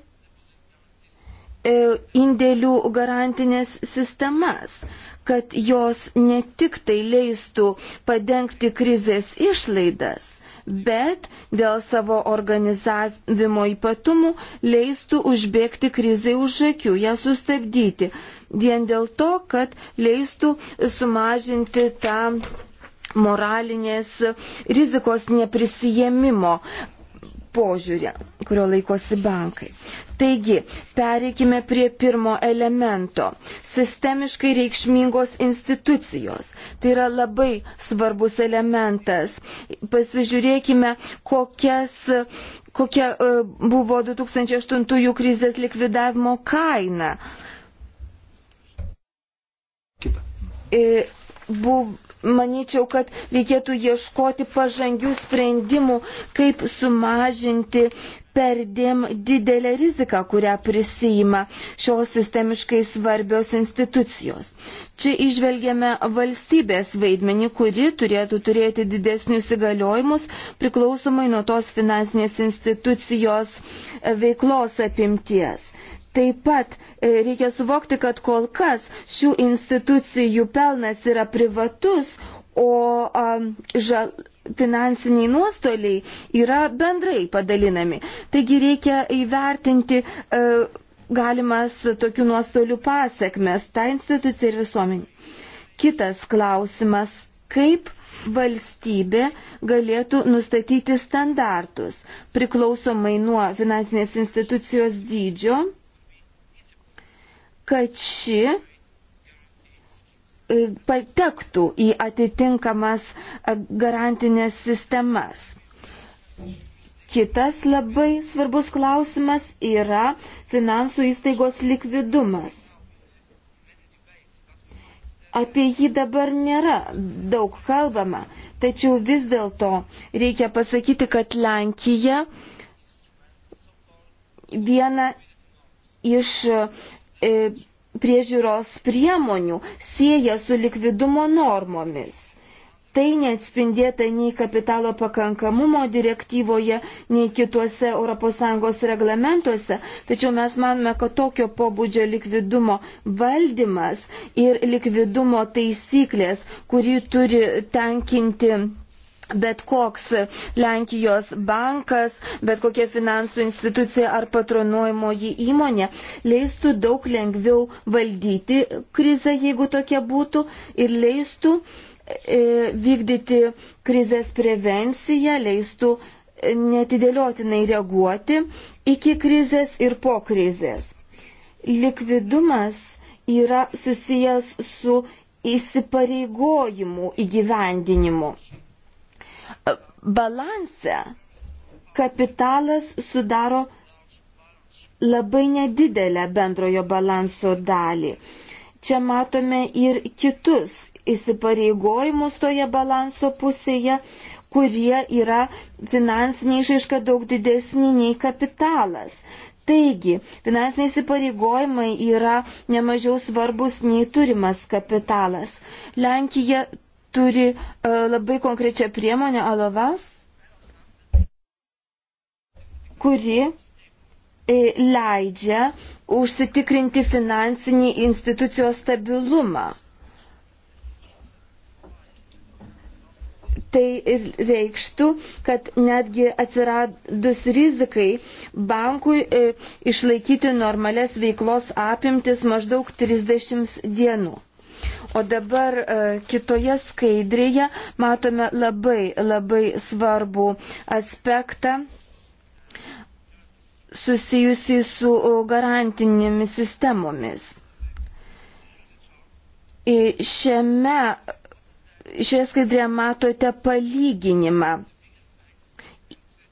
e, indėlių garantinės sistemas, kad jos ne tik tai leistų padengti krizės išlaidas, bet dėl savo organizavimo ypatumų leistų užbėgti krizai už akių, ją sustabdyti. Vien dėl to, kad leistų sumažinti tą moralinės rizikos neprisijėmimo požiūrį, kurio laikosi bankai. Taigi, pereikime prie pirmo elemento - sistemiškai reikšmingos institucijos. Tai yra labai svarbus elementas. Pasižiūrėkime, kokias kokia e, buvo 2008 krizės likvidavimo kaina. E, Buv, manyčiau, kad reikėtų ieškoti pažangių sprendimų, kaip sumažinti perdėm didelę riziką, kurią prisijima šios sistemiškai svarbios institucijos. Čia išvelgiame valstybės vaidmenį, kuri turėtų turėti didesnius įgaliojimus priklausomai nuo tos finansinės institucijos e, veiklos apimties. Taip pat e, reikia suvokti, kad kol kas šių institucijų pelnas yra privatus, o a, žal, finansiniai nuostoliai yra bendrai padalinami. Taigi reikia įvertinti e, galimas tokių nuostolių pasiekmes tą instituciją ir visuomenį. Kitas klausimas, kaip valstybė galėtų nustatyti standartus priklausomai nuo finansinės institucijos dydžio, kad ši E, patektų į atitinkamas e, garantinės sistemas. Kitas labai svarbus klausimas yra finansų įstaigos likvidumas. Apie jį dabar nėra daug kalbama, tačiau vis dėlto reikia pasakyti, kad Lenkija viena iš e, priežiūros priemonių sieja su likvidumo normomis. Tai neatspindėta nei kapitalo pakankamumo direktyvoje, nei kituose ES reglamentuose, tačiau mes manome, kad tokio pobūdžio likvidumo valdymas ir likvidumo taisyklės, kurį turi tenkinti bet koks Lenkijos bankas, bet kokia finansų institucija ar patronuojamoji įmonė leistų daug lengviau valdyti krizę, jeigu tokia būtų, ir leistų e, vykdyti krizės prevenciją, leistų e, netidėliotinai reaguoti iki krizės ir po krizės. Likvidumas yra susijęs su įsipareigojimu įgyvendinimu balanse kapitalas sudaro labai nedidelę bendrojo balanso dalį. Čia matome ir kitus įsipareigojimus toje balanso pusėje, kurie yra finansiniai išaiška daug didesni nei kapitalas. Taigi, finansiniai įsipareigojimai yra nemažiau svarbus nei turimas kapitalas. Lenkija turi e, labai konkrečią priemonę Alovas, kuri e, leidžia užsitikrinti finansinį institucijos stabilumą. Tai reikštų, kad netgi atsiradus rizikai bankui e, išlaikyti normales veiklos apimtis maždaug 30 dienų. O dabar e, kitoje skaidrėje matome labai labai svarbų aspektą susijusi su e, garantinėmis sistemomis. Šiame, šioje skaidrėje matote palyginimą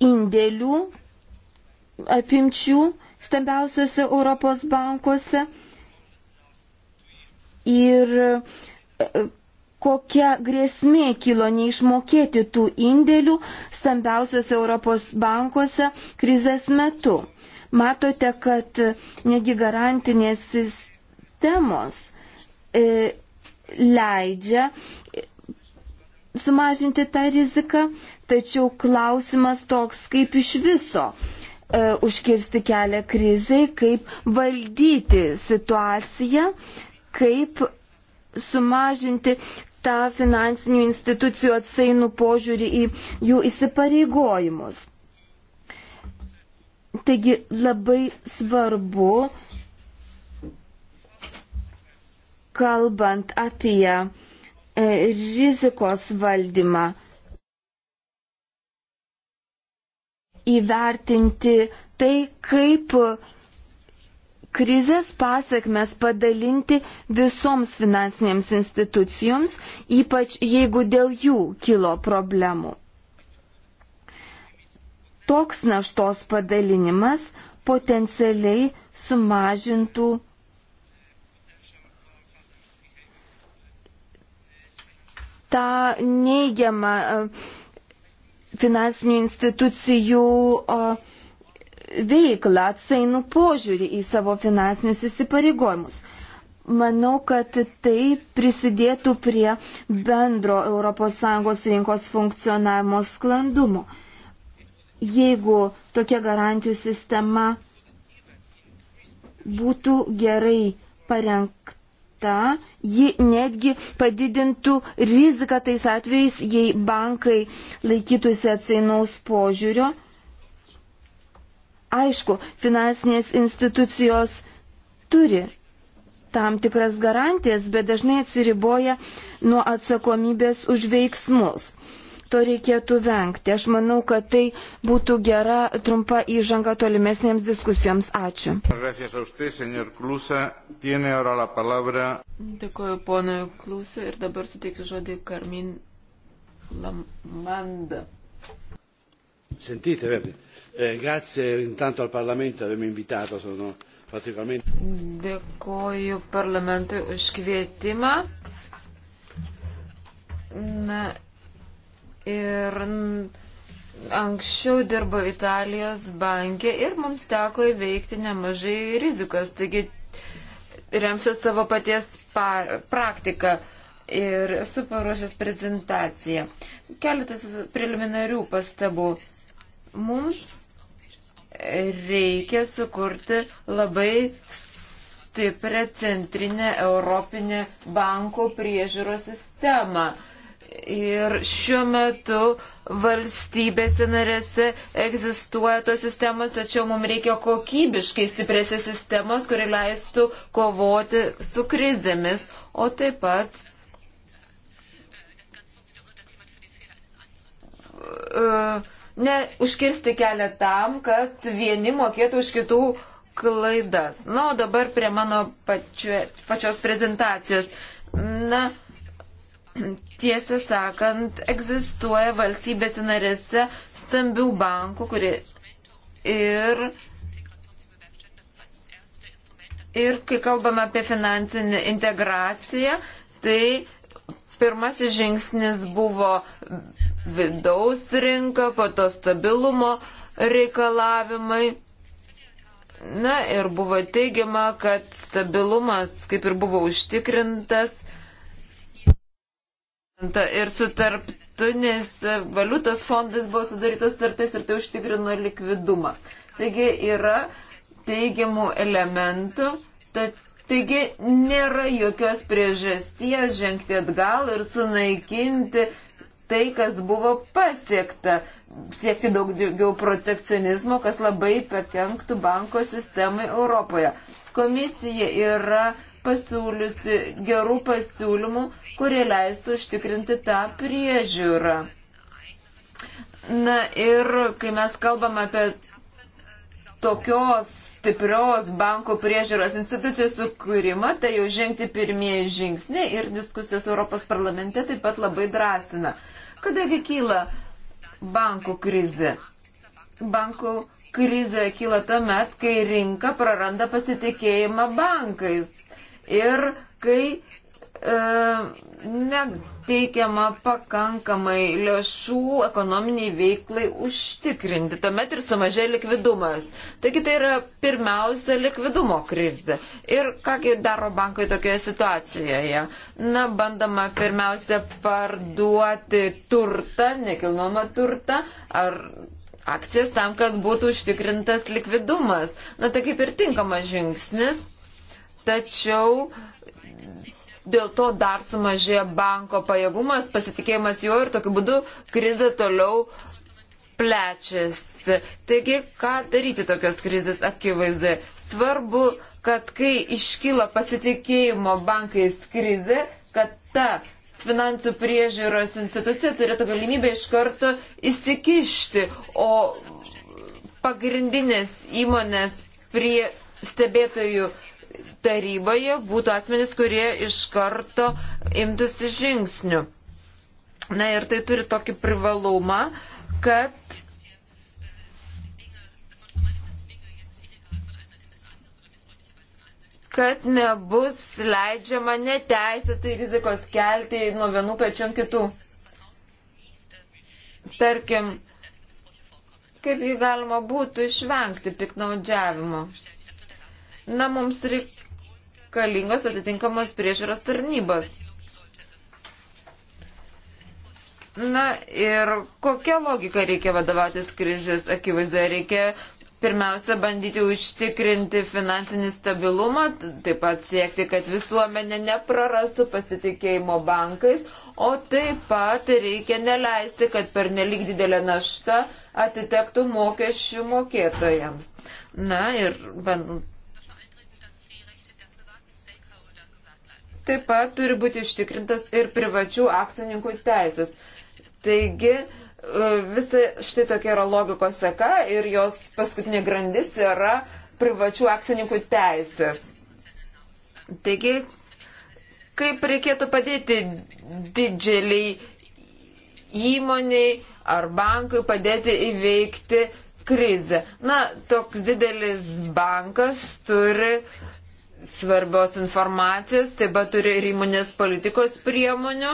indėlių apimčių stambiausiose Europos bankuose ir e, kokia grėsmė kilo neišmokėti tų indėlių stambiausiose Europos bankuose krizės metu. Matote, kad negi garantinės sistemos e, leidžia sumažinti tą riziką, tačiau klausimas toks, kaip iš viso e, užkirsti kelią krizai, kaip valdyti situaciją, kaip sumažinti tą finansinių institucijų atsainų požiūrį į jų įsipareigojimus. Taigi labai svarbu, kalbant apie e, rizikos valdymą, įvertinti tai, kaip krizės pasiekmes padalinti visoms finansinėms institucijoms, ypač jeigu dėl jų kilo problemų. Toks naštos padalinimas potencialiai sumažintų tą neigiamą e, finansinių institucijų uh, veiklą, atsainų požiūrį į savo finansinius įsipareigojimus. Manau, kad tai prisidėtų prie bendro ES rinkos funkcionavimo sklandumo. Jeigu tokia garantijų sistema būtų gerai parengta, ji netgi padidintų riziką tais atvejais, jei bankai laikytųsi atsainaus požiūrio Aišku, finansinės institucijos turi tam tikras garantijas, bet dažnai atsiriboja nuo atsakomybės už veiksmus. To reikėtų vengti. Aš manau, kad tai būtų gera trumpa įžanga tolimesnėms diskusijoms. Ačiū. Dėkuoju ponui Klusui ir dabar suteikiu žodį Karmin Lamanda. Sentite, vėlgi. Eh, grazie intanto al Parlamento avermi invitato, sono particolarmente. Dėkoju parlamentui už kvietimą. Na, ir anksčiau dirbo Italijos bankė ir mums teko įveikti nemažai rizikos, taigi remsiu savo paties par, praktiką ir esu paruošęs prezentaciją. Keletas preliminarių pastabų. Mums reikia sukurti labai stiprią centrinę Europinę bankų priežiūros sistemą. Ir šiuo metu valstybėse narėse egzistuoja tos sistemos, tačiau mums reikia kokybiškai stipresės sistemos, kuri leistų kovoti su krizėmis, o taip pat uh, neužkirsti kelią tam, kad vieni mokėtų už kitų klaidas. Na, o dabar prie mano pačio, pačios prezentacijos. Na, tiesą sakant, egzistuoja valstybėse narėse stambių bankų, kurie ir. Ir kai kalbame apie finansinę integraciją, tai Pirmasis žingsnis buvo vidaus rinka, po to stabilumo reikalavimai. Na ir buvo teigiama, kad stabilumas kaip ir buvo užtikrintas ir su tarptunis valiutos fondais buvo sudarytos startis ir tai užtikrino likvidumą. Taigi yra teigiamų elementų, tad Taigi nėra jokios priežasties žengti atgal ir sunaikinti tai, kas buvo pasiekta. Siekti daug daugiau protekcionizmo, kas labai pakenktų banko sistemai Europoje. Komisija yra pasiūliusi gerų pasiūlymų, kurie leistų užtikrinti tą priežiūrą. Na ir kai mes kalbam apie tokios stiprios bankų priežiūros institucijos sukūrimą, tai jau žengti pirmieji žingsniai ir diskusijos Europos parlamente taip pat labai drąsina. Kadangi kyla bankų krizė? Bankų krizė kyla tuomet, kai rinka praranda pasitikėjimą bankais ir kai e, ne, teikiama pakankamai lėšų ekonominiai veiklai užtikrinti. Tuomet ir sumažė likvidumas. Taigi tai yra pirmiausia likvidumo krizė. Ir kągi daro bankai tokioje situacijoje? Na, bandama pirmiausia parduoti turtą, nekilnojamą turtą ar akcijas tam, kad būtų užtikrintas likvidumas. Na, tai kaip ir tinkamas žingsnis. Tačiau uh, dėl to dar sumažėjo banko pajėgumas, pasitikėjimas juo ir tokiu būdu krizė toliau plečiasi. Taigi, ką daryti tokios krizės akivaizdoje? Svarbu, kad kai iškyla pasitikėjimo bankais krizė, kad ta finansų priežiūros institucija turėtų galimybę iš karto įsikišti, o pagrindinės įmonės prie stebėtojų taryboje būtų asmenys, kurie iš karto imtųsi žingsnių. Na ir tai turi tokį privalumą, kad kad nebus leidžiama neteisėtai rizikos kelti nuo vienų pečių kitų. Tarkim, kaip jį galima būtų išvengti piknaudžiavimo. Na, mums reik, reikalingos atitinkamos priežiūros tarnybos. Na ir kokią logiką reikia vadovautis krizės akivaizdoje? Reikia pirmiausia bandyti užtikrinti finansinį stabilumą, taip pat siekti, kad visuomenė neprarastų pasitikėjimo bankais, o taip pat reikia neleisti, kad per nelik didelę naštą atitektų mokesčių mokėtojams. Na ir bent taip pat turi būti ištikrintas ir privačių akcininkų teisės. Taigi, e, visa štai tokia yra logikos seka ir jos paskutinė grandis yra privačių akcininkų teisės. Taigi, kaip reikėtų padėti didžiuliai įmoniai ar bankui padėti įveikti krizę. Na, toks didelis bankas turi uh, svarbios informacijos, taip pat turi ir įmonės politikos priemonių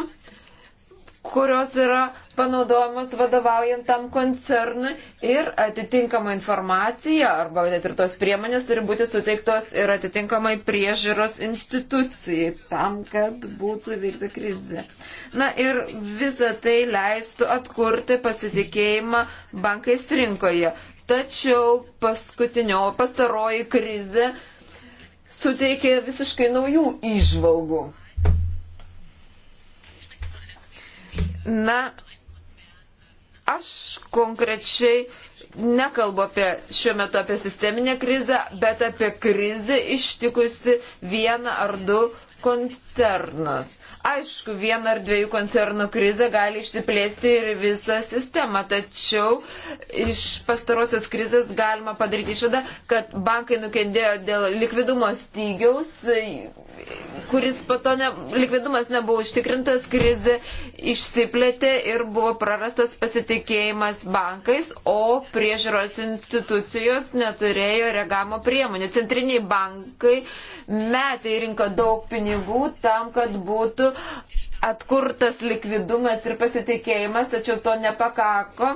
kurios yra panaudojamas vadovaujant tam koncernui ir atitinkama informacija arba net ir tos priemonės turi būti suteiktos ir atitinkamai priežiūros institucijai tam, kad būtų vykta krizė. Na ir visa tai leistų atkurti pasitikėjimą bankais rinkoje. Tačiau paskutinio pastaroji krizė suteikė visiškai naujų išvalgų. Na, aš konkrečiai nekalbu apie šiuo metu apie sisteminę krizę, bet apie krizę ištikusi vieną ar du koncernus. Aišku, vieno ar dviejų koncernų krizė gali išsiplėsti ir visą sistemą, tačiau iš pastarosios krizės galima padaryti išvadą, kad bankai nukentėjo dėl likvidumo stygiaus, kuris po to ne, likvidumas nebuvo užtikrintas, krizė išsiplėtė ir buvo prarastas pasitikėjimas bankais, o priežiūros institucijos neturėjo reagavimo priemonių. Centriniai bankai metai rinko daug pinigų tam, kad būtų atkurtas likvidumas ir pasitikėjimas, tačiau to nepakako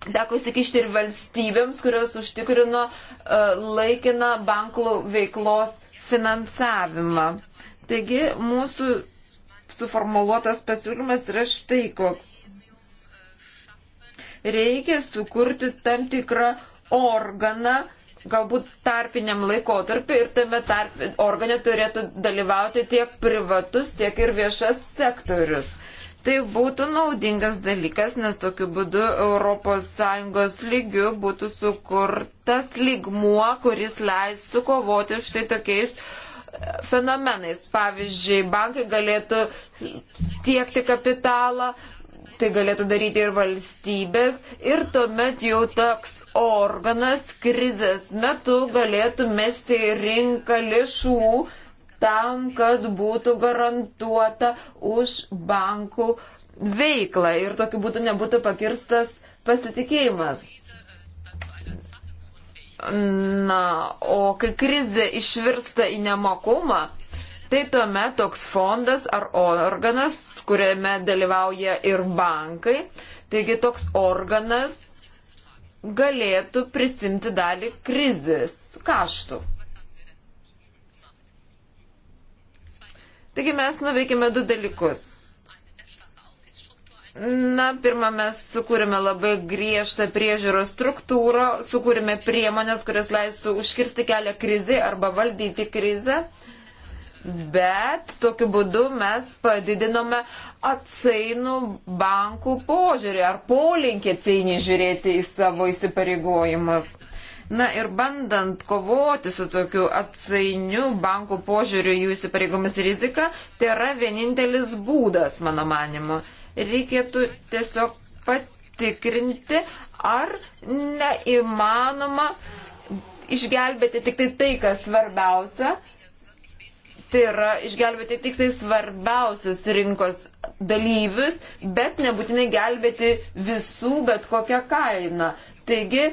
teko įsikišti ir valstybėms, kurios užtikrino uh, laikiną banklų veiklos finansavimą. Taigi mūsų suformuoluotas pasiūlymas yra štai koks. Reikia sukurti tam tikrą organą, galbūt tarpiniam laikotarpiu ir tame tarp, organe turėtų dalyvauti tiek privatus, tiek ir viešas sektorius. Tai būtų naudingas dalykas, nes tokiu būdu ES lygiu būtų sukurtas lygmuo, kuris leis sukovoti štai tokiais e, fenomenais. Pavyzdžiui, bankai galėtų tiekti kapitalą, tai galėtų daryti ir valstybės ir tuomet jau toks organas krizės metu galėtų mesti rinką lėšų tam, kad būtų garantuota už bankų veiklą ir tokiu būdu nebūtų pakirstas pasitikėjimas. Na, o kai krizė išvirsta į nemokumą, tai tuomet toks fondas ar organas, kuriame dalyvauja ir bankai, taigi toks organas galėtų prisimti dalį krizės kaštų. Taigi mes nuveikime du dalykus. Na, pirmą mes sukūrėme labai griežtą priežiūros struktūrą, sukūrėme priemonės, kurios leistų užkirsti kelią krizį arba valdyti krizę, bet tokiu būdu mes padidinome atsainų bankų požiūrį ar polinkį atsainiai žiūrėti į savo įsipareigojimus. Na ir bandant kovoti su tokiu atsainiu bankų požiūriu jų įsipareigomis rizika, tai yra vienintelis būdas, mano manimu. Reikėtų tiesiog patikrinti, ar neįmanoma išgelbėti tik tai tai, kas svarbiausia. Tai yra išgelbėti tik tai svarbiausius rinkos dalyvius, bet nebūtinai gelbėti visų bet kokią kainą. Taigi,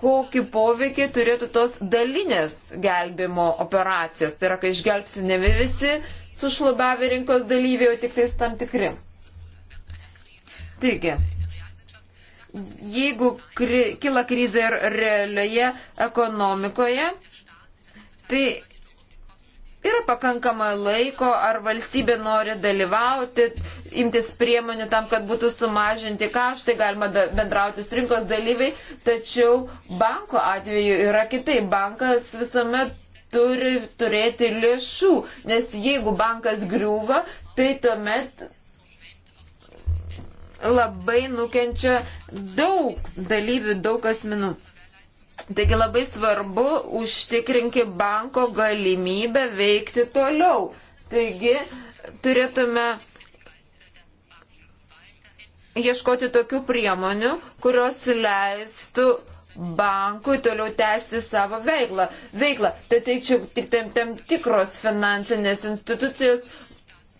kokį poveikį turėtų tos dalinės gelbimo operacijos? Tai yra, kai išgelbsi ne visi sušlubavę rinkos dalyviai, o tik tais tam tikri. Taigi, jeigu kri, kila krizė ir realioje ekonomikoje, tai Yra pakankama laiko, ar valstybė nori dalyvauti, imtis priemonių tam, kad būtų sumažinti kaštai, galima da, bendrauti su rinkos dalyviai, tačiau banko atveju yra kitai. Bankas visuomet turi turėti lėšų, nes jeigu bankas griūva, tai tuomet labai nukenčia daug dalyvių, daug asmenų. Taigi labai svarbu užtikrinti banko galimybę veikti toliau. Taigi turėtume ieškoti tokių priemonių, kurios leistų bankui toliau tęsti savo veiklą. veiklą. Tai tai čia tik tam, tam tikros finansinės institucijos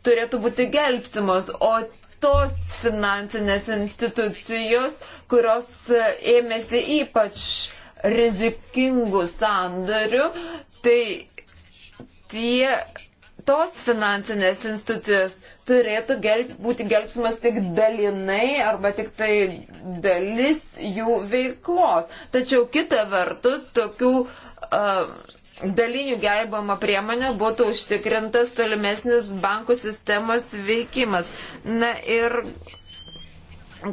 turėtų būti gelbstimos, o tos finansinės institucijos, kurios ėmėsi ypač rizikingų sandorių, tai tie, tos finansinės institucijos turėtų gelb, būti gelbsimas tik dalinai arba tik tai dalis jų veiklos. Tačiau kita vertus, tokių uh, dalinių gelbėjimo priemonių būtų užtikrintas tolimesnis bankų sistemos veikimas. Na ir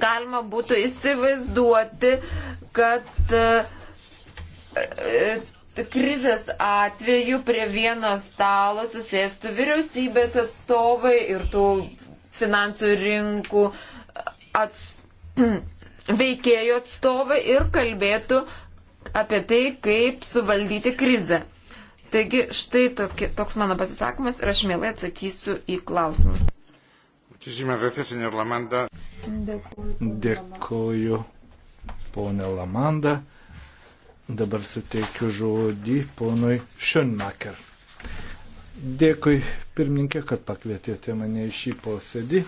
galima būtų įsivaizduoti, kad uh, E, krizės atveju prie vieno stalo susėstų vyriausybės atstovai ir tų finansų rinkų ats... veikėjų atstovai ir kalbėtų apie tai, kaip suvaldyti krizę. Taigi štai tokie, toks mano pasisakymas ir aš mielai atsakysiu į klausimus. Dėkuoju, ponė Lamanda. Dabar suteikiu žodį ponui Šunmaker. Dėkui pirmininkė, kad pakvietėte mane į šį posėdį.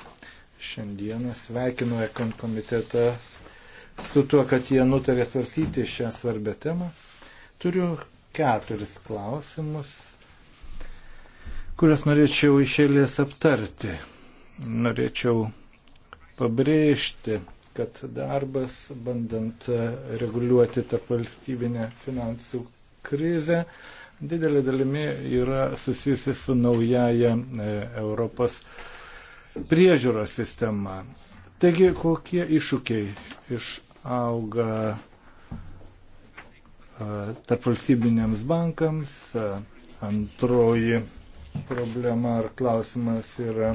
Šiandieną sveikinu Ekon komitetą su tuo, kad jie nutarė svarstyti šią svarbę temą. Turiu keturis klausimus, kurias norėčiau iš eilės aptarti. Norėčiau pabrėžti, kad darbas, bandant reguliuoti tarp valstybinę finansų krizę, didelė dalimi yra susijusi su naujaja e, Europos priežiūros sistema. Taigi, kokie iššūkiai išauga e, tarp valstybinėms bankams. E, antroji problema ar klausimas yra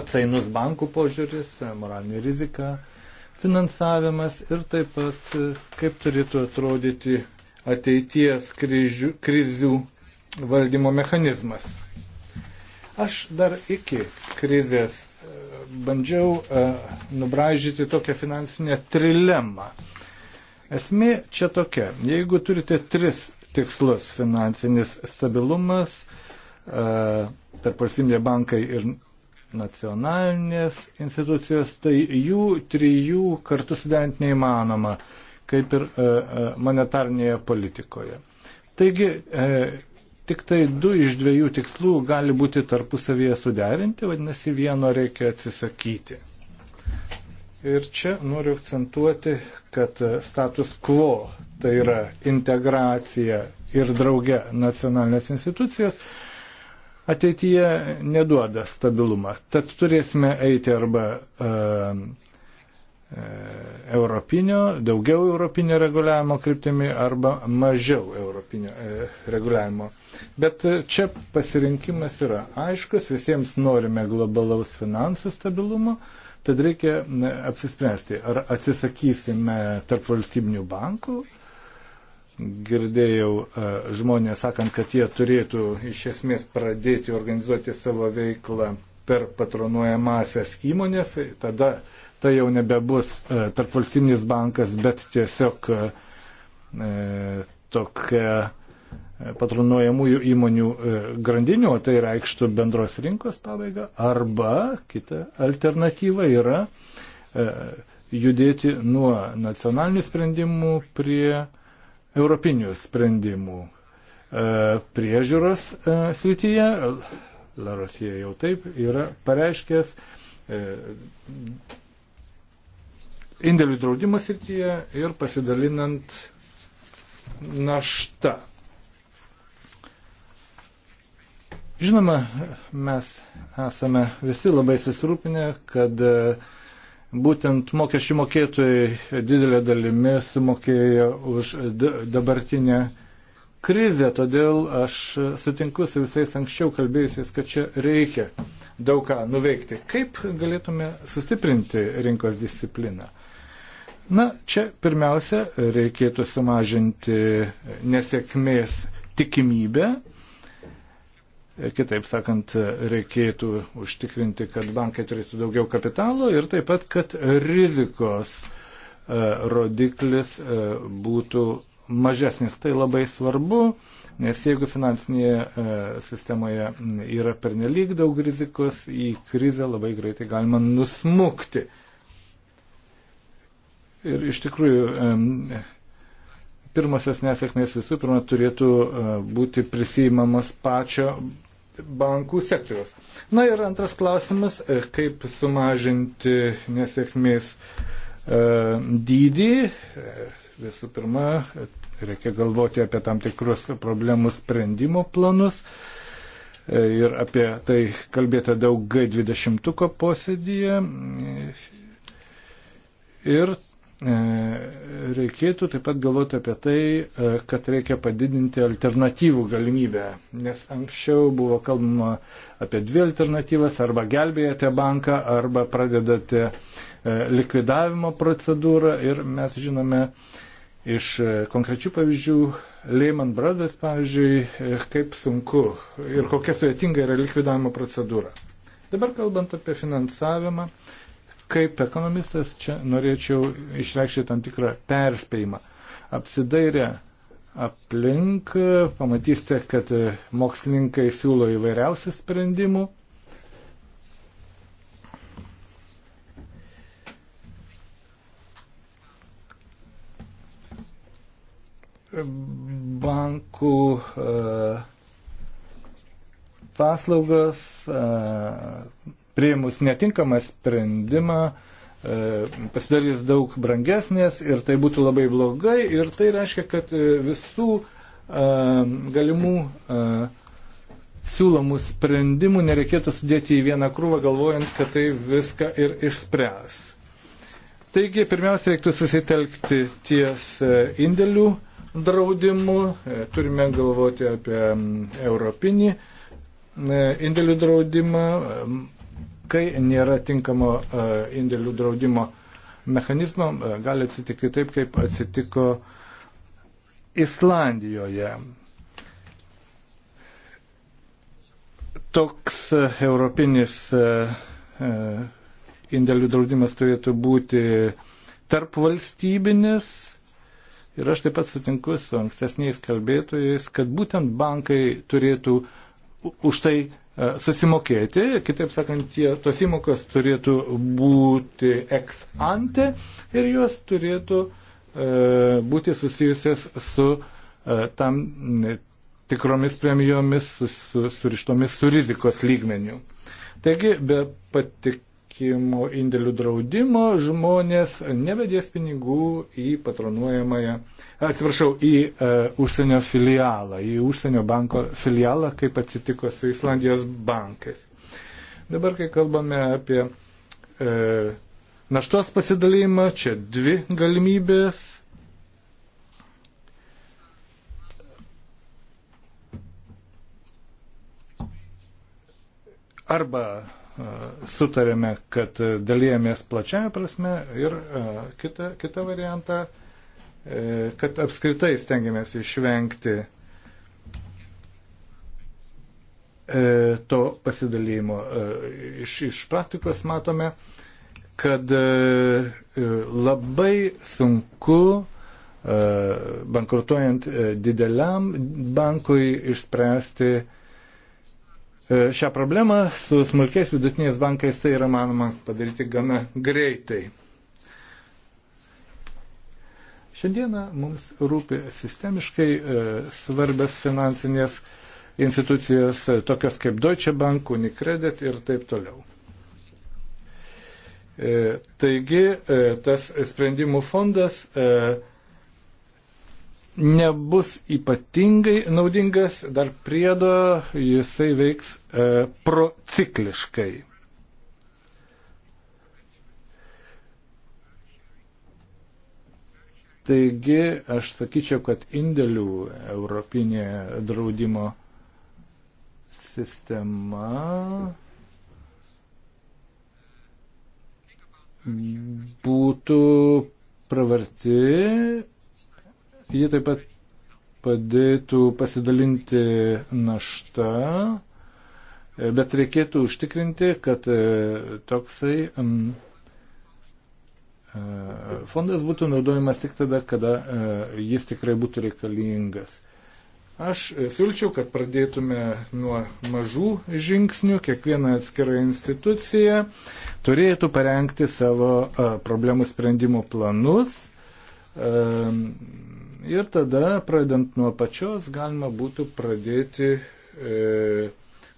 atsainus bankų požiūris, moralinė rizika, finansavimas ir taip pat kaip turėtų atrodyti ateities križių, krizių valdymo mechanizmas. Aš dar iki krizės e, bandžiau e, nubražyti tokią finansinę trilemą. Esmė čia tokia. Jeigu turite tris tikslus - finansinis stabilumas, e, tarp valstybinė bankai ir nacionalinės institucijos, tai jų trijų kartu sudant neįmanoma, kaip ir e, e, monetarnėje politikoje. Taigi, e, tik tai du iš dviejų tikslų gali būti tarpusavyje suderinti, vadinasi, vieno reikia atsisakyti. Ir čia noriu akcentuoti, kad status quo, tai yra integracija ir drauge nacionalinės institucijos, ateityje neduoda stabilumą. Tad turėsime eiti arba e, e, europinio, daugiau europinio reguliavimo kryptimi arba mažiau europinio e, reguliavimo. Bet čia pasirinkimas yra aiškus, visiems norime globalaus finansų stabilumo, tad reikia apsispręsti, ar atsisakysime tarp valstybinių bankų, girdėjau e, žmonės sakant, kad jie turėtų iš esmės pradėti organizuoti savo veiklą per patronuojamasias įmonės, tai tada tai jau nebebus e, tarpvalstybinis bankas, bet tiesiog e, tokia patronuojamųjų įmonių grandinių, o tai reikštų bendros rinkos pabaigą, arba kita alternatyva yra judėti nuo nacionalinių sprendimų prie uh, europinių sprendimų e, priežiūros e, srityje. Larosija jau taip yra pareiškęs e, indėlių draudimo srityje ir pasidalinant naštą. Žinoma, mes esame visi labai susirūpinę, kad uh, Būtent mokesčių mokėtojai didelė dalimi sumokėjo už dabartinę krizę, todėl aš sutinku su visais anksčiau kalbėjusiais, kad čia reikia daug ką nuveikti. Kaip galėtume sustiprinti rinkos discipliną? Na, čia pirmiausia, reikėtų sumažinti nesėkmės tikimybę E, kitaip sakant, reikėtų užtikrinti, kad bankai turėtų daugiau kapitalo ir taip pat, kad rizikos e, rodiklis e, būtų mažesnis. Tai labai svarbu, nes jeigu finansinėje sistemoje yra pernelyg daug rizikos, į krizę labai greitai galima nusmukti. Ir iš tikrųjų, pirmasios nesėkmės visų pirma turėtų būti prisijimamas pačio bankų sektoriaus. Na ir antras klausimas, e, kaip sumažinti nesėkmės e, dydį. E, visų pirma, reikia galvoti apie tam tikrus problemų sprendimo planus. Ir apie tai kalbėta daug G20 posėdėje. Ir E, reikėtų taip pat galvoti apie tai, e, kad reikia padidinti alternatyvų galimybę, nes anksčiau buvo kalbama apie dvi alternatyvas, arba gelbėjate banką, arba pradedate e, likvidavimo procedūrą ir mes žinome iš konkrečių pavyzdžių, Lehman Brothers pavyzdžiui, kaip sunku ir kokia sudėtinga yra likvidavimo procedūra. Dabar kalbant apie finansavimą, uh, Kaip ekonomistas čia norėčiau išreikšti tam tikrą perspėjimą. Apsidairę aplink, pamatysite, kad mokslininkai siūlo įvairiausių sprendimų. Bankų e, paslaugas, e, prieimus netinkamą sprendimą e, pasidarys daug brangesnės ir tai būtų labai blogai ir tai reiškia, kad e, visų e, galimų siūlomų sprendimų nereikėtų sudėti į vieną krūvą, galvojant, kad tai viską ir išspręs. Taigi, pirmiausia, reiktų susitelkti ties indėlių draudimu, turime galvoti apie europinį indėlių draudimą, kai nėra tinkamo e, indėlių draudimo mechanizmo, e, gali atsitikti taip, kaip atsitiko Islandijoje. Toks e, europinis indėlių draudimas turėtų būti tarp valstybinis. Ir aš taip pat sutinku su ankstesniais kalbėtojais, kad būtent bankai turėtų uh, už tai e, susimokėti, kitaip sakant, tie, tos įmokos turėtų būti ex ante ir jos turėtų e, būti susijusios su e, tam ne, tikromis premijomis surištomis su, su, su rizikos lygmeniu. Taigi, be patik sakykime, indėlių draudimo žmonės nebedės pinigų į patronuojamąją, atsiprašau, į e, užsienio filialą, į užsienio banko filialą, kaip atsitiko su Islandijos bankais. Dabar, kai kalbame apie e, naštos pasidalymą, čia dvi galimybės. Arba sutarėme, kad dalyjamės plačiaja prasme ir e, kitą, kitą variantą, e, kad apskritai stengiamės išvengti e, to pasidalymo. Iš, iš praktikos matome, kad labai sunku bankrutuojant dideliam bankui išspręsti uh, E, šią problemą su smulkiais vidutiniais bankais tai yra manoma padaryti gana greitai. Šiandieną mums rūpi sistemiškai e, svarbios finansinės institucijos, e, tokios kaip Deutsche Bank, Unicredit ir taip toliau. Taigi tas sprendimų fondas nebus ypatingai naudingas, dar priedo jisai veiks e, procikliškai. Taigi aš sakyčiau, kad indėlių Europinė draudimo sistema būtų pravarti Ji taip pat padėtų pasidalinti naštą, bet reikėtų užtikrinti, kad e, toksai e, fondas būtų naudojamas tik tada, kada e, jis tikrai būtų reikalingas. Aš siūlyčiau, kad pradėtume nuo mažų žingsnių, kiekviena atskira institucija turėtų parengti savo problemų sprendimo planus Ehm, ir tada, pradant nuo pačios, galima būtų pradėti e,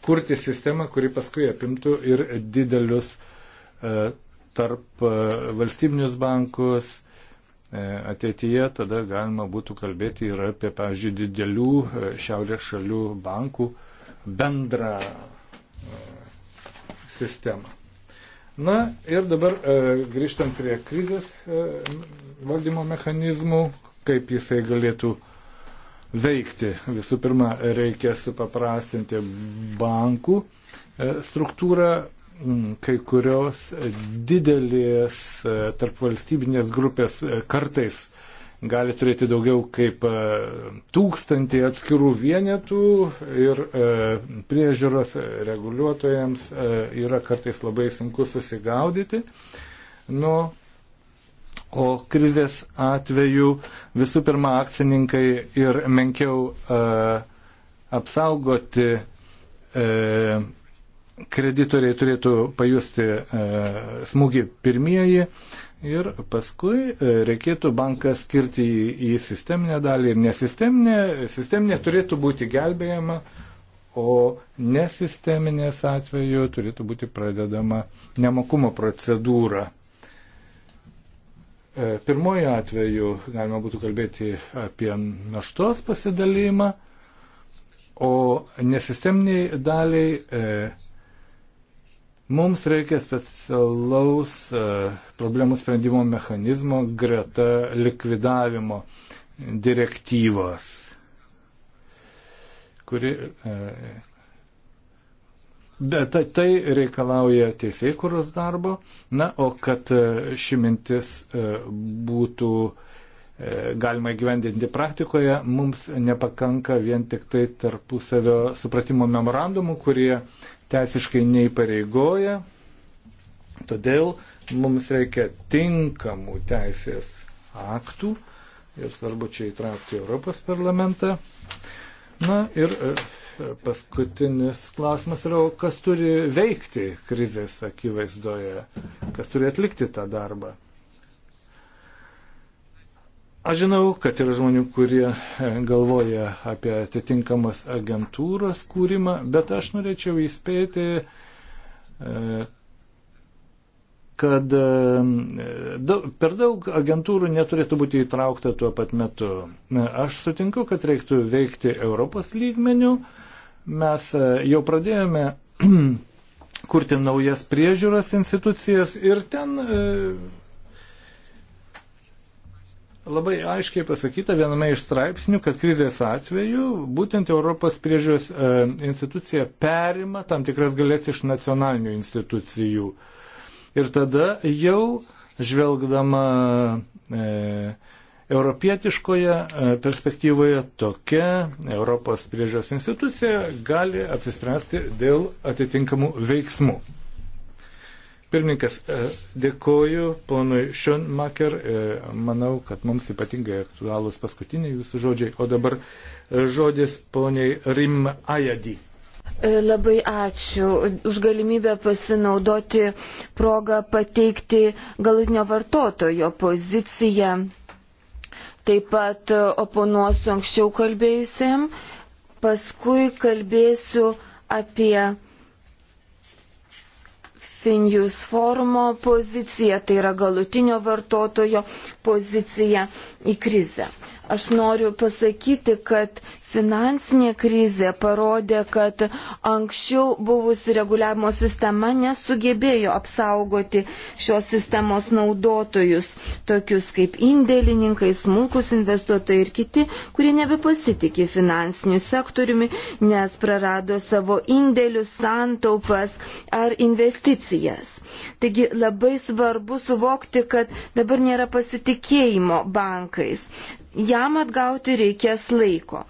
kurti sistemą, kuri paskui apimtų ir didelius e, tarp e, valstybinius bankus. E, ateityje tada galima būtų kalbėti ir apie, pavyzdžiui, didelių e, šiaurės šalių bankų bendrą e, sistemą. Na ir dabar e, grįžtant prie krizės e, valdymo mechanizmų, kaip jisai galėtų veikti. Visų pirma, reikia supaprastinti bankų e, struktūrą. Kai kurios didelės e, tarpvalstybinės grupės e, kartais gali turėti daugiau kaip tūkstantį atskirų vienetų ir priežiūros reguliuotojams yra kartais labai sunku susigaudyti nuo O krizės atveju visų pirma akcininkai ir menkiau e, apsaugoti e, kreditoriai turėtų pajusti e, smūgį pirmieji ir paskui e, reikėtų banką skirti į, į sisteminę dalį ir nesisteminė. Sisteminė turėtų būti gelbėjama, o nesisteminės atveju turėtų būti pradedama nemokumo procedūra. E, pirmoji atveju galima būtų kalbėti apie naštos pasidalymą, o nesisteminiai daliai e, mums reikia specialaus e, problemų sprendimo mechanizmo greta likvidavimo direktyvos, kuri, e, Bet tai, tai reikalauja teisėkuros darbo. Na, o kad e, ši mintis e, būtų e, galima įgyvendinti praktikoje, mums nepakanka vien tik tai tarpusavio supratimo memorandumų, kurie teisiškai neįpareigoja. Todėl mums reikia tinkamų teisės aktų ir svarbu čia įtraukti Europos parlamentą. Na ir Paskutinis klausimas yra, kas turi veikti krizės akivaizdoje, kas turi atlikti tą darbą. Aš žinau, kad yra žmonių, kurie e, galvoja apie atitinkamas agentūros kūrimą, bet aš norėčiau įspėti, e, kad e, per daug agentūrų neturėtų būti įtraukta tuo pat metu. Aš sutinku, kad reiktų veikti Europos lygmenių, Mes e, jau pradėjome kurti naujas priežiūros institucijas ir ten e, labai aiškiai pasakyta viename iš straipsnių, kad krizės atveju būtent Europos priežiūros e, institucija perima tam tikras galės iš nacionalinių institucijų. Ir tada jau žvelgdama e, Europietiškoje e, perspektyvoje tokia Europos priežios institucija gali apsispręsti dėl atitinkamų veiksmų. Pirmininkas, e, dėkoju ponui Šionmaker, e, manau, kad mums ypatingai aktualūs paskutiniai jūsų žodžiai, o dabar žodis poniai Rim Ajadi. Labai ačiū už galimybę pasinaudoti progą pateikti galutinio vartotojo poziciją Taip pat e, oponuosiu anksčiau kalbėjusiam, paskui kalbėsiu apie Finjus forumo poziciją, tai yra galutinio vartotojo poziciją į krizę. Aš noriu pasakyti, kad finansinė krizė parodė, kad anksčiau buvusi reguliavimo sistema nesugebėjo apsaugoti šios sistemos naudotojus, tokius kaip indėlininkai, smulkus investuotojai ir kiti, kurie nebepasitikė finansiniu sektoriumi, nes prarado savo indėlius, santaupas ar investicijas. Taigi labai svarbu suvokti, kad dabar nėra pasitikėjimo bankais jam atgauti reikės laiko.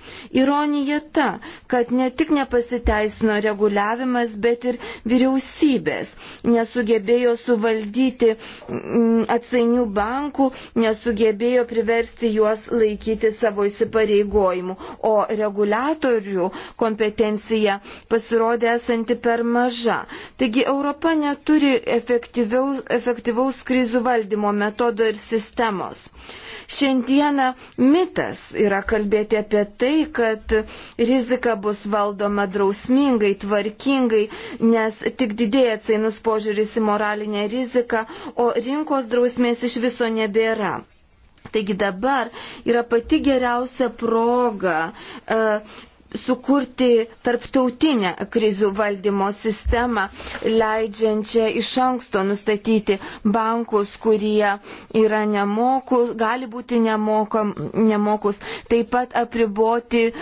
Ironija ta, kad ne tik nepasiteisino reguliavimas, bet ir vyriausybės nesugebėjo suvaldyti mm, atsainių bankų, nesugebėjo priversti juos laikyti savo įsipareigojimų, o reguliatorių kompetencija pasirodė esanti per maža. Taigi Europa neturi efektyvaus, efektyvaus krizių valdymo metodo ir sistemos. Šiandieną mitas yra kalbėti apie tai, kad rizika bus valdoma drausmingai, tvarkingai, nes tik didėja atsainus požiūris į moralinę riziką, o rinkos drausmės iš viso nebėra. Taigi dabar yra pati geriausia proga e, sukurti tarptautinę krizių valdymo sistemą, leidžiančią iš anksto nustatyti bankus, kurie yra nemokus, gali būti nemokam, nemokus, taip pat apriboti e,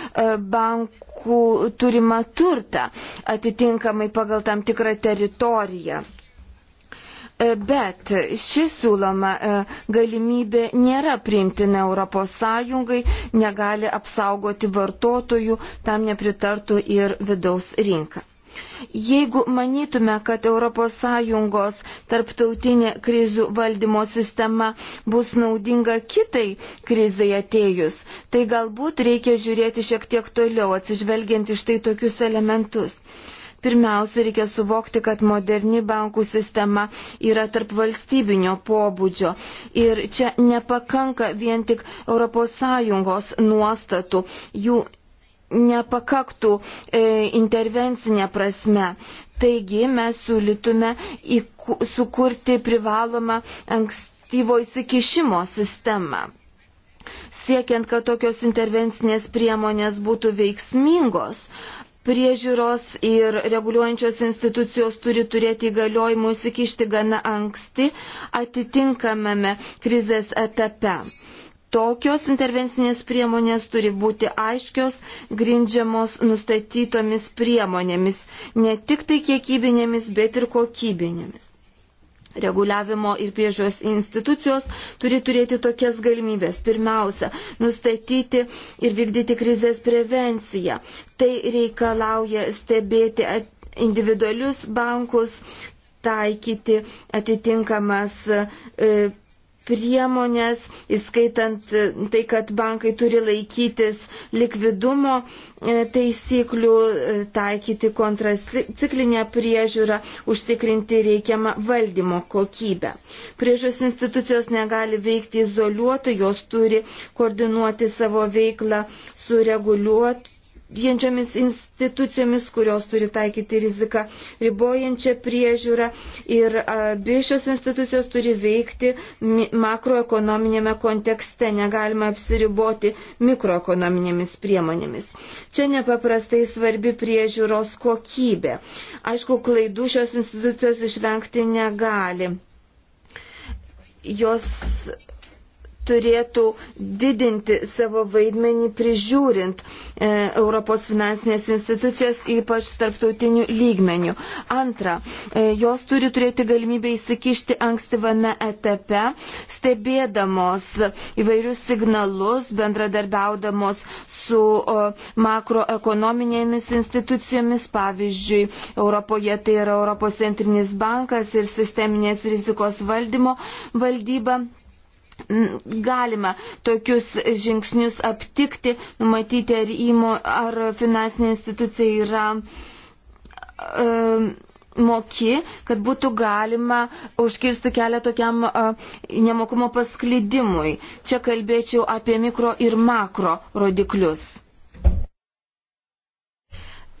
bankų turimą turtą atitinkamai pagal tam tikrą teritoriją. E, bet ši siūloma e, galimybė nėra priimtina ES, negali apsaugoti vartotojų, tam nepritartų ir vidaus rinka. Jeigu manytume, kad ES tarptautinė krizių valdymo sistema bus naudinga kitai krizai atėjus, tai galbūt reikia žiūrėti šiek tiek toliau, atsižvelgiant iš tai tokius elementus. Pirmiausia, reikia suvokti, kad moderni bankų sistema yra tarp valstybinio pobūdžio. Ir čia nepakanka vien tik ES nuostatų. Jų nepakaktų e, intervencinė prasme. Taigi mes siūlytume į, sukurti privalomą ankstyvo įsikišimo sistemą. Siekiant, kad tokios intervencinės priemonės būtų veiksmingos, priežiūros ir reguliuojančios institucijos turi turėti įgaliojimų įsikišti gana anksti atitinkamame krizės etape. Tokios intervencinės priemonės turi būti aiškios, grindžiamos nustatytomis priemonėmis, ne tik tai kiekybinėmis, bet ir kokybinėmis reguliavimo ir priežios institucijos turi turėti tokias galimybės. Pirmiausia, nustatyti ir vykdyti krizės prevenciją. Tai reikalauja stebėti individualius bankus, taikyti atitinkamas e, priemonės, įskaitant e, tai, kad bankai turi laikytis likvidumo e, taisyklių, e, taikyti kontraciklinę priežiūrą, užtikrinti reikiamą valdymo kokybę. Priežos institucijos negali veikti izoliuotų, jos turi koordinuoti savo veiklą su reguliuotų ribojančiamis institucijomis, kurios turi taikyti riziką ribojančią priežiūrą ir abi šios institucijos turi veikti makroekonominėme kontekste, negalima apsiriboti mikroekonominėmis priemonėmis. Čia nepaprastai svarbi priežiūros kokybė. Aišku, klaidų šios institucijos išvengti negali. Jos turėtų didinti savo vaidmenį prižiūrint uh, E, Europos finansinės institucijas, ypač tarptautinių lygmenių. Antra, e, jos turi turėti galimybę įsikišti ankstyvame etape, stebėdamos įvairius signalus, bendradarbiaudamos su makroekonominėmis institucijomis, pavyzdžiui, Europoje tai yra Europos centrinis bankas ir sisteminės rizikos valdymo valdyba galima tokius žingsnius aptikti, numatyti, ar, įmo, ar finansinė institucija yra um, moki, kad būtų galima užkirsti kelią tokiam uh, nemokumo pasklidimui. Čia kalbėčiau apie mikro ir makro rodiklius.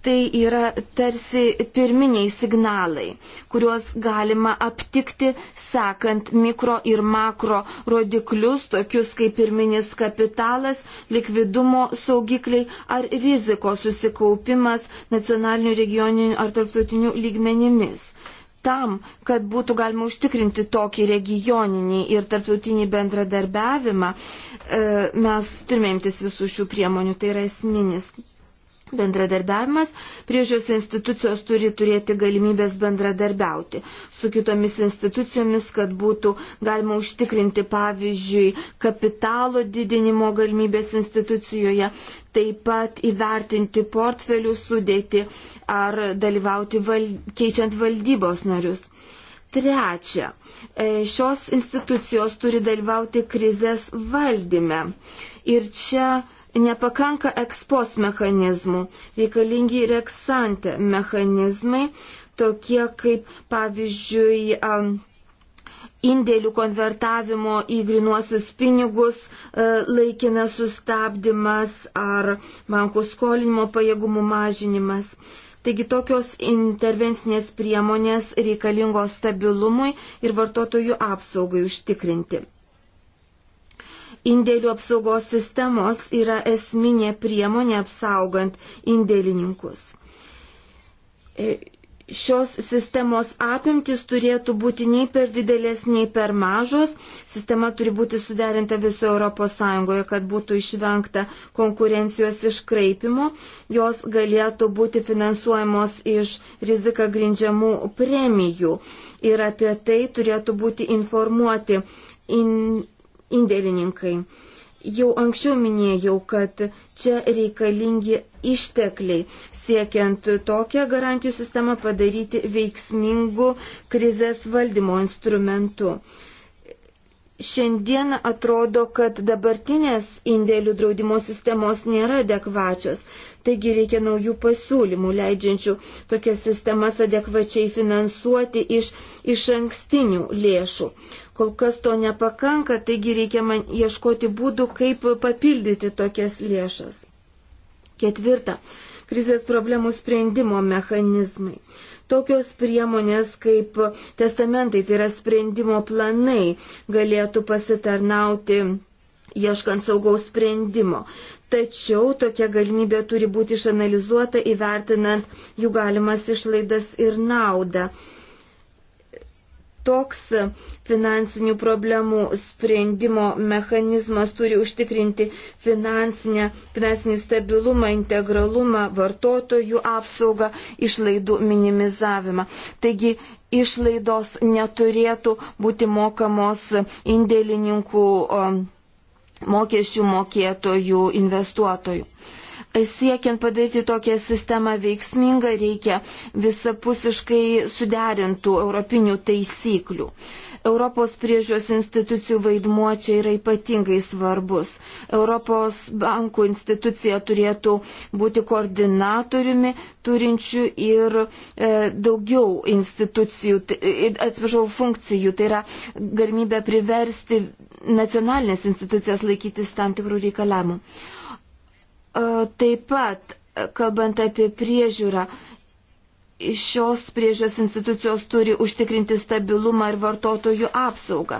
Tai yra tarsi pirminiai signalai, kuriuos galima aptikti, sekant mikro ir makro rodiklius, tokius kaip pirminis kapitalas, likvidumo saugikliai ar rizikos susikaupimas nacionalinių, regioninių ar tarptautinių lygmenimis tam, kad būtų galima užtikrinti tokį regioninį ir tarptautinį bendradarbiavimą, e, mes turime imtis visų šių priemonių, tai yra esminis bendradarbiavimas, priežios institucijos turi turėti galimybės bendradarbiauti su kitomis institucijomis, kad būtų galima užtikrinti, pavyzdžiui, kapitalo didinimo galimybės institucijoje, taip pat įvertinti portfelių sudėti ar dalyvauti val keičiant valdybos narius. Trečia, e, šios institucijos turi dalyvauti krizės valdyme. Ir čia Nepakanka ekspos mechanizmų, reikalingi ir eksante mechanizmai, tokie kaip pavyzdžiui indėlių konvertavimo į grinuosius pinigus e, laikinas sustabdymas ar bankų skolinimo pajėgumų mažinimas. Taigi tokios intervencinės priemonės reikalingos stabilumui ir vartotojų apsaugai užtikrinti. Indėlių apsaugos sistemos yra esminė priemonė apsaugant indėlininkus. E, šios sistemos apimtis turėtų būti nei per didelės, nei per mažos. Sistema turi būti suderinta viso ES, kad būtų išvengta konkurencijos iškraipimo. Jos galėtų būti finansuojamos iš riziką grindžiamų premijų. Ir apie tai turėtų būti informuoti in indėlininkai. Jau anksčiau minėjau, kad čia reikalingi ištekliai, siekiant tokią garantijų sistemą padaryti veiksmingų krizės valdymo instrumentu. Šiandien atrodo, kad dabartinės indėlių draudimo sistemos nėra adekvačios, taigi reikia naujų pasiūlymų, leidžiančių tokias sistemas adekvačiai finansuoti iš iš ankstinių lėšų. Kol kas to nepakanka, taigi reikia man ieškoti būdų, kaip papildyti tokias lėšas. Ketvirta. Krizės problemų sprendimo mechanizmai. Tokios priemonės kaip testamentai, tai yra sprendimo planai, galėtų pasitarnauti ieškant saugaus sprendimo. Tačiau tokia galimybė turi būti išanalizuota įvertinant jų galimas išlaidas ir naudą toks finansinių problemų sprendimo mechanizmas turi užtikrinti finansinį stabilumą, integralumą, vartotojų apsaugą, išlaidų minimizavimą. Taigi, išlaidos neturėtų būti mokamos indėlininkų mokesčių mokėtojų investuotojų. Siekiant padaryti tokią sistemą veiksmingą, reikia visapusiškai suderintų europinių taisyklių. Europos priežios institucijų vaidmuo čia yra ypatingai svarbus. Europos bankų institucija turėtų būti koordinatoriumi, turinčių ir e, daugiau institucijų, atsiprašau, funkcijų. Tai yra galimybė priversti nacionalinės institucijas laikytis tam tikrų reikalavimų. E, taip pat, e, kalbant apie priežiūrą, šios priežios institucijos turi užtikrinti stabilumą ir vartotojų apsaugą.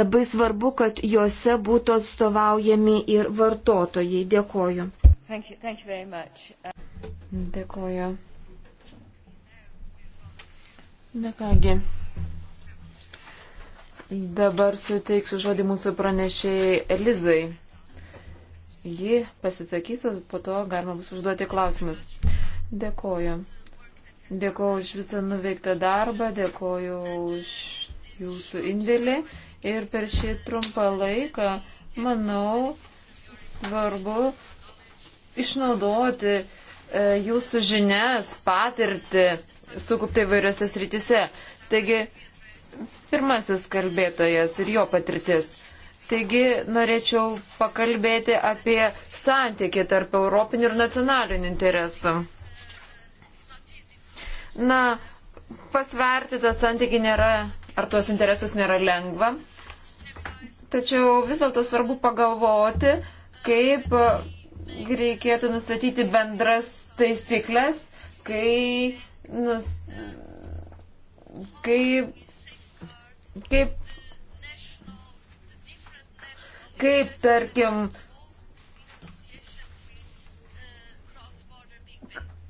Labai svarbu, kad juose būtų atstovaujami ir vartotojai. Dėkoju. Thank you, thank you Dėkoju. Na kągi. Dabar suteiksiu žodį mūsų pranešėjai Elizai. Ji pasisakys, o po to galima bus užduoti klausimus. Dėkoju. Dėkoju už visą nuveiktą darbą, dėkoju už jūsų indėlį ir per šį trumpą laiką, manau, svarbu išnaudoti e, jūsų žinias, patirtį, sukauptą įvairiose srityse. Taigi, pirmasis kalbėtojas ir jo patirtis. Taigi norėčiau pakalbėti apie santykį tarp europinių ir nacionalinių interesų. Na, pasverti tą santykį nėra, ar tuos interesus nėra lengva. Tačiau vis dėlto svarbu pagalvoti, kaip reikėtų nustatyti bendras taisyklės, kai, nus, kai, kaip kaip, tarkim,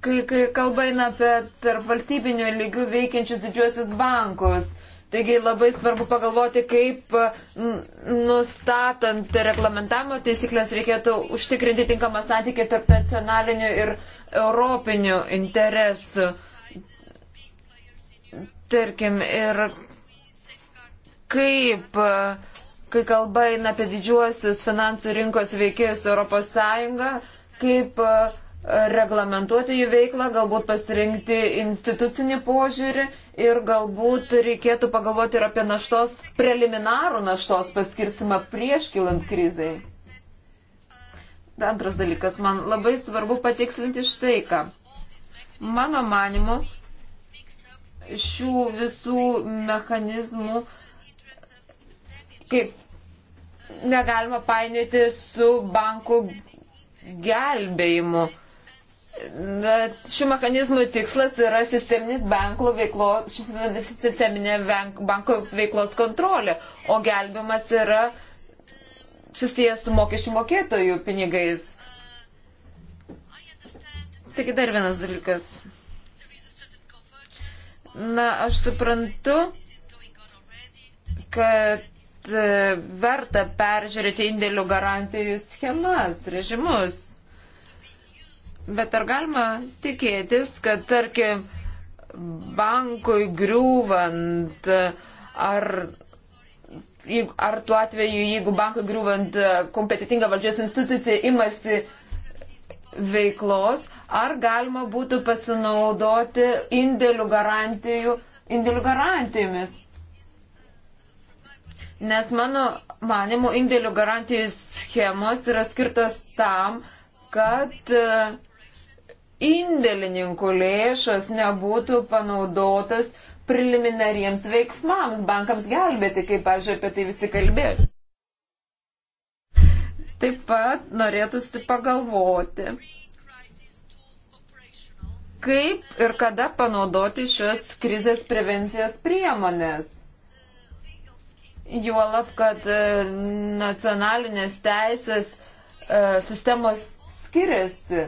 kai, kai kalba eina apie tarp valstybinio lygių veikiančius didžiuosius bankus. Taigi labai svarbu pagalvoti, kaip nustatant reglamentavimo taisyklės reikėtų užtikrinti tinkamą santykį tarp nacionalinių ir europinių interesų. Tarkim, ir kaip kai kalba eina apie didžiuosius finansų rinkos veikėjus ES, kaip e, reglamentuoti jų veiklą, galbūt pasirinkti institucinį požiūrį ir galbūt reikėtų pagalvoti ir apie naštos, preliminarų naštos paskirsimą prieš kilant krizai. Antras dalykas, man labai svarbu patikslinti štai ką. Mano manimu, šių visų mechanizmų kaip negalima painioti su bankų gelbėjimu. Na, šių mechanizmų tikslas yra sisteminis bankų veiklos, sisteminė bankų veiklos kontrolė, o gelbimas yra susijęs su mokesčių mokėtojų pinigais. Taigi dar vienas dalykas. Na, aš suprantu, kad E, verta peržiūrėti indėlių garantijų schemas, režimus. Bet ar galima tikėtis, kad tarkim bankui griūvant ar ar tuo atveju, jeigu bankui griūvant e, kompetitinga valdžios institucija imasi veiklos, ar galima būtų pasinaudoti indėlių garantijų, indėlių garantijomis. Nes mano manimų indėlių garantijų schemos yra skirtos tam, kad e, indėlininkų lėšos nebūtų panaudotas preliminariems veiksmams, bankams gelbėti, kaip, pažiūrėjau, apie tai visi kalbėjo. Taip pat norėtųsi pagalvoti, kaip ir kada panaudoti šios krizės prevencijos priemonės. Juolab, kad e, nacionalinės teisės e, sistemos skiriasi.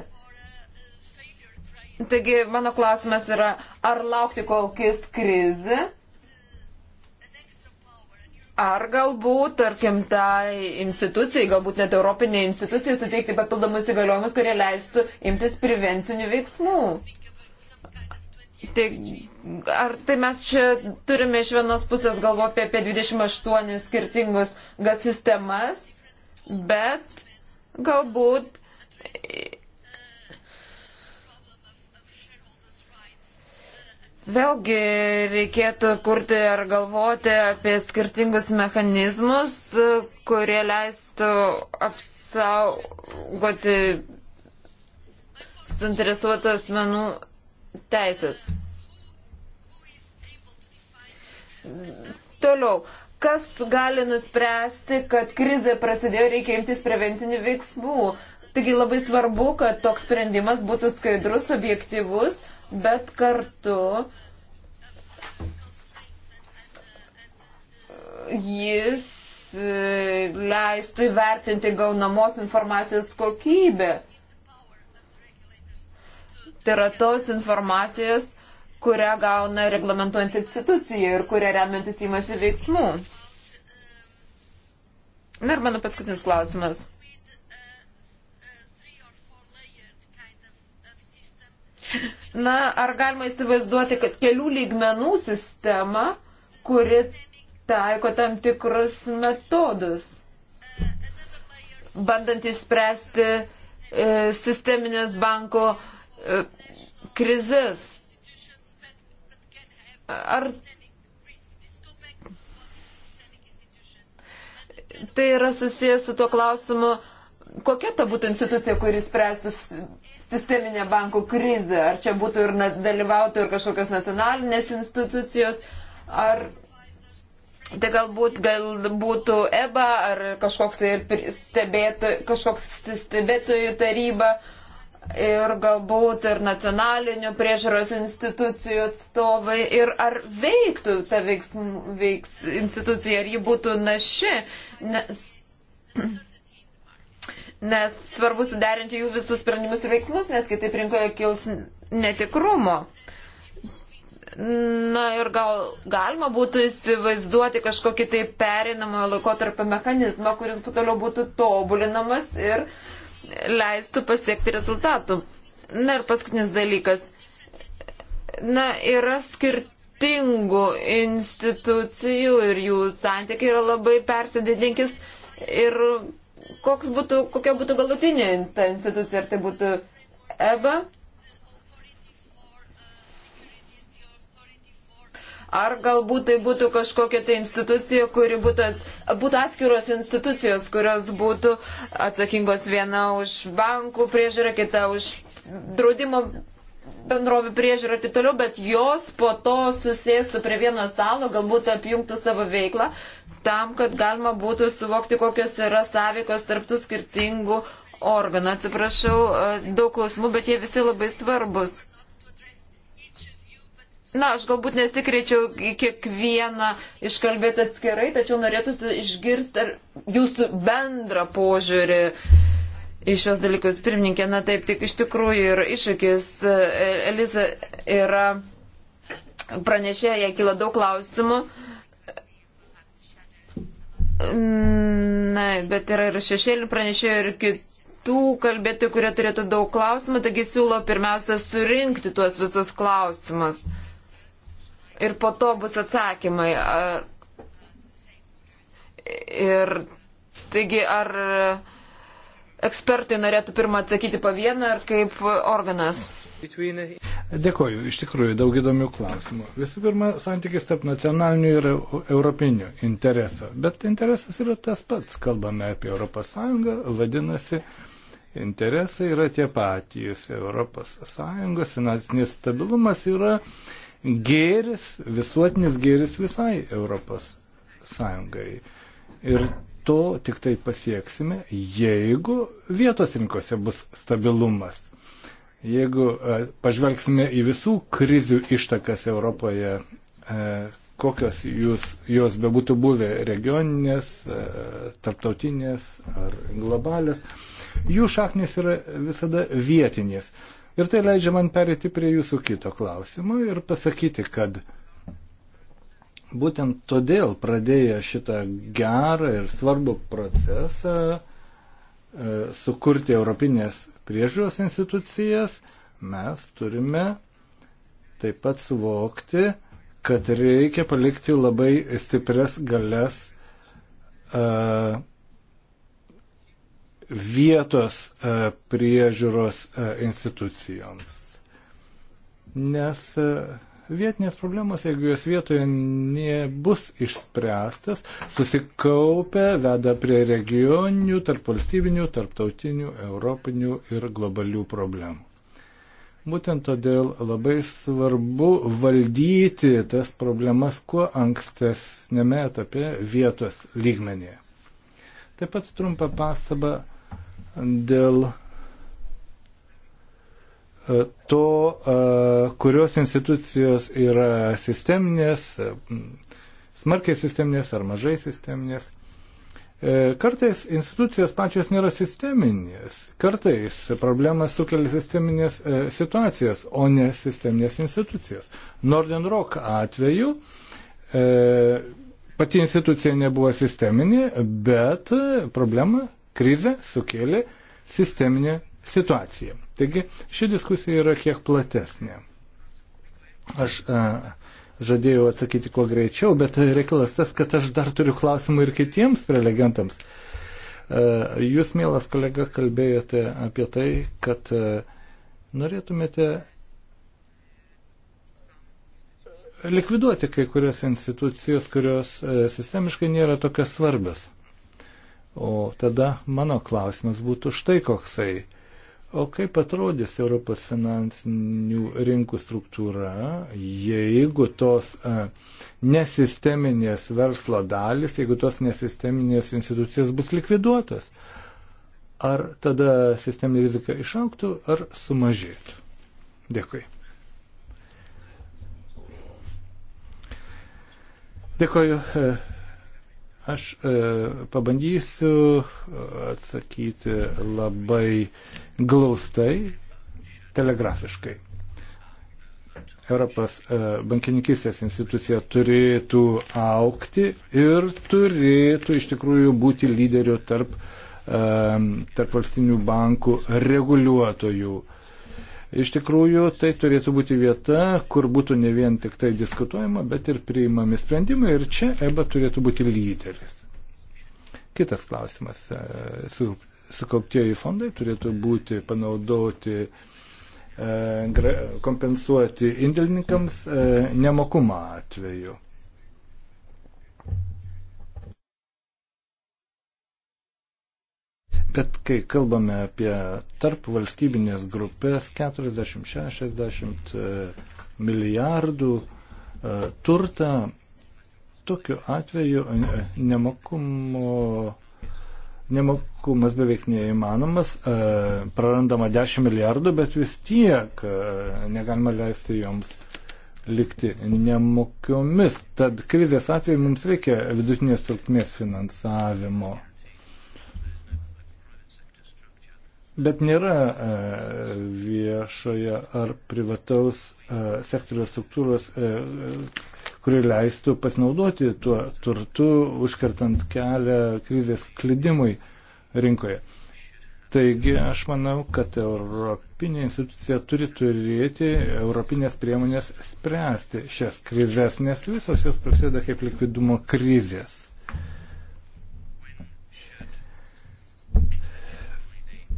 Taigi mano klausimas yra, ar laukti kol kis krizė, ar galbūt, tarkim, tai institucijai, galbūt net Europinė institucija suteikti papildomus įgaliojimus, kurie leistų imtis prevencinių veiksmų. Tai ar tai mes čia turime iš vienos pusės galvoti apie 28 skirtingus sistemas, bet galbūt Vėlgi reikėtų kurti ar galvoti apie skirtingus mechanizmus, kurie leistų apsaugoti suinteresuotų asmenų teisės. Toliau. Kas gali nuspręsti, kad krizė prasidėjo, reikia imtis prevencinių veiksmų. Taigi labai svarbu, kad toks sprendimas būtų skaidrus, objektivus, bet kartu jis e, leistų įvertinti gaunamos informacijos kokybę. Tai yra tos informacijos, kurią gauna reglamentuojant instituciją ir kurią remiantis įmasi veiksmų. Na ir mano paskutinis klausimas. Na, ar galima įsivaizduoti, kad kelių lygmenų sistema, kuri taiko tam tikrus metodus, bandant išspręsti e, sisteminės banko e, krizes. Ar tai yra susijęs su tuo klausimu, kokia ta būtų institucija, kuris spręstų sisteminę bankų krizę? Ar čia būtų ir dalyvautų ir kažkokios nacionalinės institucijos, ar tai galbūt gal būtų EBA ar kažkoks, tai stebėtoj, kažkoks stebėtojų taryba? ir galbūt ir nacionalinių priežiūros institucijų atstovai ir ar veiktų ta veiks, veiks institucija, ar ji būtų naši, nes, nes svarbu suderinti jų visus sprendimus ir veiksmus, nes kitaip rinkoje kils netikrumo. Na ir gal galima būtų įsivaizduoti kažkokį tai perinamojo laikotarpio mechanizmą, kuris toliau būtų tobulinamas ir uh, leistų pasiekti rezultatų. Na ir paskutinis dalykas. Na, yra skirtingų institucijų ir jų santykiai yra labai persidėdinkis. Ir koks būtų, kokia būtų galutinė ta institucija, ar tai būtų EBA, Ar galbūt tai būtų kažkokia tai institucija, kuri būtų, būtų atskiros institucijos, kurios būtų atsakingos viena už bankų priežiūrą, kita už draudimo bendrovių priežiūrą ir taip toliau, bet jos po to susėstų prie vieno stalo, galbūt apjungtų savo veiklą tam, kad galima būtų suvokti, kokios yra sąveikos tarptų skirtingų organų. Atsiprašau, e, daug klausimų, bet jie visi labai svarbus. Na, aš galbūt nesikreičiau į kiekvieną iškalbėti atskirai, tačiau norėtųsi išgirsti jūsų bendrą požiūrį į šios dalykus. Pirmininkė, na taip, tik iš tikrųjų ir iššūkis. E, Elisa yra pranešėja, jai kila daug klausimų. Na, bet yra ir šešėlių pranešėjų ir kitų kitų kalbėtojų, kurie turėtų daug klausimų, taigi siūlau pirmiausia surinkti tuos visus klausimus ir po to bus atsakymai. Ir taigi, ar ekspertai norėtų pirmą atsakyti po vieną ar kaip organas? Dėkoju, iš tikrųjų daug įdomių klausimų. Visų pirma, santykis tarp nacionalinių ir europinių interesų. Bet interesas yra tas pats. Kalbame apie ES, vadinasi, interesai yra tie patys. ES finansinis stabilumas yra uh, gėris, visuotinis gėris visai Europos Sąjungai. Ir to tik tai pasieksime, jeigu vietos rinkose bus stabilumas. Jeigu e, pažvelgsime į visų krizių ištakas Europoje, e, kokios jūs, jos bebūtų buvę regioninės, e, tarptautinės ar globalės, jų šaknis yra visada vietinės. Ir tai leidžia man perėti prie jūsų kito klausimo ir pasakyti, kad būtent todėl pradėję šitą gerą ir svarbų procesą e, sukurti Europinės priežiūros institucijas, mes turime taip pat suvokti, kad reikia palikti labai stipres galės uh, e, vietos e, priežiūros e, institucijoms. Nes e, vietinės problemos, jeigu jos vietoje nebus išspręstas, susikaupę veda prie regioninių, tarp valstybinių, tarptautinių, europinių ir globalių problemų. Būtent todėl labai svarbu valdyti tas problemas kuo ankstesnėme etape vietos lygmenyje. Taip pat trumpa pastaba dėl e, to, e, kurios institucijos yra sisteminės, e, smarkiai sisteminės ar mažai sisteminės. Kartais institucijos pačios nėra sisteminės, kartais problemas sukelia sisteminės situacijas, o ne sisteminės institucijos. Northern Rock atveju pati institucija nebuvo sisteminė, bet problema krizė sukėlė sisteminę situaciją. Taigi ši diskusija yra kiek platesnė. Aš a, žadėjau atsakyti kuo greičiau, bet reikalas tas, kad aš dar turiu klausimų ir kitiems prelegentams. Jūs, mielas kolega, kalbėjote apie tai, kad norėtumėte likviduoti kai kurias institucijas, kurios sistemiškai nėra tokios svarbios. O tada mano klausimas būtų štai koksai. O kaip atrodys Europos finansinių rinkų struktūra, jeigu tos a, e, nesisteminės verslo dalis, jeigu tos nesisteminės institucijos bus likviduotas? Ar tada sisteminė rizika išauktų ar sumažėtų? Dėkui. Dėkoju. E, Aš e, pabandysiu e, atsakyti labai glaustai, telegrafiškai. Europos e, bankininkistės institucija turėtų aukti ir turėtų iš tikrųjų būti lyderiu tarp, e, tarp valstybinių bankų reguliuotojų. E, Iš tikrųjų, tai turėtų būti vieta, kur būtų ne vien tik tai diskutuojama, bet ir priimami sprendimai ir čia EBA turėtų būti lyderis. Kitas klausimas. E, su, sukauptieji fondai turėtų būti panaudoti e, kompensuoti indėlininkams e, nemokumą atveju. kad kai kalbame apie tarp valstybinės grupės 40-60 e, milijardų e, turtą, tokiu atveju e, nemokumo, nemokumas beveik neįmanomas, prarandama 10 milijardų, bet vis tiek negalima leisti joms likti nemokiomis. Tad krizės atveju mums reikia vidutinės trukmės finansavimo bet nėra e, viešoje ar privataus e, sektorio struktūros, e, kuri leistų pasinaudoti tuo turtu, užkartant kelią krizės klydimui rinkoje. Taigi aš manau, kad Europinė institucija turi turėti Europinės priemonės spręsti šias krizės, nes visos jos prasideda kaip likvidumo krizės.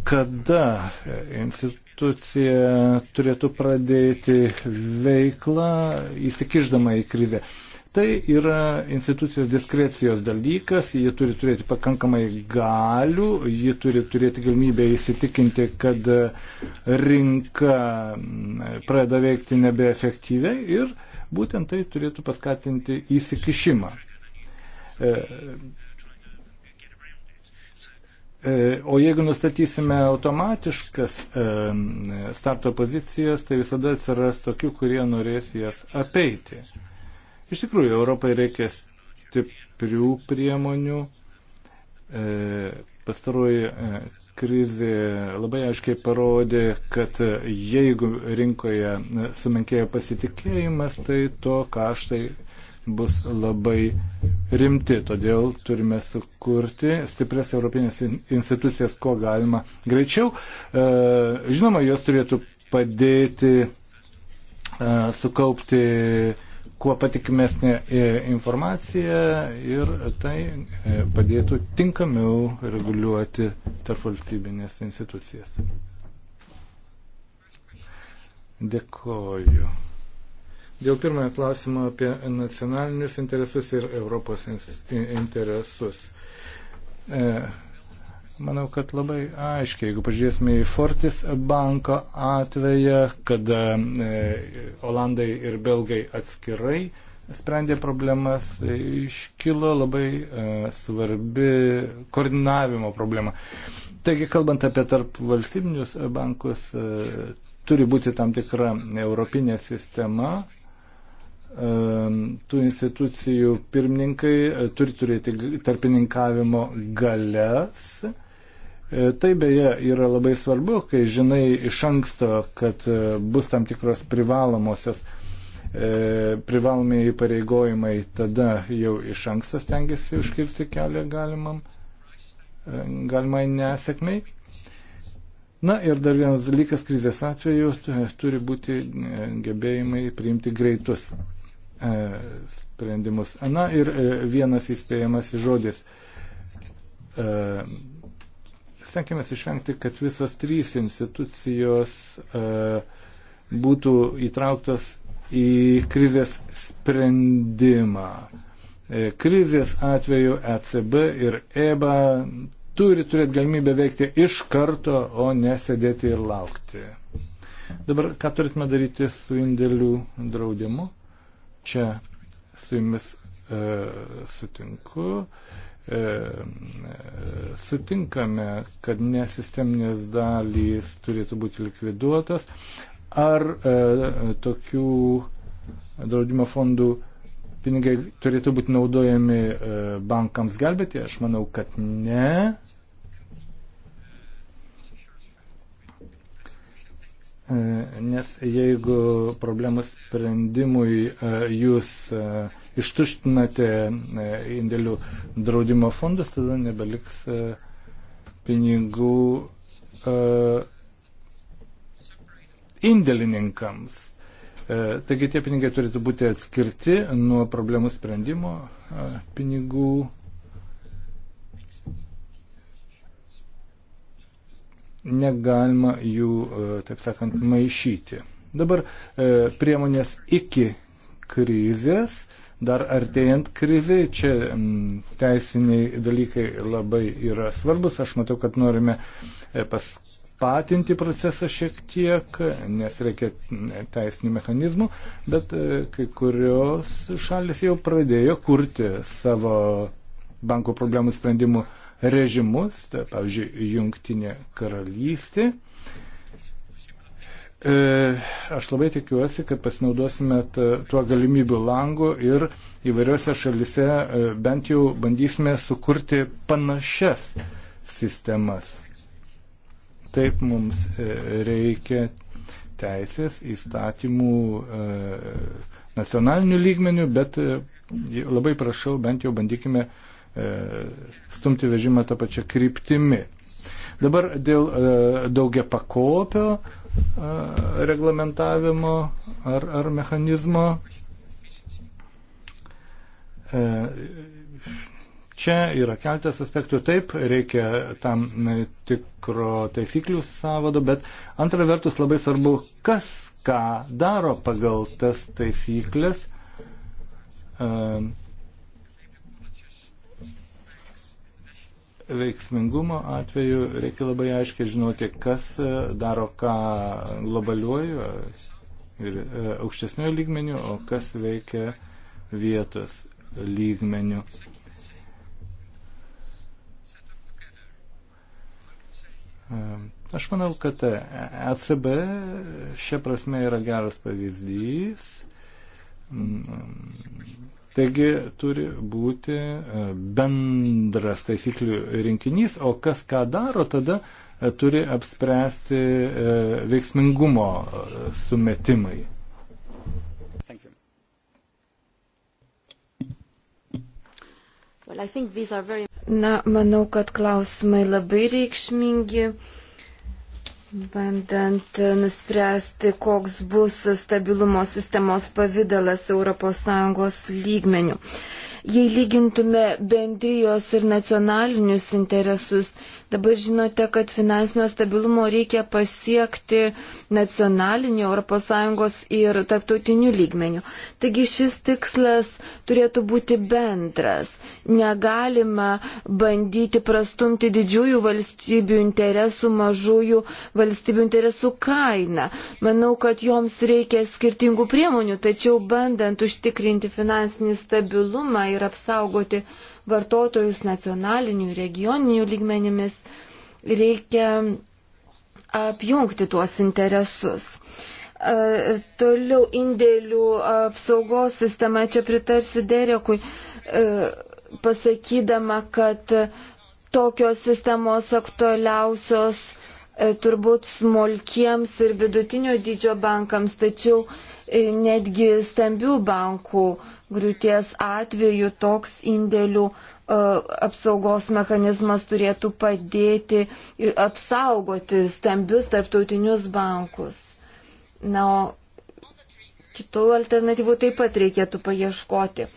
kada institucija turėtų pradėti veiklą įsikiždama į krizę. Tai yra institucijos diskrecijos dalykas, ji turi turėti pakankamai galių, ji turi turėti galimybę įsitikinti, kad rinka pradeda veikti nebeefektyviai ir būtent tai turėtų paskatinti įsikišimą E, o jeigu nustatysime automatiškas e, starto pozicijas, tai visada atsiras tokių, kurie norės jas apeiti. Iš tikrųjų, Europai reikia stiprių priemonių. E, pastaroji krizė labai aiškiai parodė, kad jeigu rinkoje sumenkėjo pasitikėjimas, tai to kaštai bus labai rimti. Todėl turime sukurti stiprias europinės institucijas, kuo galima greičiau. E, žinoma, jos turėtų padėti e, sukaupti kuo patikimesnė e, informacija ir tai padėtų tinkamiau reguliuoti tarp valstybinės institucijas. Dėkoju. Dėl pirmojo klausimo apie nacionalinius interesus ir Europos interesus. E, manau, kad labai aiškiai, jeigu pažiūrėsime į Fortis banko atveją, kada e, Olandai ir Belgai atskirai sprendė problemas, tai iškilo labai e, svarbi koordinavimo problema. Taigi, kalbant apie tarp valstybinius bankus, e, turi būti tam tikra europinė sistema, tų institucijų pirmininkai e, turi turėti tarpininkavimo galias. E, tai beje yra labai svarbu, kai žinai iš anksto, kad e, bus tam tikros privalomosios, privalomi įpareigojimai, tada jau iš anksto stengiasi užkirsti kelią galimam, galimai nesėkmiai. Na ir dar vienas dalykas, krizės atveju turi būti gebėjimai priimti greitus E, sprendimus. Na ir e, vienas įspėjamas žodis. E, stenkimės išvengti, kad visas trys institucijos būtų įtrauktos į krizės sprendimą. Krizės atveju ECB ir EBA turi turėti galimybę veikti iš karto, o nesėdėti ir laukti. Dabar ką turėtume daryti su indėlių draudimu? Čia su jumis e, sutinku. E, sutinkame, kad nesisteminės dalys turėtų būti likviduotas. Ar e, tokių draudimo fondų pinigai turėtų būti naudojami e, bankams gelbėti? Aš manau, kad ne. nes jeigu problemų sprendimui jūs ištuštinate indėlių draudimo fondus, tada nebeliks pinigų indėlininkams. Taigi tie pinigai turėtų būti atskirti nuo problemų sprendimo pinigų negalima jų, e, taip sakant, maišyti. Dabar e, priemonės iki krizės, dar artėjant krizai, čia teisiniai dalykai labai yra svarbus. Aš matau, kad norime e, paspatinti procesą šiek tiek, nes reikia teisinių mechanizmų, bet kai kurios šalis jau pradėjo kurti savo bankų problemų sprendimų režimus, tai, pavyzdžiui, Jungtinė karalystė. E, aš labai tikiuosi, kad pasinaudosime tuo galimybių langu ir įvairiose šalise e, bent jau bandysime sukurti panašias sistemas. Taip mums e, reikia teisės įstatymų nacionalinių lygmenių, bet labai prašau, bent jau bandykime uh, E, stumti vežimą tą pačią kryptimį. Dabar dėl e, daugia pakopio e, reglamentavimo ar, ar mechanizmo. Čia yra keltas aspektų. Taip, reikia tam tikro taisyklių savado, bet antra vertus labai svarbu, kas ką daro pagal tas taisyklės. veiksmingumo atveju reikia labai aiškiai žinoti, kas e, daro ką globaliuoju e, ir e, aukštesniuoju lygmeniu, o kas veikia vietos lygmeniu. Aš manau, kad ECB šia prasme yra geras pavyzdys. Mm, Taigi turi būti e, bendras taisyklių rinkinys, o kas ką daro, tada e, turi apspręsti e, veiksmingumo sumetimai. Na, manau, kad klausimai labai reikšmingi. Bandant nuspręsti, koks bus stabilumo sistemos pavydalas ES lygmenių. Jei lygintume bendrijos ir nacionalinius interesus, Dabar žinote, kad finansinio stabilumo reikia pasiekti nacionaliniu, ES ir tarptautiniu lygmeniu. Taigi šis tikslas turėtų būti bendras. Negalima bandyti prastumti didžiųjų valstybių interesų, mažųjų valstybių interesų kainą. Manau, kad joms reikia skirtingų priemonių, tačiau bandant užtikrinti finansinį stabilumą ir apsaugoti vartotojus nacionalinių, regioninių lygmenimis, reikia apjungti tuos interesus. E, toliau indėlių apsaugos sistema, čia pritarsiu Derekui, e, pasakydama, kad tokios sistemos aktualiausios e, turbūt smulkiems ir vidutinio dydžio bankams, tačiau netgi stambių bankų griūties atveju toks indėlių e, apsaugos mechanizmas turėtų padėti ir apsaugoti stambius tarptautinius bankus. Na, o kitų alternatyvų taip pat reikėtų paieškoti.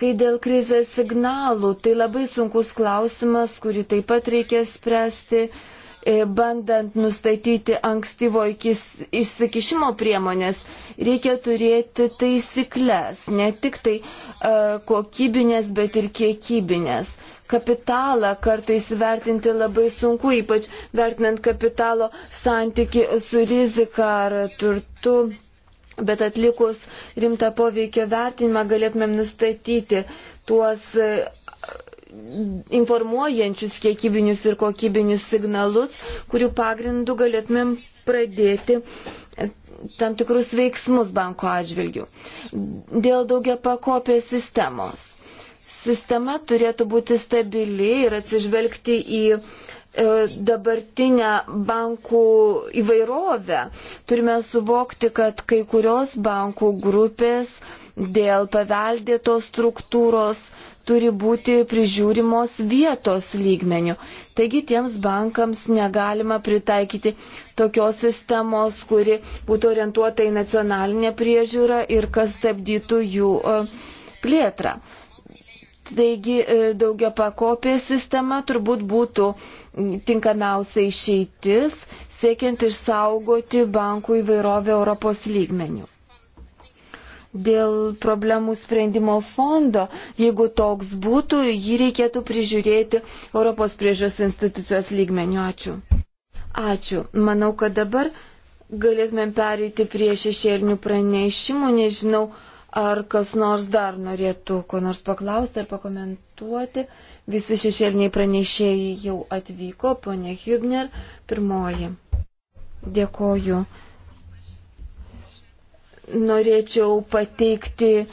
Kai dėl krizės signalų, tai labai sunkus klausimas, kurį taip pat reikės spręsti. Uh, E, bandant nustatyti ankstyvo ikis, išsikišimo priemonės, reikia turėti taisyklės, ne tik tai e, kokybinės, bet ir kiekybinės. Kapitalą kartais vertinti labai sunku, ypač vertinant kapitalo santyki su rizika ar turtu. Bet atlikus rimtą poveikio vertinimą galėtumėm nustatyti tuos informuojančius kiekybinius ir kokybinius signalus, kurių pagrindų galėtumėm pradėti e, tam tikrus veiksmus banko atžvilgių. Dėl daugia pakopės sistemos. Sistema turėtų būti stabili ir atsižvelgti į e, dabartinę bankų įvairovę. Turime suvokti, kad kai kurios bankų grupės dėl paveldėtos struktūros e, turi būti prižiūrimos vietos lygmenių. Taigi tiems bankams negalima pritaikyti tokios sistemos, kuri būtų orientuota į nacionalinę priežiūrą ir kas stabdytų jų e, plėtrą. Taigi e, daugia pakopė sistema turbūt būtų tinkamiausia išeitis, siekiant išsaugoti bankų įvairovę Europos lygmenių dėl problemų sprendimo fondo. Jeigu toks būtų, jį reikėtų prižiūrėti Europos priežios institucijos lygmenių. Ačiū. Ačiū. Manau, kad dabar galėtumėm pereiti prie šešėlinių pranešimų. Nežinau, ar kas nors dar norėtų ko nors paklausti ar pakomentuoti. Visi šešėliniai pranešėjai jau atvyko, ponė Hübner, pirmoji. Dėkoju norėčiau pateikti e,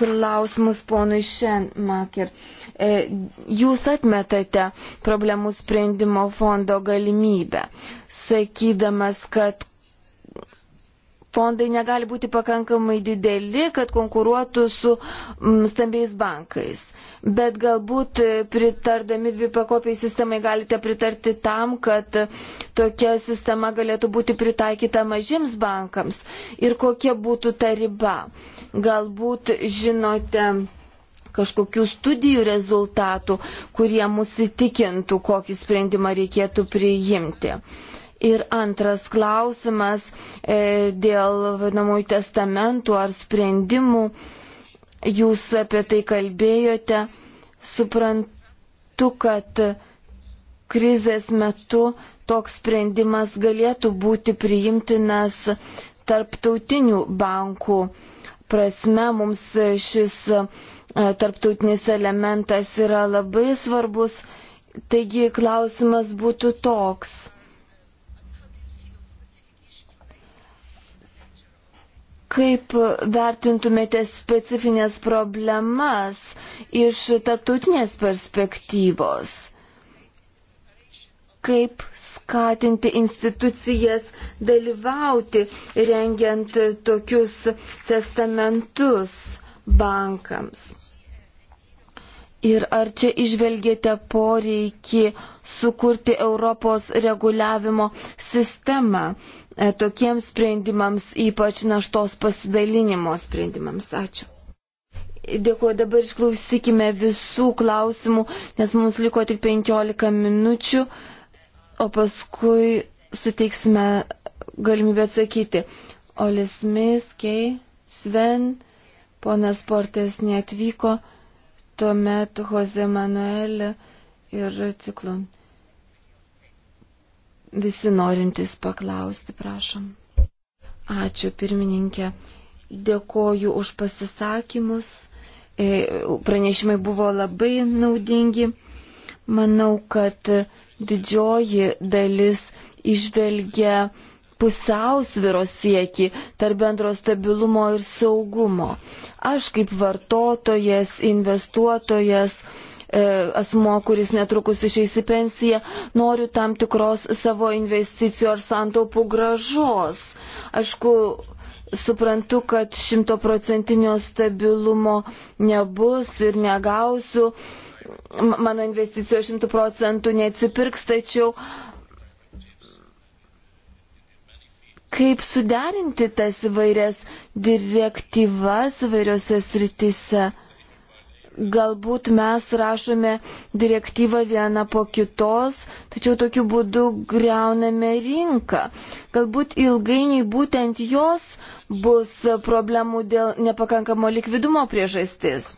klausimus ponui Šenmaker. E, jūs atmetate problemų sprendimo fondo galimybę, sakydamas, kad fondai negali būti pakankamai dideli, kad konkuruotų su stambiais bankais bet galbūt pritardami dvipakopiai sistemai galite pritarti tam, kad tokia sistema galėtų būti pritaikyta mažiems bankams ir kokia būtų ta riba. Galbūt žinote kažkokių studijų rezultatų, kurie mus įtikintų, kokį sprendimą reikėtų priimti. Ir antras klausimas e, dėl vadinamųjų testamentų ar sprendimų. E, Jūs apie tai kalbėjote. Suprantu, kad krizės metu toks sprendimas galėtų būti priimtinas tarptautinių bankų prasme. Mums šis e, tarptautinis elementas yra labai svarbus. Taigi klausimas būtų toks kaip vertintumėte specifines problemas iš tarptautinės perspektyvos? Kaip skatinti institucijas dalyvauti, rengiant tokius testamentus bankams? Ir ar čia išvelgėte poreikį sukurti Europos reguliavimo sistemą? E, tokiems sprendimams, ypač naštos pasidalinimo sprendimams. Ačiū. Dėkuoju, dabar išklausykime visų klausimų, nes mums liko tik 15 minučių, o paskui suteiksime galimybę atsakyti. Oli Smith, Kei, Sven, ponas Portės neatvyko, tuomet Jose Manuel ir Ciklon. Visi norintys paklausti, prašom. Ačiū, pirmininkė. Dėkoju už pasisakymus. E, pranešimai buvo labai naudingi. Manau, kad didžioji dalis išvelgia pusiausviros sieki tarp bendro stabilumo ir saugumo. Aš kaip vartotojas, investuotojas, E, asmo, kuris netrukus išeis į pensiją, noriu tam tikros savo investicijų ar santaupų gražos. Aišku, suprantu, kad šimtoprocentinio stabilumo nebus ir negausiu, mano investicijos šimtų procentų neatsipirks, tačiau kaip suderinti tas įvairias direktyvas įvairiose sritise galbūt mes rašome direktyvą vieną po kitos, tačiau tokiu būdu greuname rinką. Galbūt ilgainiui būtent jos bus problemų dėl nepakankamo likvidumo priežastis.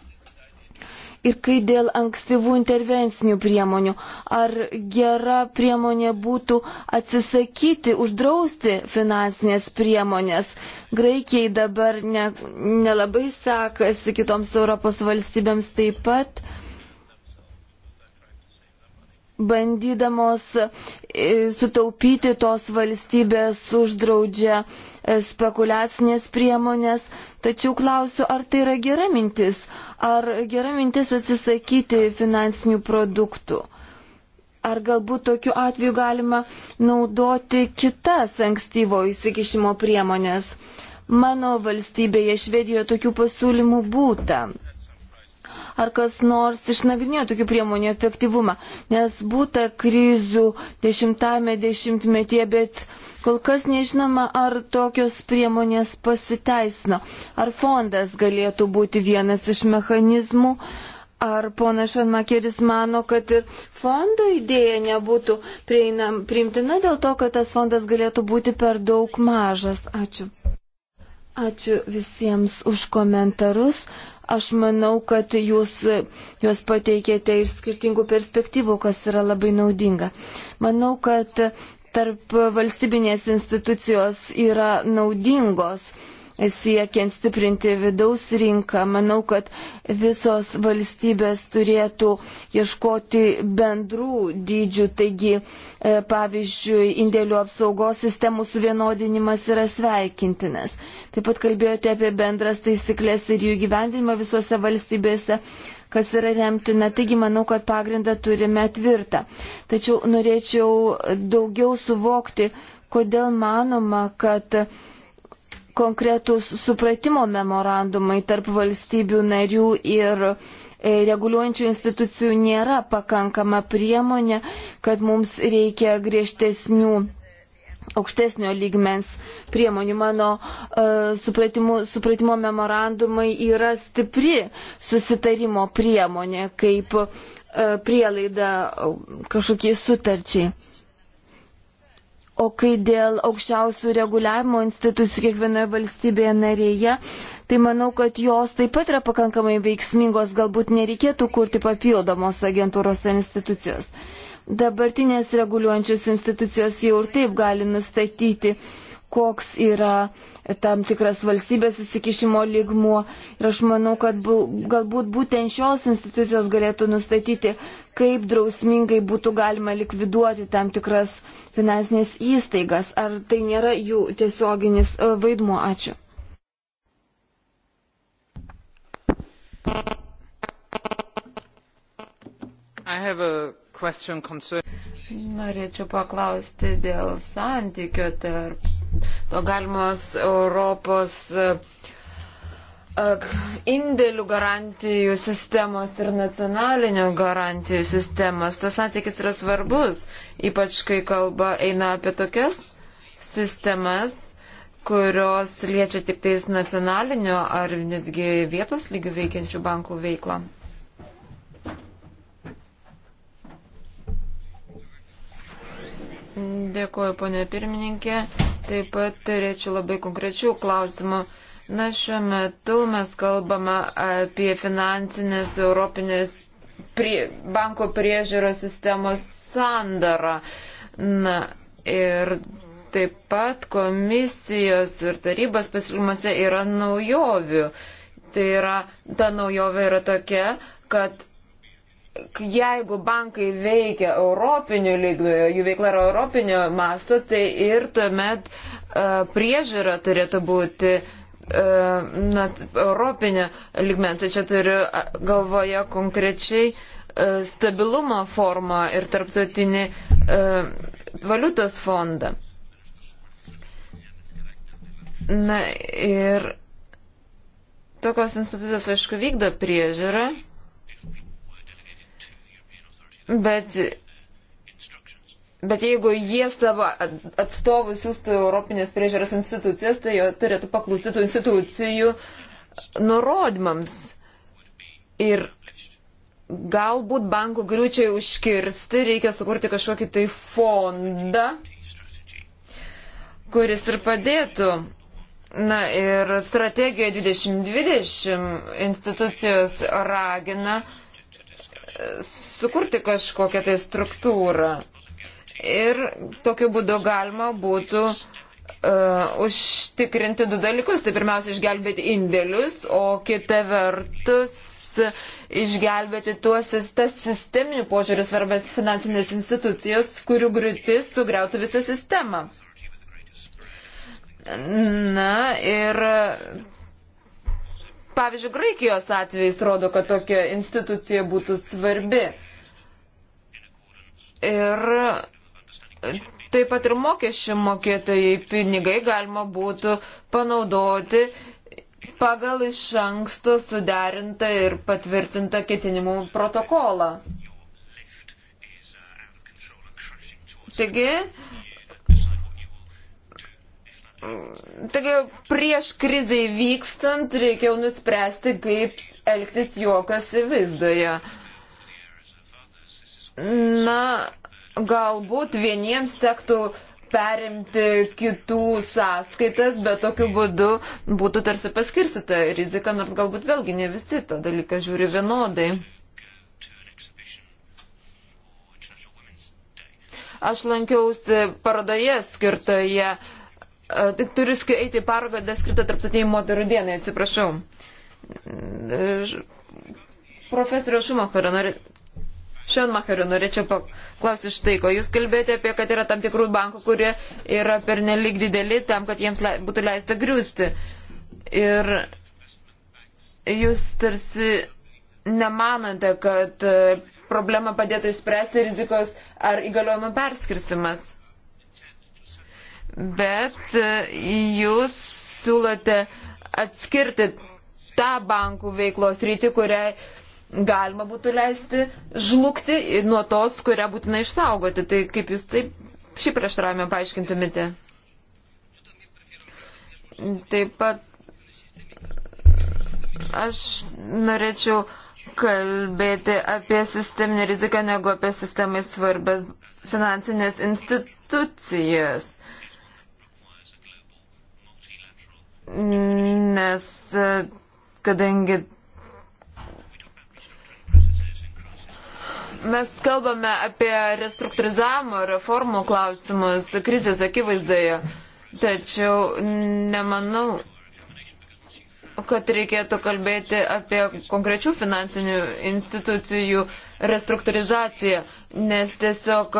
Ir kai dėl ankstyvų intervencinių priemonių, ar gera priemonė būtų atsisakyti, uždrausti finansinės priemonės. Graikijai dabar ne, nelabai sekasi, kitoms Europos valstybėms taip pat. Uh, bandydamos e, sutaupyti tos valstybės uždraudžia e, spekulacinės priemonės. Tačiau klausiu, ar tai yra gera mintis, ar gera mintis atsisakyti finansinių produktų. Ar galbūt tokiu atveju galima naudoti kitas ankstyvo įsikišimo priemonės. Mano valstybėje Švedijoje tokių pasiūlymų būtent ar kas nors išnagrinėjo tokių priemonių efektyvumą, nes būta krizių dešimtame dešimtmetyje, bet kol kas nežinoma, ar tokios priemonės pasiteisino, ar fondas galėtų būti vienas iš mechanizmų. Ar pona Šonmakeris mano, kad ir fondo idėja nebūtų prieinam, priimtina dėl to, kad tas fondas galėtų būti per daug mažas? Ačiū. Ačiū visiems už komentarus. Aš manau, kad jūs juos pateikėte iš skirtingų perspektyvų, kas yra labai naudinga. Manau, kad tarp valstybinės institucijos yra naudingos siekiant stiprinti vidaus rinką. Manau, kad visos valstybės turėtų ieškoti bendrų dydžių. Taigi, e, pavyzdžiui, indėlių apsaugos sistemų suvienodinimas yra sveikintinas. Taip pat kalbėjote apie bendras taisyklės ir jų gyvendinimą visose valstybėse kas yra remtina. Taigi manau, kad pagrindą turime tvirtą. Tačiau norėčiau daugiau suvokti, kodėl manoma, kad uh, konkretus supratimo memorandumai tarp valstybių narių ir e, reguliuojančių institucijų nėra pakankama priemonė, kad mums reikia griežtesnių aukštesnio lygmens priemonių. Mano uh, e, supratimo, supratimo memorandumai yra stipri susitarimo priemonė kaip uh, prielaida kažkokiai sutarčiai. O kai dėl aukščiausių reguliavimo institucijų kiekvienoje valstybėje narėje, tai manau, kad jos taip pat yra pakankamai veiksmingos, galbūt nereikėtų kurti papildomos agentūros ar institucijos. Dabartinės reguliuojančios institucijos jau ir taip gali nustatyti uh, koks yra tam tikras valstybės įsikišimo ligmuo. Ir aš manau, kad bu, galbūt būtent šios institucijos galėtų nustatyti, kaip drausmingai būtų galima likviduoti tam tikras finansinės įstaigas. Ar tai nėra jų tiesioginis e, vaidmuo? Ačiū. I have a question concerning. Norėčiau paklausti dėl santykio tarp to galimos Europos e, e, indėlių garantijų sistemos ir nacionalinių garantijų sistemos. Tas santykis yra svarbus, ypač kai kalba eina apie tokias sistemas, kurios liečia tik tais nacionalinio ar netgi vietos lygių veikiančių bankų veiklą. Dėkuoju, ponė pirmininkė. Taip pat turėčiau labai konkrečių klausimų. Na, šiuo metu mes kalbame apie finansinės Europinės prie, banko priežiūros sistemos sandarą. Na, ir taip pat komisijos ir tarybos pasiūlymuose yra naujovių. Tai yra, ta naujovė yra tokia, kad jeigu bankai veikia europiniu lygmeniu, jų veikla yra europinio masto, tai ir tuomet uh, priežiūra turėtų būti uh, na, europinio lygmens. Tai čia turiu galvoje konkrečiai uh, stabilumo formą ir tarptautinį valiutos fondą. Na ir tokios institucijos, aišku, vykdo priežiūrą. Bet, bet jeigu jie savo atstovus siūstų Europinės priežiūros institucijas, tai jie turėtų paklusti tų institucijų nurodymams. Ir galbūt bankų griūčiai užkirsti, reikia sukurti kažkokį tai fondą, kuris ir padėtų. Na ir strategija 2020 institucijos ragina uh, sukurti kažkokią tai struktūrą. Ir tokiu būdu galima būtų uh, užtikrinti du dalykus. Tai pirmiausia, išgelbėti indėlius, o kita vertus išgelbėti tuos tas sisteminių požiūrių svarbės finansinės institucijos, kurių griūtis sugriautų visą sistemą. Na ir Pavyzdžiui, Graikijos atvejais rodo, kad tokia institucija būtų svarbi. Ir taip pat ir mokesčių mokėtojai pinigai galima būtų panaudoti pagal iš anksto suderintą ir patvirtintą ketinimų protokolą. Taigi, Taigi prieš krizai vykstant reikėjo nuspręsti, kaip elgtis juokasi vaizdoje. Na, galbūt vieniems tektų perimti kitų sąskaitas, bet tokiu būdu būtų tarsi paskirstyta rizika, nors galbūt vėlgi ne visi tą dalyką žiūri vienodai. Aš lankiausi parodoje skirtoje uh, Tai turiu eiti į parodą skirtą tarptautiniai moterų dienai, atsiprašau. Profesorio Šumacherio, nori... Šionmacherio norėčiau paklausyti štai, ko jūs kalbėjote apie, kad yra tam tikrų bankų, kurie yra pernelik dideli tam, kad jiems le... būtų leista griūsti. Ir jūs tarsi nemanote, kad e, problemą padėtų išspręsti rizikos ar įgaliojimų perskirstimas bet e, jūs siūlote atskirti tą bankų veiklos rytį, kurią galima būtų leisti žlugti ir nuo tos, kurią būtina išsaugoti. Tai kaip jūs taip šį prieštaravimą paaiškintumėte? Taip pat aš norėčiau kalbėti apie sisteminę riziką negu apie sistemai svarbės finansinės institucijas. nes e, kadangi mes kalbame apie restruktūrizavimo reformų klausimus krizės akivaizdoje, tačiau nemanau, kad reikėtų kalbėti apie konkrečių finansinių institucijų restruktūrizaciją, nes tiesiog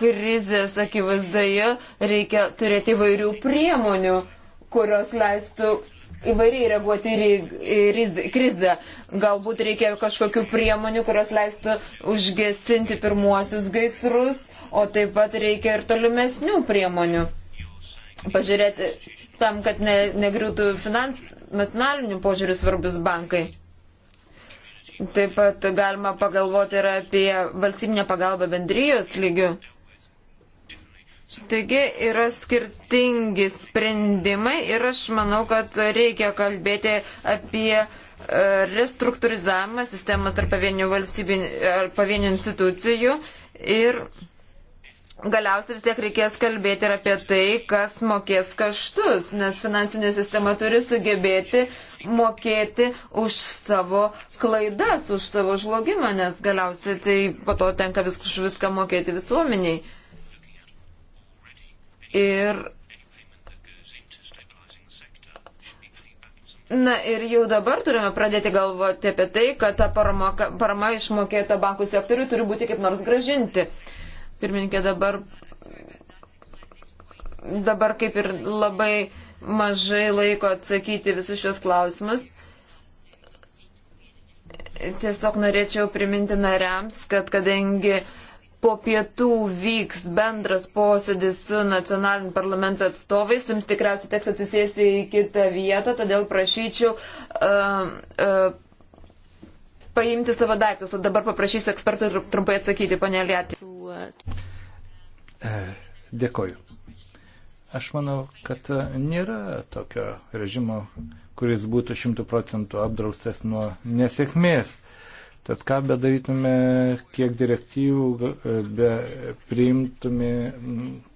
krizės akivaizdoje reikia turėti įvairių priemonių kurios leistų įvairiai reaguoti į krizę. Galbūt reikia kažkokių priemonių, kurios leistų užgesinti pirmuosius gaisrus, o taip pat reikia ir tolimesnių priemonių. Pažiūrėti tam, kad ne, negriūtų finans, nacionalinių požiūrių svarbus bankai. Taip pat galima pagalvoti ir apie valstybinę pagalbą bendrijos lygių. Taigi yra skirtingi sprendimai ir aš manau, kad reikia kalbėti apie e, restruktūrizavimą sistemos tarp pavienių, e, pavienių institucijų ir galiausiai vis tiek reikės kalbėti ir apie tai, kas mokės kaštus, nes finansinė sistema turi sugebėti mokėti už savo klaidas, už savo žlugimą, nes galiausiai tai po to tenka vis, viską mokėti visuomeniai. Ir Na ir jau dabar turime pradėti galvoti apie tai, kad ta parama, parama išmokėta bankų sektoriui turi būti kaip nors gražinti. Pirmininkė dabar, dabar kaip ir labai mažai laiko atsakyti visus šios klausimus. Tiesiog norėčiau priminti nariams, kad kadangi uh, po pietų vyks bendras posėdis su nacionaliniu parlamento atstovais, jums tikriausiai teks atsisėsti į kitą vietą, todėl prašyčiau uh, uh, paimti savo daiktus, o dabar paprašysiu ekspertų trumpai atsakyti, ponė Lietė. Uh, dėkoju. Aš manau, kad uh, nėra tokio režimo, kuris būtų šimtų procentų apdraustas nuo nesėkmės. Tad ką bedarytume, kiek direktyvų be priimtume,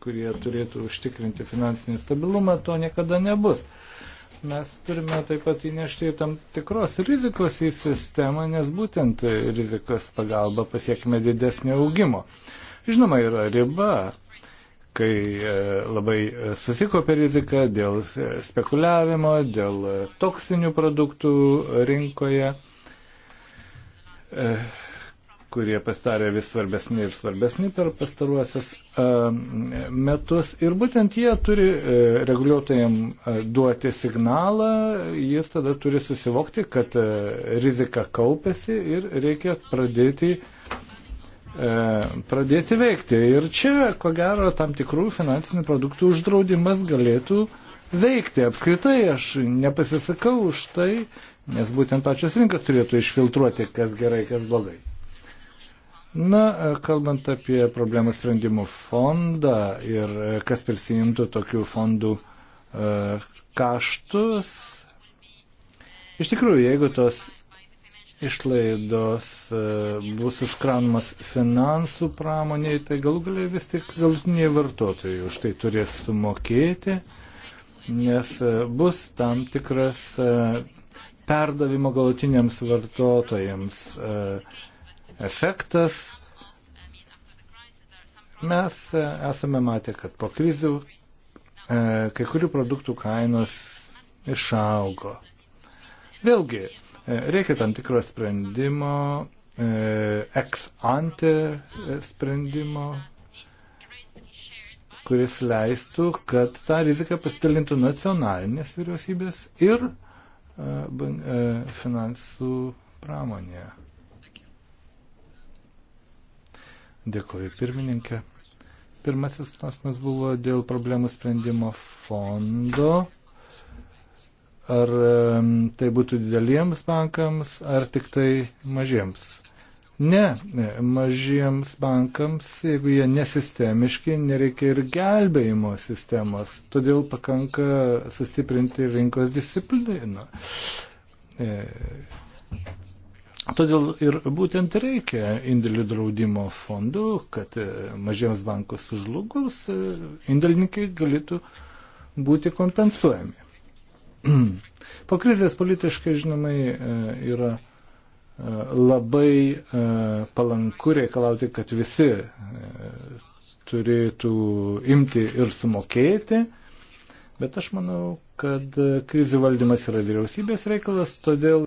kurie turėtų užtikrinti finansinį stabilumą, to niekada nebus. Mes turime taip pat įnešti tam tikros rizikos į sistemą, nes būtent rizikos pagalba pasiekime didesnio augimo. Žinoma, yra riba, kai e, labai e, susikopė rizika dėl e, spekuliavimo, dėl toksinių produktų rinkoje E, kurie pastarė vis svarbesni ir svarbesni per pastaruosius e, metus. Ir būtent jie turi e, reguliuotojam duoti signalą, jis tada turi susivokti, kad rizika kaupėsi ir reikia pradėti pradėti veikti. Ir čia, ko gero, tam tikrų finansinių produktų uždraudimas galėtų veikti. Apskritai aš nepasisakau už tai, Nes būtent pačios rinkas turėtų išfiltruoti, kas gerai, kas blogai. Na, e, kalbant apie problemų sprendimų fondą ir e, kas prisijimtų tokių fondų e, kaštus, iš tikrųjų, jeigu tos išlaidos bus užkraunamas finansų pramoniai, tai galų galiai vis tik galutiniai vartotojai už tai turės sumokėti, nes bus tam tikras perdavimo galutiniams vartotojams e, efektas. Mes e, esame matę, kad po krizių e, kai kurių produktų kainos išaugo. Vėlgi, reikia tam tikro sprendimo, ex ante sprendimo, kuris leistų, kad tą riziką pasidalintų nacionalinės vyriausybės ir E, e, finansų pramonėje. Dėkoju pirmininkė. Pirmasis klausimas buvo dėl problemų sprendimo fondo. Ar e, tai būtų dideliems bankams, ar tik tai mažiems Ne, mažiems bankams, jeigu jie nesistemiški, nereikia ir gelbėjimo sistemos. Todėl pakanka sustiprinti rinkos discipliną. E, todėl ir būtent reikia indėlių draudimo fondų, kad e, mažiems bankos sužlugus e, indėlininkai galėtų būti kompensuojami. Po krizės politiškai, žinomai, e, yra. E, labai e, palanku reikalauti, kad visi e, turėtų imti ir sumokėti, bet aš manau, kad e, krizių valdymas yra vyriausybės reikalas, todėl